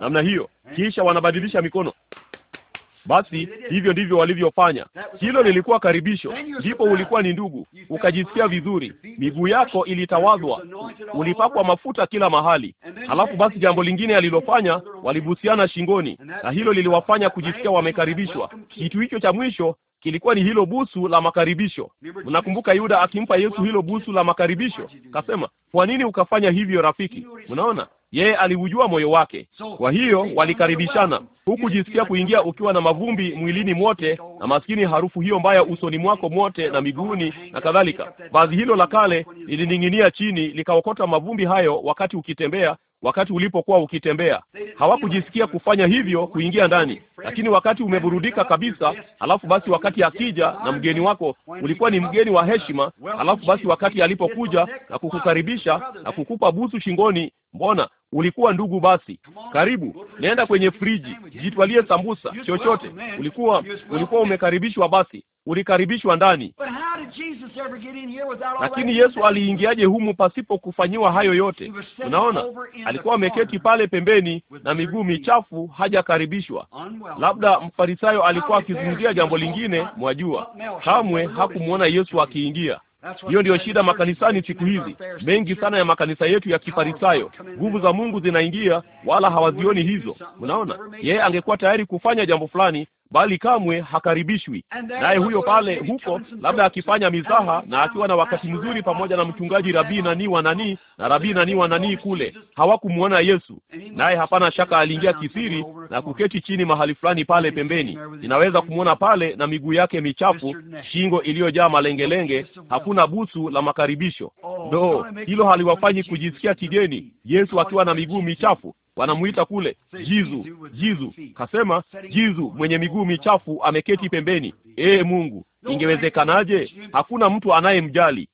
namna hiyo, kisha wanabadilisha mikono. Basi hivyo ndivyo walivyofanya. Hilo lilikuwa karibisho, ndipo ulikuwa ni ndugu, ukajisikia vizuri, miguu yako ilitawazwa, ulipakwa mafuta kila mahali. Halafu basi jambo lingine alilofanya, walibusiana shingoni, na hilo liliwafanya kujisikia wamekaribishwa. Kitu hicho cha mwisho kilikuwa ni hilo busu la makaribisho. Mnakumbuka Yuda akimpa Yesu hilo busu la makaribisho, kasema, kwa nini ukafanya hivyo rafiki? Mnaona, yeye aliujua moyo wake. Kwa hiyo walikaribishana, huku jisikia kuingia ukiwa na mavumbi mwilini mwote na maskini, harufu hiyo mbaya usoni mwako mwote na miguuni na kadhalika. Vazi hilo la kale lilining'inia chini likaokota mavumbi hayo wakati ukitembea, wakati ulipokuwa ukitembea. Hawakujisikia kufanya hivyo, kuingia ndani, lakini wakati umeburudika kabisa, alafu basi wakati akija na mgeni wako, ulikuwa ni mgeni wa heshima, alafu basi wakati alipokuja na kukukaribisha na kukupa busu shingoni Mbona ulikuwa ndugu? Basi karibu, nenda kwenye friji, jitwalie sambusa, chochote. Ulikuwa ulikuwa umekaribishwa, basi ulikaribishwa ndani. Lakini Yesu aliingiaje humu pasipo kufanyiwa hayo yote? Unaona, alikuwa ameketi pale pembeni na miguu michafu, hajakaribishwa. Labda mfarisayo alikuwa akizungumzia jambo lingine, mwajua. Kamwe hakumwona Yesu akiingia. Hiyo ndiyo shida makanisani siku hizi, mengi sana ya makanisa yetu ya Kifarisayo. Nguvu za Mungu zinaingia, wala hawazioni hizo. Mnaona, yeye angekuwa tayari kufanya jambo fulani bali kamwe hakaribishwi. Naye huyo pale huko, labda akifanya mizaha na akiwa na wakati mzuri pamoja na mchungaji Rabii nani wa nani na Rabii nani wa nani kule, hawakumwona Yesu, naye hapana shaka aliingia kisiri na kuketi chini mahali fulani pale pembeni. Ninaweza kumwona pale na miguu yake michafu, shingo iliyojaa malengelenge, hakuna busu la makaribisho. Oh, Ndo hilo haliwafanyi kujisikia kigeni, Yesu akiwa na miguu michafu wanamwita kule jizu jizu, kasema jizu mwenye miguu michafu ameketi pembeni. Ee Mungu, ingewezekanaje? Hakuna mtu anayemjali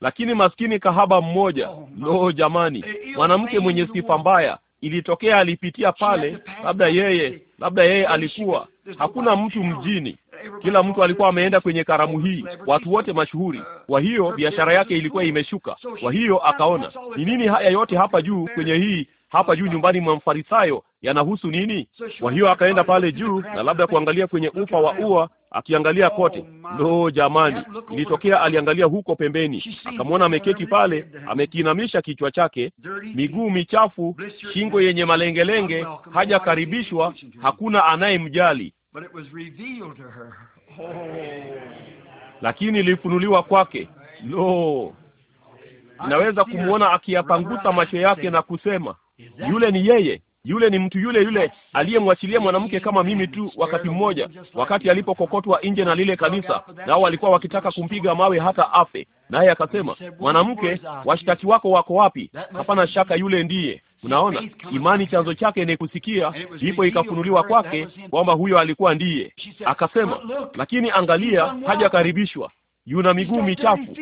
lakini maskini kahaba mmoja. Lo, jamani, mwanamke mwenye sifa mbaya ilitokea alipitia pale, labda yeye labda yeye alikuwa, hakuna mtu mjini, kila mtu alikuwa ameenda kwenye karamu hii, watu wote mashuhuri. Uh, Kwa hiyo biashara yake ilikuwa imeshuka. Kwa hiyo akaona ni nini haya yote hapa juu kwenye hii hapa juu nyumbani mwa Mfarisayo yanahusu nini? Kwa hiyo akaenda pale juu na labda kuangalia kwenye ufa wa ua, akiangalia oh, kote. Lo, jamani, ilitokea aliangalia huko pembeni, akamwona ameketi pale, amekinamisha kichwa chake, miguu michafu, shingo yenye malengelenge, hajakaribishwa, hakuna anayemjali. Oh. Lakini ilifunuliwa kwake. Lo, naweza kumwona akiyapangusa macho yake na kusema, yule ni yeye, yule ni mtu yule yule aliyemwachilia mwanamke kama mimi tu wakati mmoja, wakati alipokokotwa nje na lile kanisa, nao walikuwa wakitaka kumpiga mawe hata afe, naye akasema, mwanamke, washtaki wako wako wapi? Hapana shaka yule ndiye Unaona, imani chanzo chake ni kusikia, ndipo ikafunuliwa kwake kwamba huyo alikuwa ndiye. Akasema, lakini angalia, hajakaribishwa yuna miguu michafu,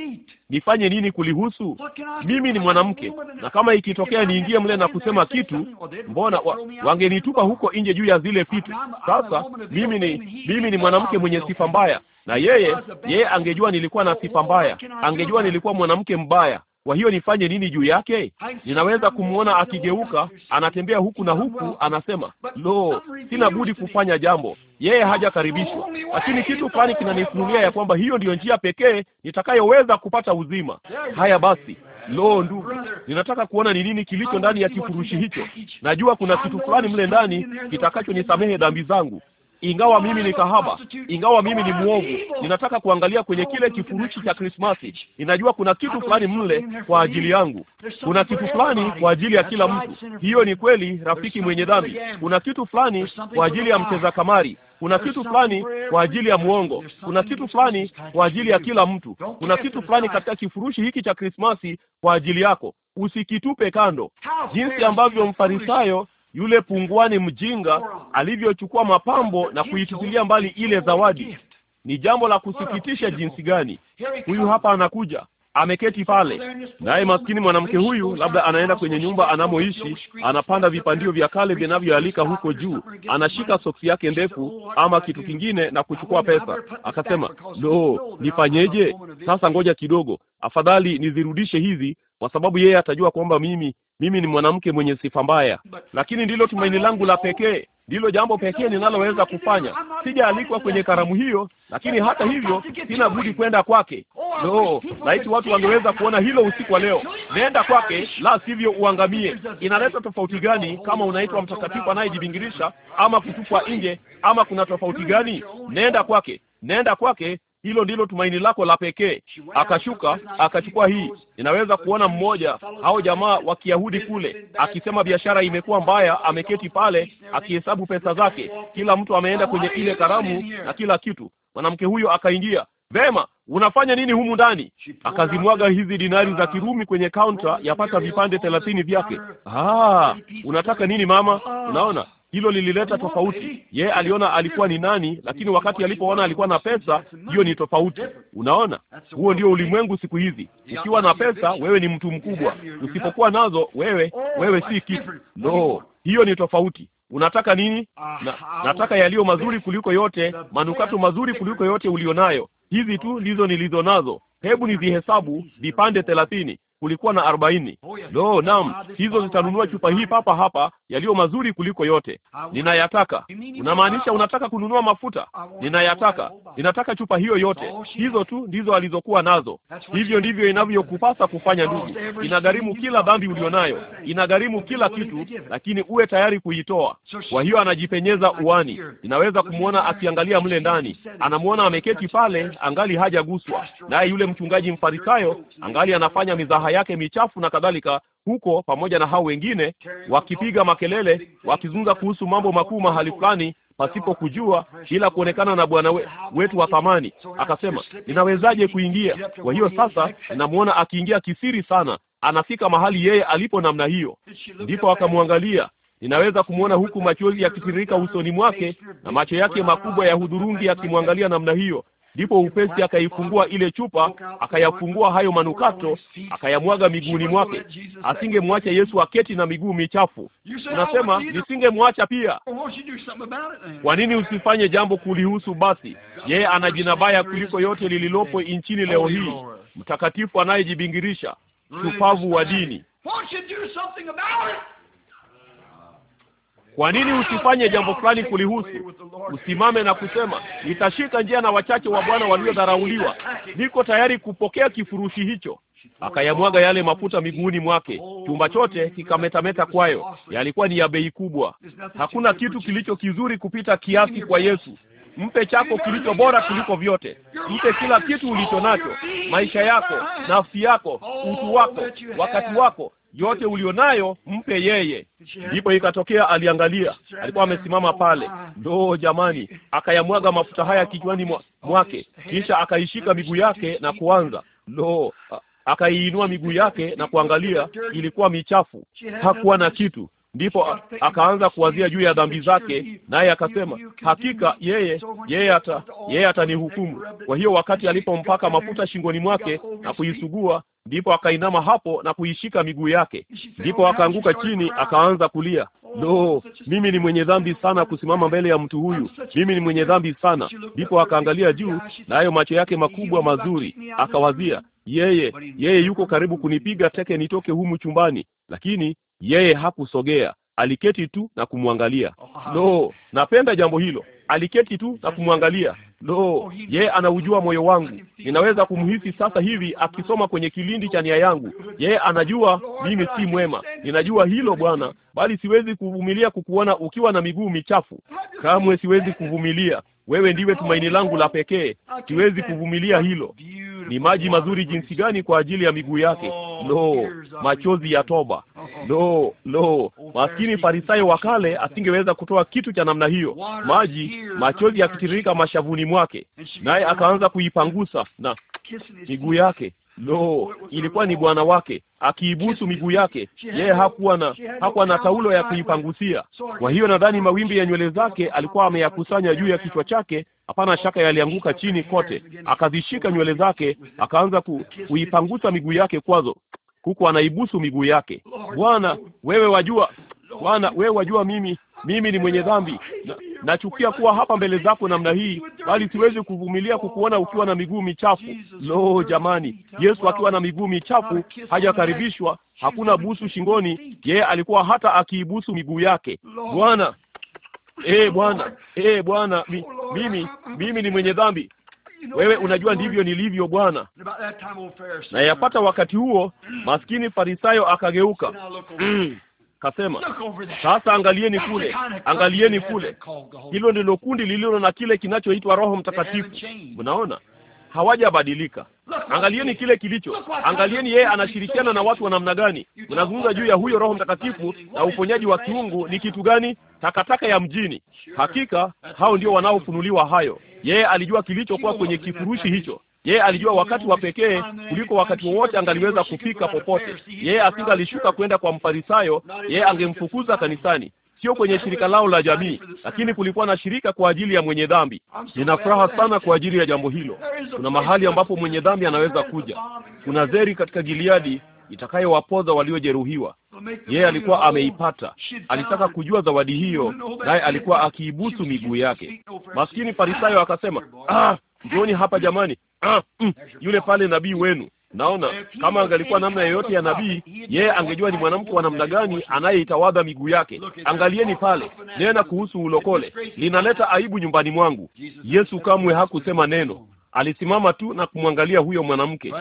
nifanye nini kulihusu? Mimi ni mwanamke, na kama ikitokea niingie mle na kusema kitu, mbona wa, wangenitupa huko nje juu ya zile vitu. Sasa mimi ni mimi ni mwanamke mwenye sifa mbaya, na yeye yeye angejua nilikuwa na sifa mbaya, angejua nilikuwa mwanamke mbaya, kwa hiyo nifanye nini juu yake? Ninaweza kumwona akigeuka, anatembea huku na huku, anasema lo, sina budi kufanya jambo. Yeye hajakaribishwa, lakini kitu fulani kinanifunulia ya kwamba hiyo ndiyo njia pekee nitakayoweza kupata uzima. Haya basi, lo, ndugu, ninataka kuona ni nini kilicho ndani ya kifurushi hicho. Najua kuna kitu fulani mle ndani kitakachonisamehe dhambi zangu. Ingawa mimi ni kahaba, ingawa mimi ni mwovu, ninataka kuangalia kwenye kile kifurushi cha Krismasi. Ninajua kuna kitu fulani mle kwa ajili yangu, kuna kitu fulani kwa ajili ya kila mtu. Hiyo ni kweli, rafiki mwenye dhambi. Kuna kitu fulani kwa ajili ya mcheza kamari kuna kitu fulani kwa ajili ya muongo, kuna kitu fulani kwa ajili ya kila mtu, kuna kitu fulani katika kifurushi hiki cha Krismasi kwa ajili yako. Usikitupe kando, jinsi ambavyo mfarisayo yule punguani mjinga alivyochukua mapambo na kuitupilia mbali ile zawadi. Ni jambo la kusikitisha jinsi gani! Huyu hapa anakuja ameketi pale, naye maskini mwanamke huyu labda anaenda kwenye nyumba anamoishi, anapanda vipandio vya kale vinavyoalika huko juu, anashika soksi yake ndefu ama kitu kingine na kuchukua pesa. Akasema, lo, nifanyeje sasa? Ngoja kidogo, afadhali nizirudishe hizi kwa sababu yeye atajua kwamba mimi mimi ni mwanamke mwenye sifa mbaya, lakini ndilo tumaini langu la pekee, ndilo jambo pekee ninaloweza kufanya. Sijaalikwa kwenye karamu hiyo, lakini hata hivyo sina budi kwenda kwake. No, laiti watu wangeweza kuona hilo usiku wa leo. Nenda kwake, la sivyo uangamie. Inaleta tofauti gani kama unaitwa mtakatifu anayejibingirisha ama kutupwa nje? Ama kuna tofauti gani? Nenda kwake, nenda kwake, hilo ndilo tumaini lako la pekee. Akashuka akachukua hii. Ninaweza kuona mmoja hao jamaa wa Kiyahudi kule akisema biashara imekuwa mbaya, ameketi pale akihesabu pesa zake, kila mtu ameenda kwenye ile karamu na kila kitu. Mwanamke huyo akaingia Vema, unafanya nini humu ndani? Akazimwaga hizi dinari za Kirumi kwenye kaunta, yapata vipande thelathini vyake. Ah, unataka nini mama? Unaona, hilo lilileta tofauti. Yeye aliona alikuwa ni nani, lakini wakati alipoona alikuwa na pesa, hiyo ni tofauti. Unaona, huo ndio ulimwengu siku hizi. Ukiwa na pesa, wewe ni mtu mkubwa. Usipokuwa nazo, wewe oh, wewe si kitu. No, hiyo ni tofauti. Unataka nini? Na, nataka yaliyo mazuri kuliko yote, manukato mazuri kuliko yote ulionayo. Hizi tu ndizo nilizo nazo, hebu nizihesabu vipande thelathini kulikuwa na arobaini. Lo, naam, hizo zitanunua chupa hii papa hapa, yaliyo mazuri kuliko yote. Ninayataka. Unamaanisha unataka kununua mafuta? Ninayataka, ninataka chupa hiyo yote. Hizo tu ndizo alizokuwa nazo. Hivyo ndivyo inavyokupasa kufanya, ndugu. Inagharimu kila dhambi ulionayo, inagharimu kila kitu, lakini uwe tayari kuitoa. Kwa hiyo anajipenyeza uani, inaweza kumwona akiangalia mle ndani, anamwona ameketi pale, angali hajaguswa, naye yule mchungaji mfarisayo angali anafanya mizaha yake michafu na kadhalika, huko pamoja na hao wengine wakipiga makelele, wakizungumza kuhusu mambo makuu mahali fulani pasipo kujua, bila kuonekana na Bwana we, wetu wa thamani. Akasema, ninawezaje kuingia? Kwa hiyo sasa ninamwona akiingia kisiri sana, anafika mahali yeye alipo namna hiyo, ndipo akamwangalia ninaweza kumwona huku machozi yakitiririka usoni mwake na macho yake makubwa ya hudhurungi yakimwangalia namna hiyo, Ndipo upesi akaifungua ile chupa, akayafungua hayo manukato, akayamwaga miguuni mwake. Asingemwacha Yesu aketi na miguu michafu. Unasema oh, nisingemwacha pia. Kwa nini usifanye jambo kulihusu? Basi yeye ana jina baya kuliko yote lililopo nchini leo hii, mtakatifu anayejibingirisha, shupavu wa dini. Kwa nini usifanye jambo fulani kulihusu? Usimame na kusema, nitashika njia na wachache wa Bwana waliodharauliwa, niko tayari kupokea kifurushi hicho. Akayamwaga yale mafuta miguuni mwake, chumba chote kikametameta kwayo. Yalikuwa ni ya bei kubwa. Hakuna kitu kilicho kizuri kupita kiasi kwa Yesu. Mpe chako kilicho bora kuliko vyote, mpe kila kitu ulicho nacho, maisha yako, nafsi yako, utu wako, wakati wako, yote ulionayo mpe yeye. Ndipo ikatokea aliangalia, alikuwa amesimama pale, ndoo jamani, akayamwaga mafuta haya kichwani mwake, kisha akaishika miguu yake na kuanza lo, akaiinua miguu yake na kuangalia, ilikuwa michafu, hakuwa na kitu. Ndipo akaanza kuwazia juu ya dhambi zake, naye akasema, hakika yeye yeye ata yeye atanihukumu. Kwa hiyo wakati alipompaka mafuta shingoni mwake na kuisugua Ndipo akainama hapo na kuishika miguu yake, oh, ndipo akaanguka chini, akaanza kulia, lo, oh, mimi ni mwenye dhambi sana kusimama mbele ya mtu huyu, mimi ni mwenye dhambi sana. Ndipo akaangalia juu, nayo macho yake makubwa mazuri, akawazia, yeye yeye yuko karibu kunipiga teke nitoke humu chumbani, lakini yeye hakusogea, aliketi tu na kumwangalia. Lo, oh, napenda jambo hilo, aliketi tu na kumwangalia. Lo, ye anaujua moyo wangu. Ninaweza kumhisi sasa hivi akisoma kwenye kilindi cha nia yangu. Yeye anajua mimi si mwema, ninajua hilo Bwana, bali siwezi kuvumilia kukuona ukiwa na miguu michafu. Kamwe siwezi kuvumilia. Wewe ndiwe tumaini langu la pekee. Siwezi kuvumilia hilo. Ni maji mazuri jinsi gani kwa ajili ya miguu yake! Lo, machozi ya toba! Lo, lo, maskini Farisayo wa kale asingeweza kutoa kitu cha namna hiyo. Maji, machozi yakitiririka mashavuni mwake, naye akaanza kuipangusa na miguu yake Lo, ilikuwa ni bwana wake akiibusu miguu yake. Yeye hakuwa na hakuwa na taulo ya kuipangusia, kwa hiyo nadhani mawimbi ya nywele zake alikuwa ameyakusanya juu ya kichwa chake. Hapana shaka yalianguka chini kote. Akazishika nywele zake akaanza ku, kuipangusa miguu yake kwazo, huku anaibusu miguu yake. Bwana wewe wajua Bwana, wewe wajua mimi mimi ni mwenye dhambi na, nachukia kuwa hapa mbele zako namna hii, bali siwezi kuvumilia kukuona ukiwa na miguu michafu. Lo, jamani, Yesu akiwa na miguu michafu hajakaribishwa. Hakuna busu shingoni, yeye alikuwa hata akiibusu miguu yake. Bwana, eh, Bwana, eh, Bwana, mi, mimi mimi ni mwenye dhambi wewe unajua ndivyo nilivyo Bwana. Na yapata wakati huo, maskini Farisayo akageuka. Mm kasema, sasa angalieni kule, angalieni kule. Hilo ndilo kundi lililo na kile kinachoitwa Roho Mtakatifu. Mnaona, hawajabadilika. Angalieni kile kilicho, angalieni yeye anashirikiana na watu wa namna gani. Mnazungumza juu ya huyo Roho Mtakatifu na uponyaji wa kiungu ni kitu gani? Takataka ya mjini. Hakika hao ndio wanaofunuliwa hayo. Yeye alijua kilichokuwa kwenye kifurushi hicho, yeye alijua wakati wa pekee kuliko wakati wowote angaliweza kufika popote. Yeye asingalishuka kwenda kwa Mfarisayo, yeye angemfukuza kanisani, sio kwenye shirika lao la jamii, lakini kulikuwa na shirika kwa ajili ya mwenye dhambi. Nina furaha sana kwa ajili ya jambo hilo. Kuna mahali ambapo mwenye dhambi anaweza kuja. Kuna zeri katika Gileadi itakayowapoza waliojeruhiwa. Yeye alikuwa ameipata, alitaka kujua zawadi hiyo, naye alikuwa akiibusu miguu yake. Maskini Farisayo akasema ah, njoni hapa jamani. Ah, mm, yule pale nabii wenu. Naona kama angalikuwa namna yoyote ya nabii, yeye angejua ni mwanamke wa namna gani anayeitawadha miguu yake. Angalieni pale, nena kuhusu ulokole, linaleta aibu nyumbani mwangu. Yesu kamwe hakusema neno, alisimama tu na kumwangalia huyo mwanamke.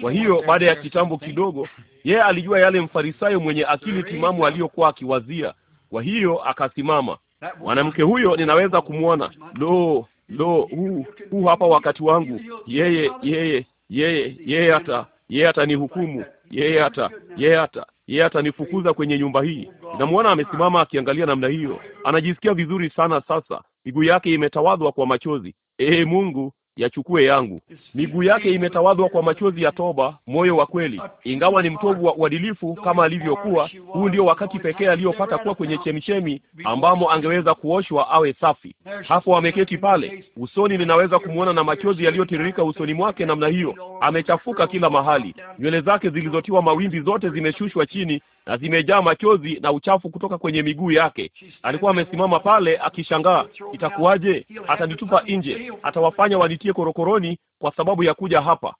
Kwa hiyo baada ya kitambo kidogo, yeye alijua yale mfarisayo mwenye akili timamu aliyokuwa akiwazia. Kwa hiyo akasimama. Mwanamke huyo ninaweza kumwona. Lo, Lo, huu huu hapa wakati wangu. Yeye yeye yeye yeye hata yeye atanihukumu, yeye hata yeye hata yeye atanifukuza kwenye nyumba hii. Namwona amesimama akiangalia namna hiyo, anajisikia vizuri sana sasa, miguu yake imetawadhwa kwa machozi. Ee Mungu, yachukue yangu. Miguu yake imetawadhwa kwa machozi ya toba, moyo wa kweli. Ingawa ni mtovu wa uadilifu kama alivyokuwa, huu ndio wakati pekee aliyopata kuwa kwenye chemichemi ambamo angeweza kuoshwa awe safi. Hapo ameketi pale, usoni ninaweza kumwona na machozi yaliyotiririka usoni mwake namna hiyo. Amechafuka kila mahali, nywele zake zilizotiwa mawimbi zote zimeshushwa chini na zimejaa machozi na uchafu kutoka kwenye miguu yake. Alikuwa amesimama pale akishangaa, itakuwaje? Atanitupa nje, atawafanya wanitie korokoroni kwa sababu ya kuja hapa.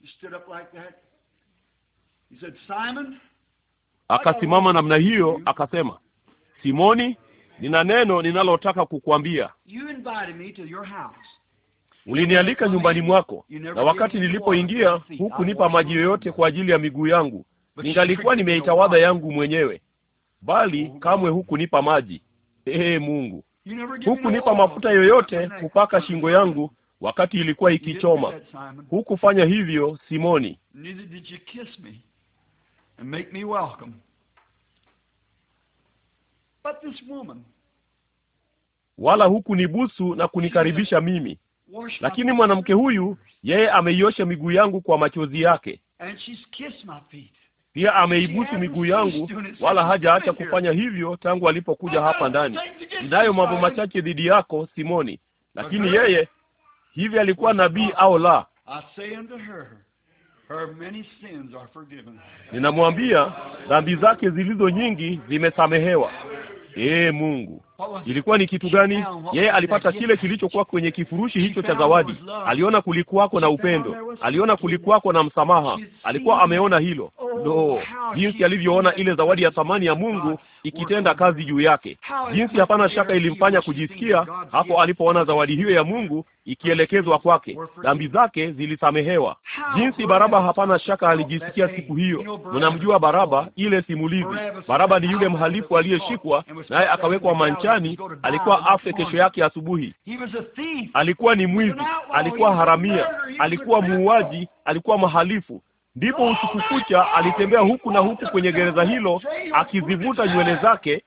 Akasimama namna hiyo, akasema, Simoni, nina neno ninalotaka kukuambia. Ulinialika nyumbani mwako, na wakati nilipoingia hukunipa maji yoyote kwa ajili ya miguu yangu, Ningalikuwa nimeitawadha yangu mwenyewe, bali kamwe hukunipa maji. Ee Mungu, hukunipa mafuta yoyote kupaka shingo yangu wakati ilikuwa ikichoma. Hukufanya hivyo Simoni, wala hukunibusu na kunikaribisha mimi. Lakini mwanamke huyu, yeye ameiosha miguu yangu kwa machozi yake. And she's kissed my feet. Pia ameibusu miguu yangu, wala hajaacha kufanya hivyo tangu alipokuja hapa ndani. Ninayo mambo machache dhidi yako Simoni, lakini yeye hivi alikuwa nabii au la? Ninamwambia dhambi zake zilizo nyingi zimesamehewa. Ee Mungu, ilikuwa ni kitu gani? Yeye alipata kile kilichokuwa kwenye kifurushi hicho cha zawadi. Aliona kulikuwako na upendo, aliona kulikuwako na msamaha, alikuwa ameona hilo. Lo, oh, jinsi alivyoona ile zawadi ya thamani ya Mungu ikitenda kazi juu yake. Jinsi hapana shaka ilimfanya kujisikia hapo alipoona zawadi hiyo ya Mungu ikielekezwa kwake, dhambi zake zilisamehewa. Jinsi Baraba hapana shaka alijisikia siku hiyo. Mnamjua Baraba, ile simulizi. Baraba ni yule mhalifu aliyeshikwa naye akawekwa manchani, alikuwa afe kesho yake asubuhi. Alikuwa ni mwizi, oh, alikuwa haramia, alikuwa muuaji, alikuwa mhalifu Ndipo usiku kucha alitembea huku na huku kwenye gereza hilo akizivuta nywele zake,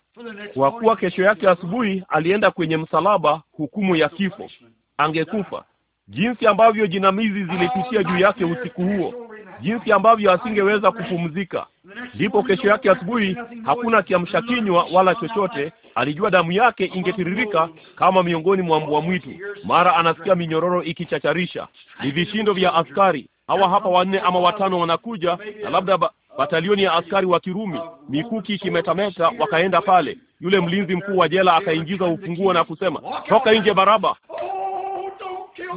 kwa kuwa kesho yake asubuhi alienda kwenye msalaba, hukumu ya kifo, angekufa. Jinsi ambavyo jinamizi zilipitia juu yake usiku huo, jinsi ambavyo asingeweza kupumzika. Ndipo kesho yake asubuhi hakuna kiamsha kinywa wala chochote. Alijua damu yake ingetiririka kama miongoni mwa mbwa mwitu. Mara anasikia minyororo ikichacharisha, ni vishindo vya askari hawa hapa wanne ama watano wanakuja, na labda ba batalioni ya askari wa Kirumi, mikuki ikimetameta, wakaenda pale. Yule mlinzi mkuu wa jela akaingiza ufunguo na kusema, toka nje Baraba.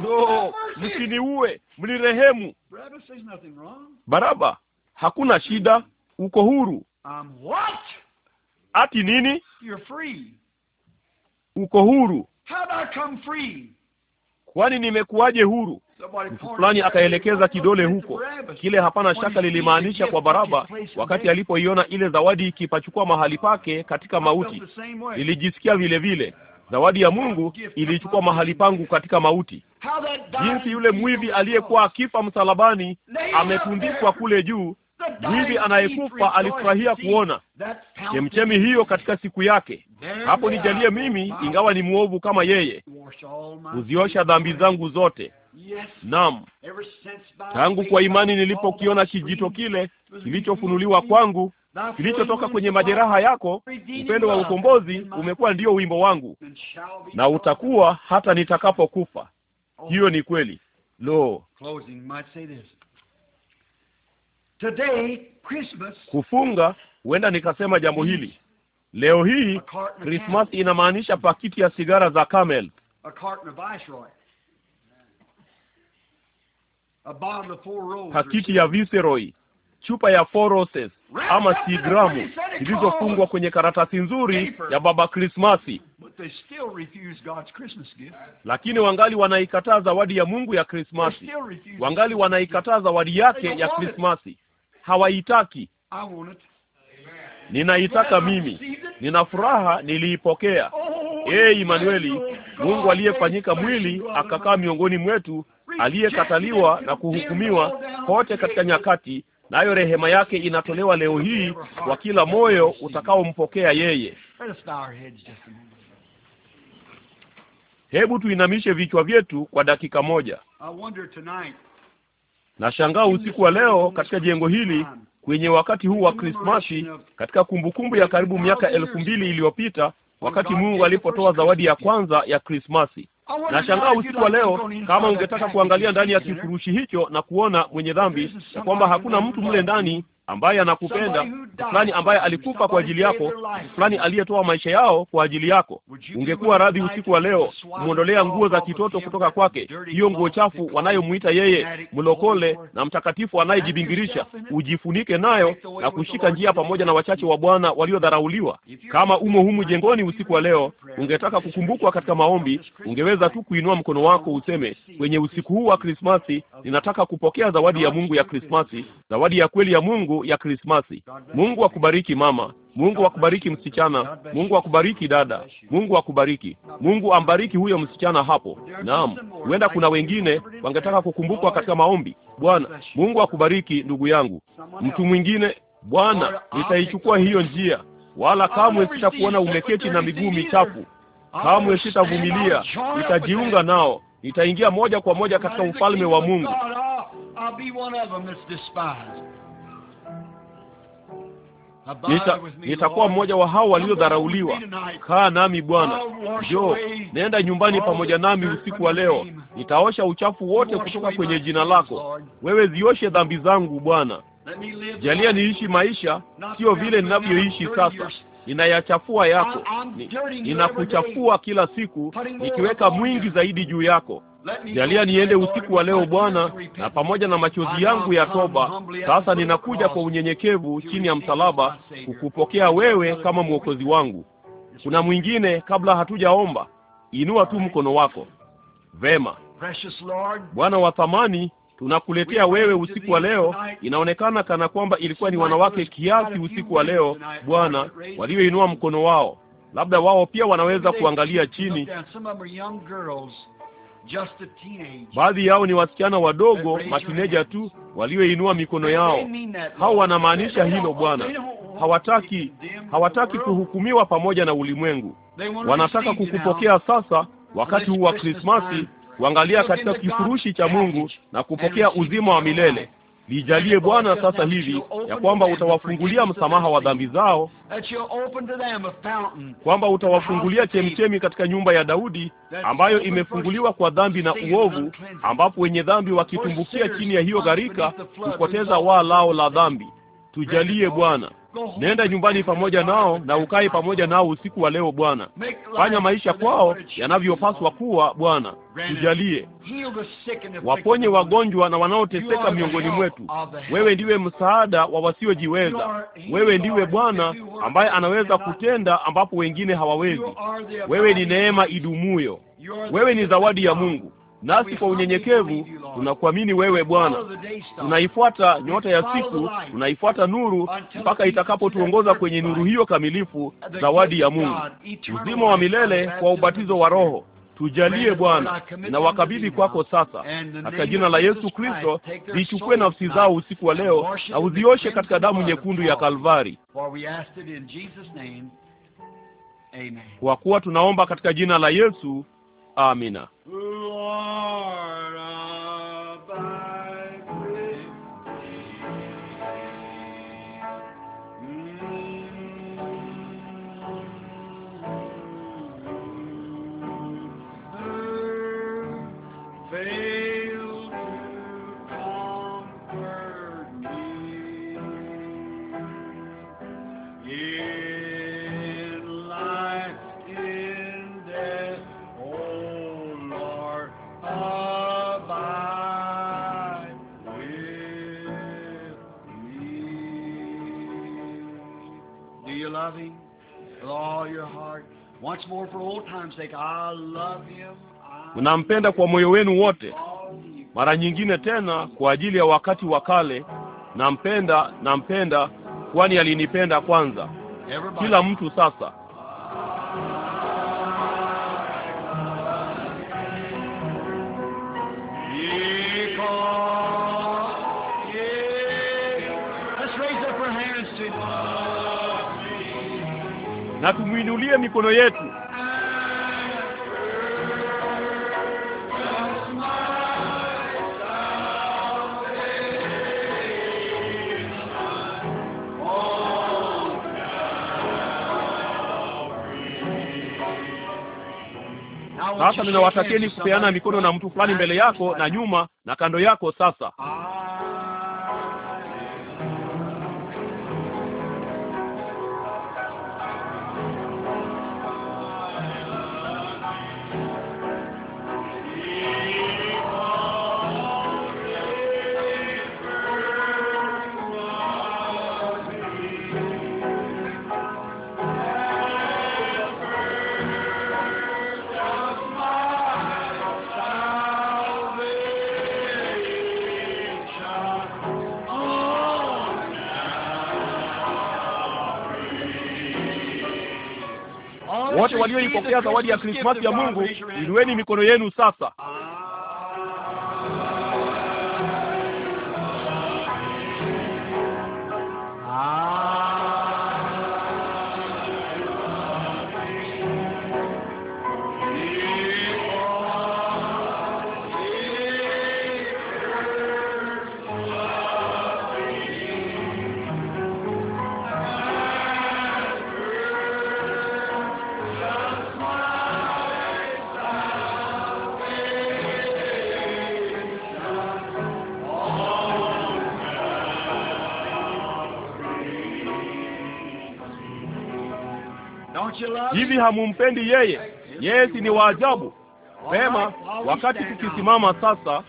No, msiniue, mlirehemu. Baraba, hakuna shida, uko huru. Ati nini? Uko huru. Kwani nimekuwaje huru? mtu fulani akaelekeza kidole huko. Kile hapana shaka lilimaanisha kwa Baraba wakati alipoiona ile zawadi ikipachukua mahali pake katika mauti. Nilijisikia vile vile zawadi ya Mungu ilichukua mahali pangu katika mauti. Jinsi yule mwivi aliyekuwa akifa msalabani ametundikwa kule juu, mwivi anayekufa alifurahia kuona chemchemi hiyo katika siku yake. Hapo nijalie mimi, ingawa ni mwovu kama yeye, kuziosha dhambi zangu zote Naam, tangu kwa imani nilipokiona kijito kile kilichofunuliwa kwangu kilichotoka kwenye majeraha yako, upendo wa ukombozi umekuwa ndio wimbo wangu, na utakuwa hata nitakapokufa. Oh. Hiyo ni kweli. Lo, kufunga, huenda nikasema jambo hili leo hii. Krismasi inamaanisha pakiti ya sigara za Camel, pakiti ya Viceroy, chupa ya Four Roses ama sigramu zilizofungwa kwenye karatasi nzuri ya Baba Krismasi, lakini wangali wanaikataa zawadi ya Mungu ya Krismasi, wangali wanaikataa zawadi yake ya Krismasi. Hawaitaki. Ninaitaka mimi, nina furaha niliipokea. Oh, ee Imanueli, Mungu aliyefanyika mwili akakaa miongoni mwetu, aliyekataliwa na kuhukumiwa kote katika nyakati, nayo rehema yake inatolewa leo hii kwa kila moyo utakaompokea yeye. Hebu tuinamishe vichwa vyetu kwa dakika moja. Nashangaa usiku wa leo katika jengo hili kwenye wakati huu wa Krismasi, katika kumbukumbu ya karibu miaka elfu mbili iliyopita wakati Mungu alipotoa zawadi ya kwanza ya Krismasi. Nashangaa usiku wa leo, kama ungetaka kuangalia ndani ya kifurushi hicho na kuona mwenye dhambi, kwamba hakuna mtu mle ndani ambaye anakupenda, fulani ambaye alikufa kwa ajili yako, fulani aliyetoa maisha yao kwa ajili yako. Ungekuwa radhi usiku wa leo kumwondolea nguo za kitoto kutoka kwake, hiyo nguo chafu wanayomwita yeye mlokole na mtakatifu anayejibingirisha, ujifunike nayo na kushika njia pamoja na wachache wa Bwana waliodharauliwa. Kama umo humu jengoni usiku wa leo, ungetaka kukumbukwa katika maombi, ungeweza tu kuinua mkono wako useme, kwenye usiku huu wa Krismasi ninataka kupokea zawadi ya Mungu ya Krismasi, zawadi ya kweli ya Mungu ya Krismasi. Mungu akubariki mama, Mungu akubariki msichana, Mungu akubariki dada, Mungu akubariki. Mungu ambariki huyo msichana hapo. Naam, huenda kuna wengine wangetaka kukumbukwa katika maombi. Bwana Mungu akubariki ndugu yangu. Mtu mwingine, Bwana nitaichukua hiyo njia, wala kamwe sitakuona umeketi na miguu michafu, kamwe sitavumilia, nitajiunga nao, nitaingia moja kwa moja katika ufalme wa Mungu nita, nitakuwa mmoja wa hao waliodharauliwa. Kaa nami Bwana, jo nenda nyumbani pamoja nami usiku wa leo. Nitaosha uchafu wote kutoka kwenye jina lako. Wewe zioshe dhambi zangu Bwana. Jalia niishi maisha, sio vile ninavyoishi sasa. Ninayachafua yako, ninakuchafua kila siku, nikiweka mwingi zaidi juu yako. Jalia niende usiku wa leo Bwana, na pamoja na machozi yangu ya toba, sasa ninakuja kwa unyenyekevu chini ya msalaba kukupokea wewe kama mwokozi wangu. Kuna mwingine kabla hatujaomba? Inua tu mkono wako. Vema. Bwana wa thamani, tunakuletea wewe usiku wa leo. Inaonekana kana kwamba ilikuwa ni wanawake kiasi usiku wa leo Bwana, walioinua mkono wao. Labda wao pia wanaweza kuangalia chini. Baadhi yao ni wasichana wadogo matineja tu walioinua mikono yao. Hao wanamaanisha hilo, Bwana. Hawataki, hawataki kuhukumiwa pamoja na ulimwengu. Wanataka kukupokea sasa, wakati huu wa Krismasi, kuangalia katika kifurushi cha Mungu na kupokea uzima wa milele. Lijalie Bwana sasa hivi ya kwamba utawafungulia msamaha wa dhambi zao, kwamba utawafungulia chemchemi katika nyumba ya Daudi ambayo imefunguliwa kwa dhambi na uovu, ambapo wenye dhambi wakitumbukia chini ya hiyo gharika kupoteza waa lao la dhambi. Tujalie Bwana. Nenda nyumbani pamoja nao na ukae pamoja nao usiku wa leo Bwana. Fanya maisha kwao yanavyopaswa kuwa Bwana. Tujalie, waponye wagonjwa na wanaoteseka miongoni mwetu. Wewe ndiwe msaada wa wasiojiweza. Wewe ndiwe Bwana ambaye anaweza kutenda ambapo wengine hawawezi. Wewe ni neema idumuyo. Wewe ni zawadi ya Mungu nasi kwa unyenyekevu tunakuamini wewe Bwana. Tunaifuata nyota ya siku, tunaifuata nuru mpaka itakapotuongoza kwenye nuru hiyo kamilifu, zawadi ya Mungu, uzima wa milele kwa ubatizo wa Roho. Tujalie Bwana, na wakabidhi kwako sasa, katika jina la Yesu Kristo. Zichukue nafsi zao usiku wa leo na uzioshe katika damu nyekundu ya Kalvari, kwa kuwa tunaomba katika jina la Yesu amina mnampenda kwa moyo wenu wote. Mara nyingine tena kwa ajili ya wakati wa kale, nampenda, nampenda, kwani alinipenda kwanza. Kila mtu sasa na tumwinulie mikono yetu. Sasa ninawatakieni kupeana mikono na mtu fulani mbele yako na nyuma na kando yako. Sasa wote walioipokea zawadi ya Krismasi ya Mungu, inueni mikono yenu sasa. Hivi hamumpendi yeye? Yeye si ni waajabu? Vema, wakati tukisimama sasa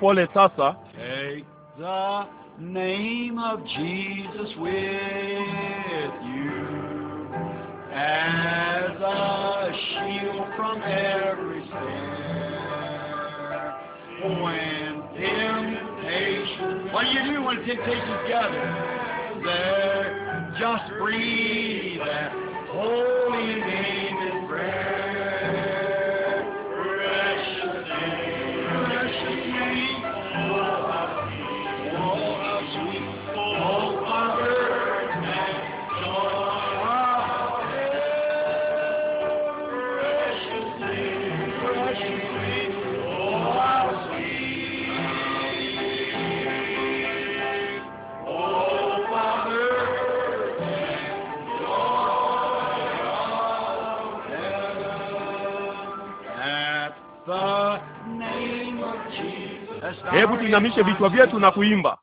pole sasa Take the name of Jesus with you as a shield from what do you do when temptations gather? There, just breathe that whole tuinamishe vichwa vyetu na kuimba.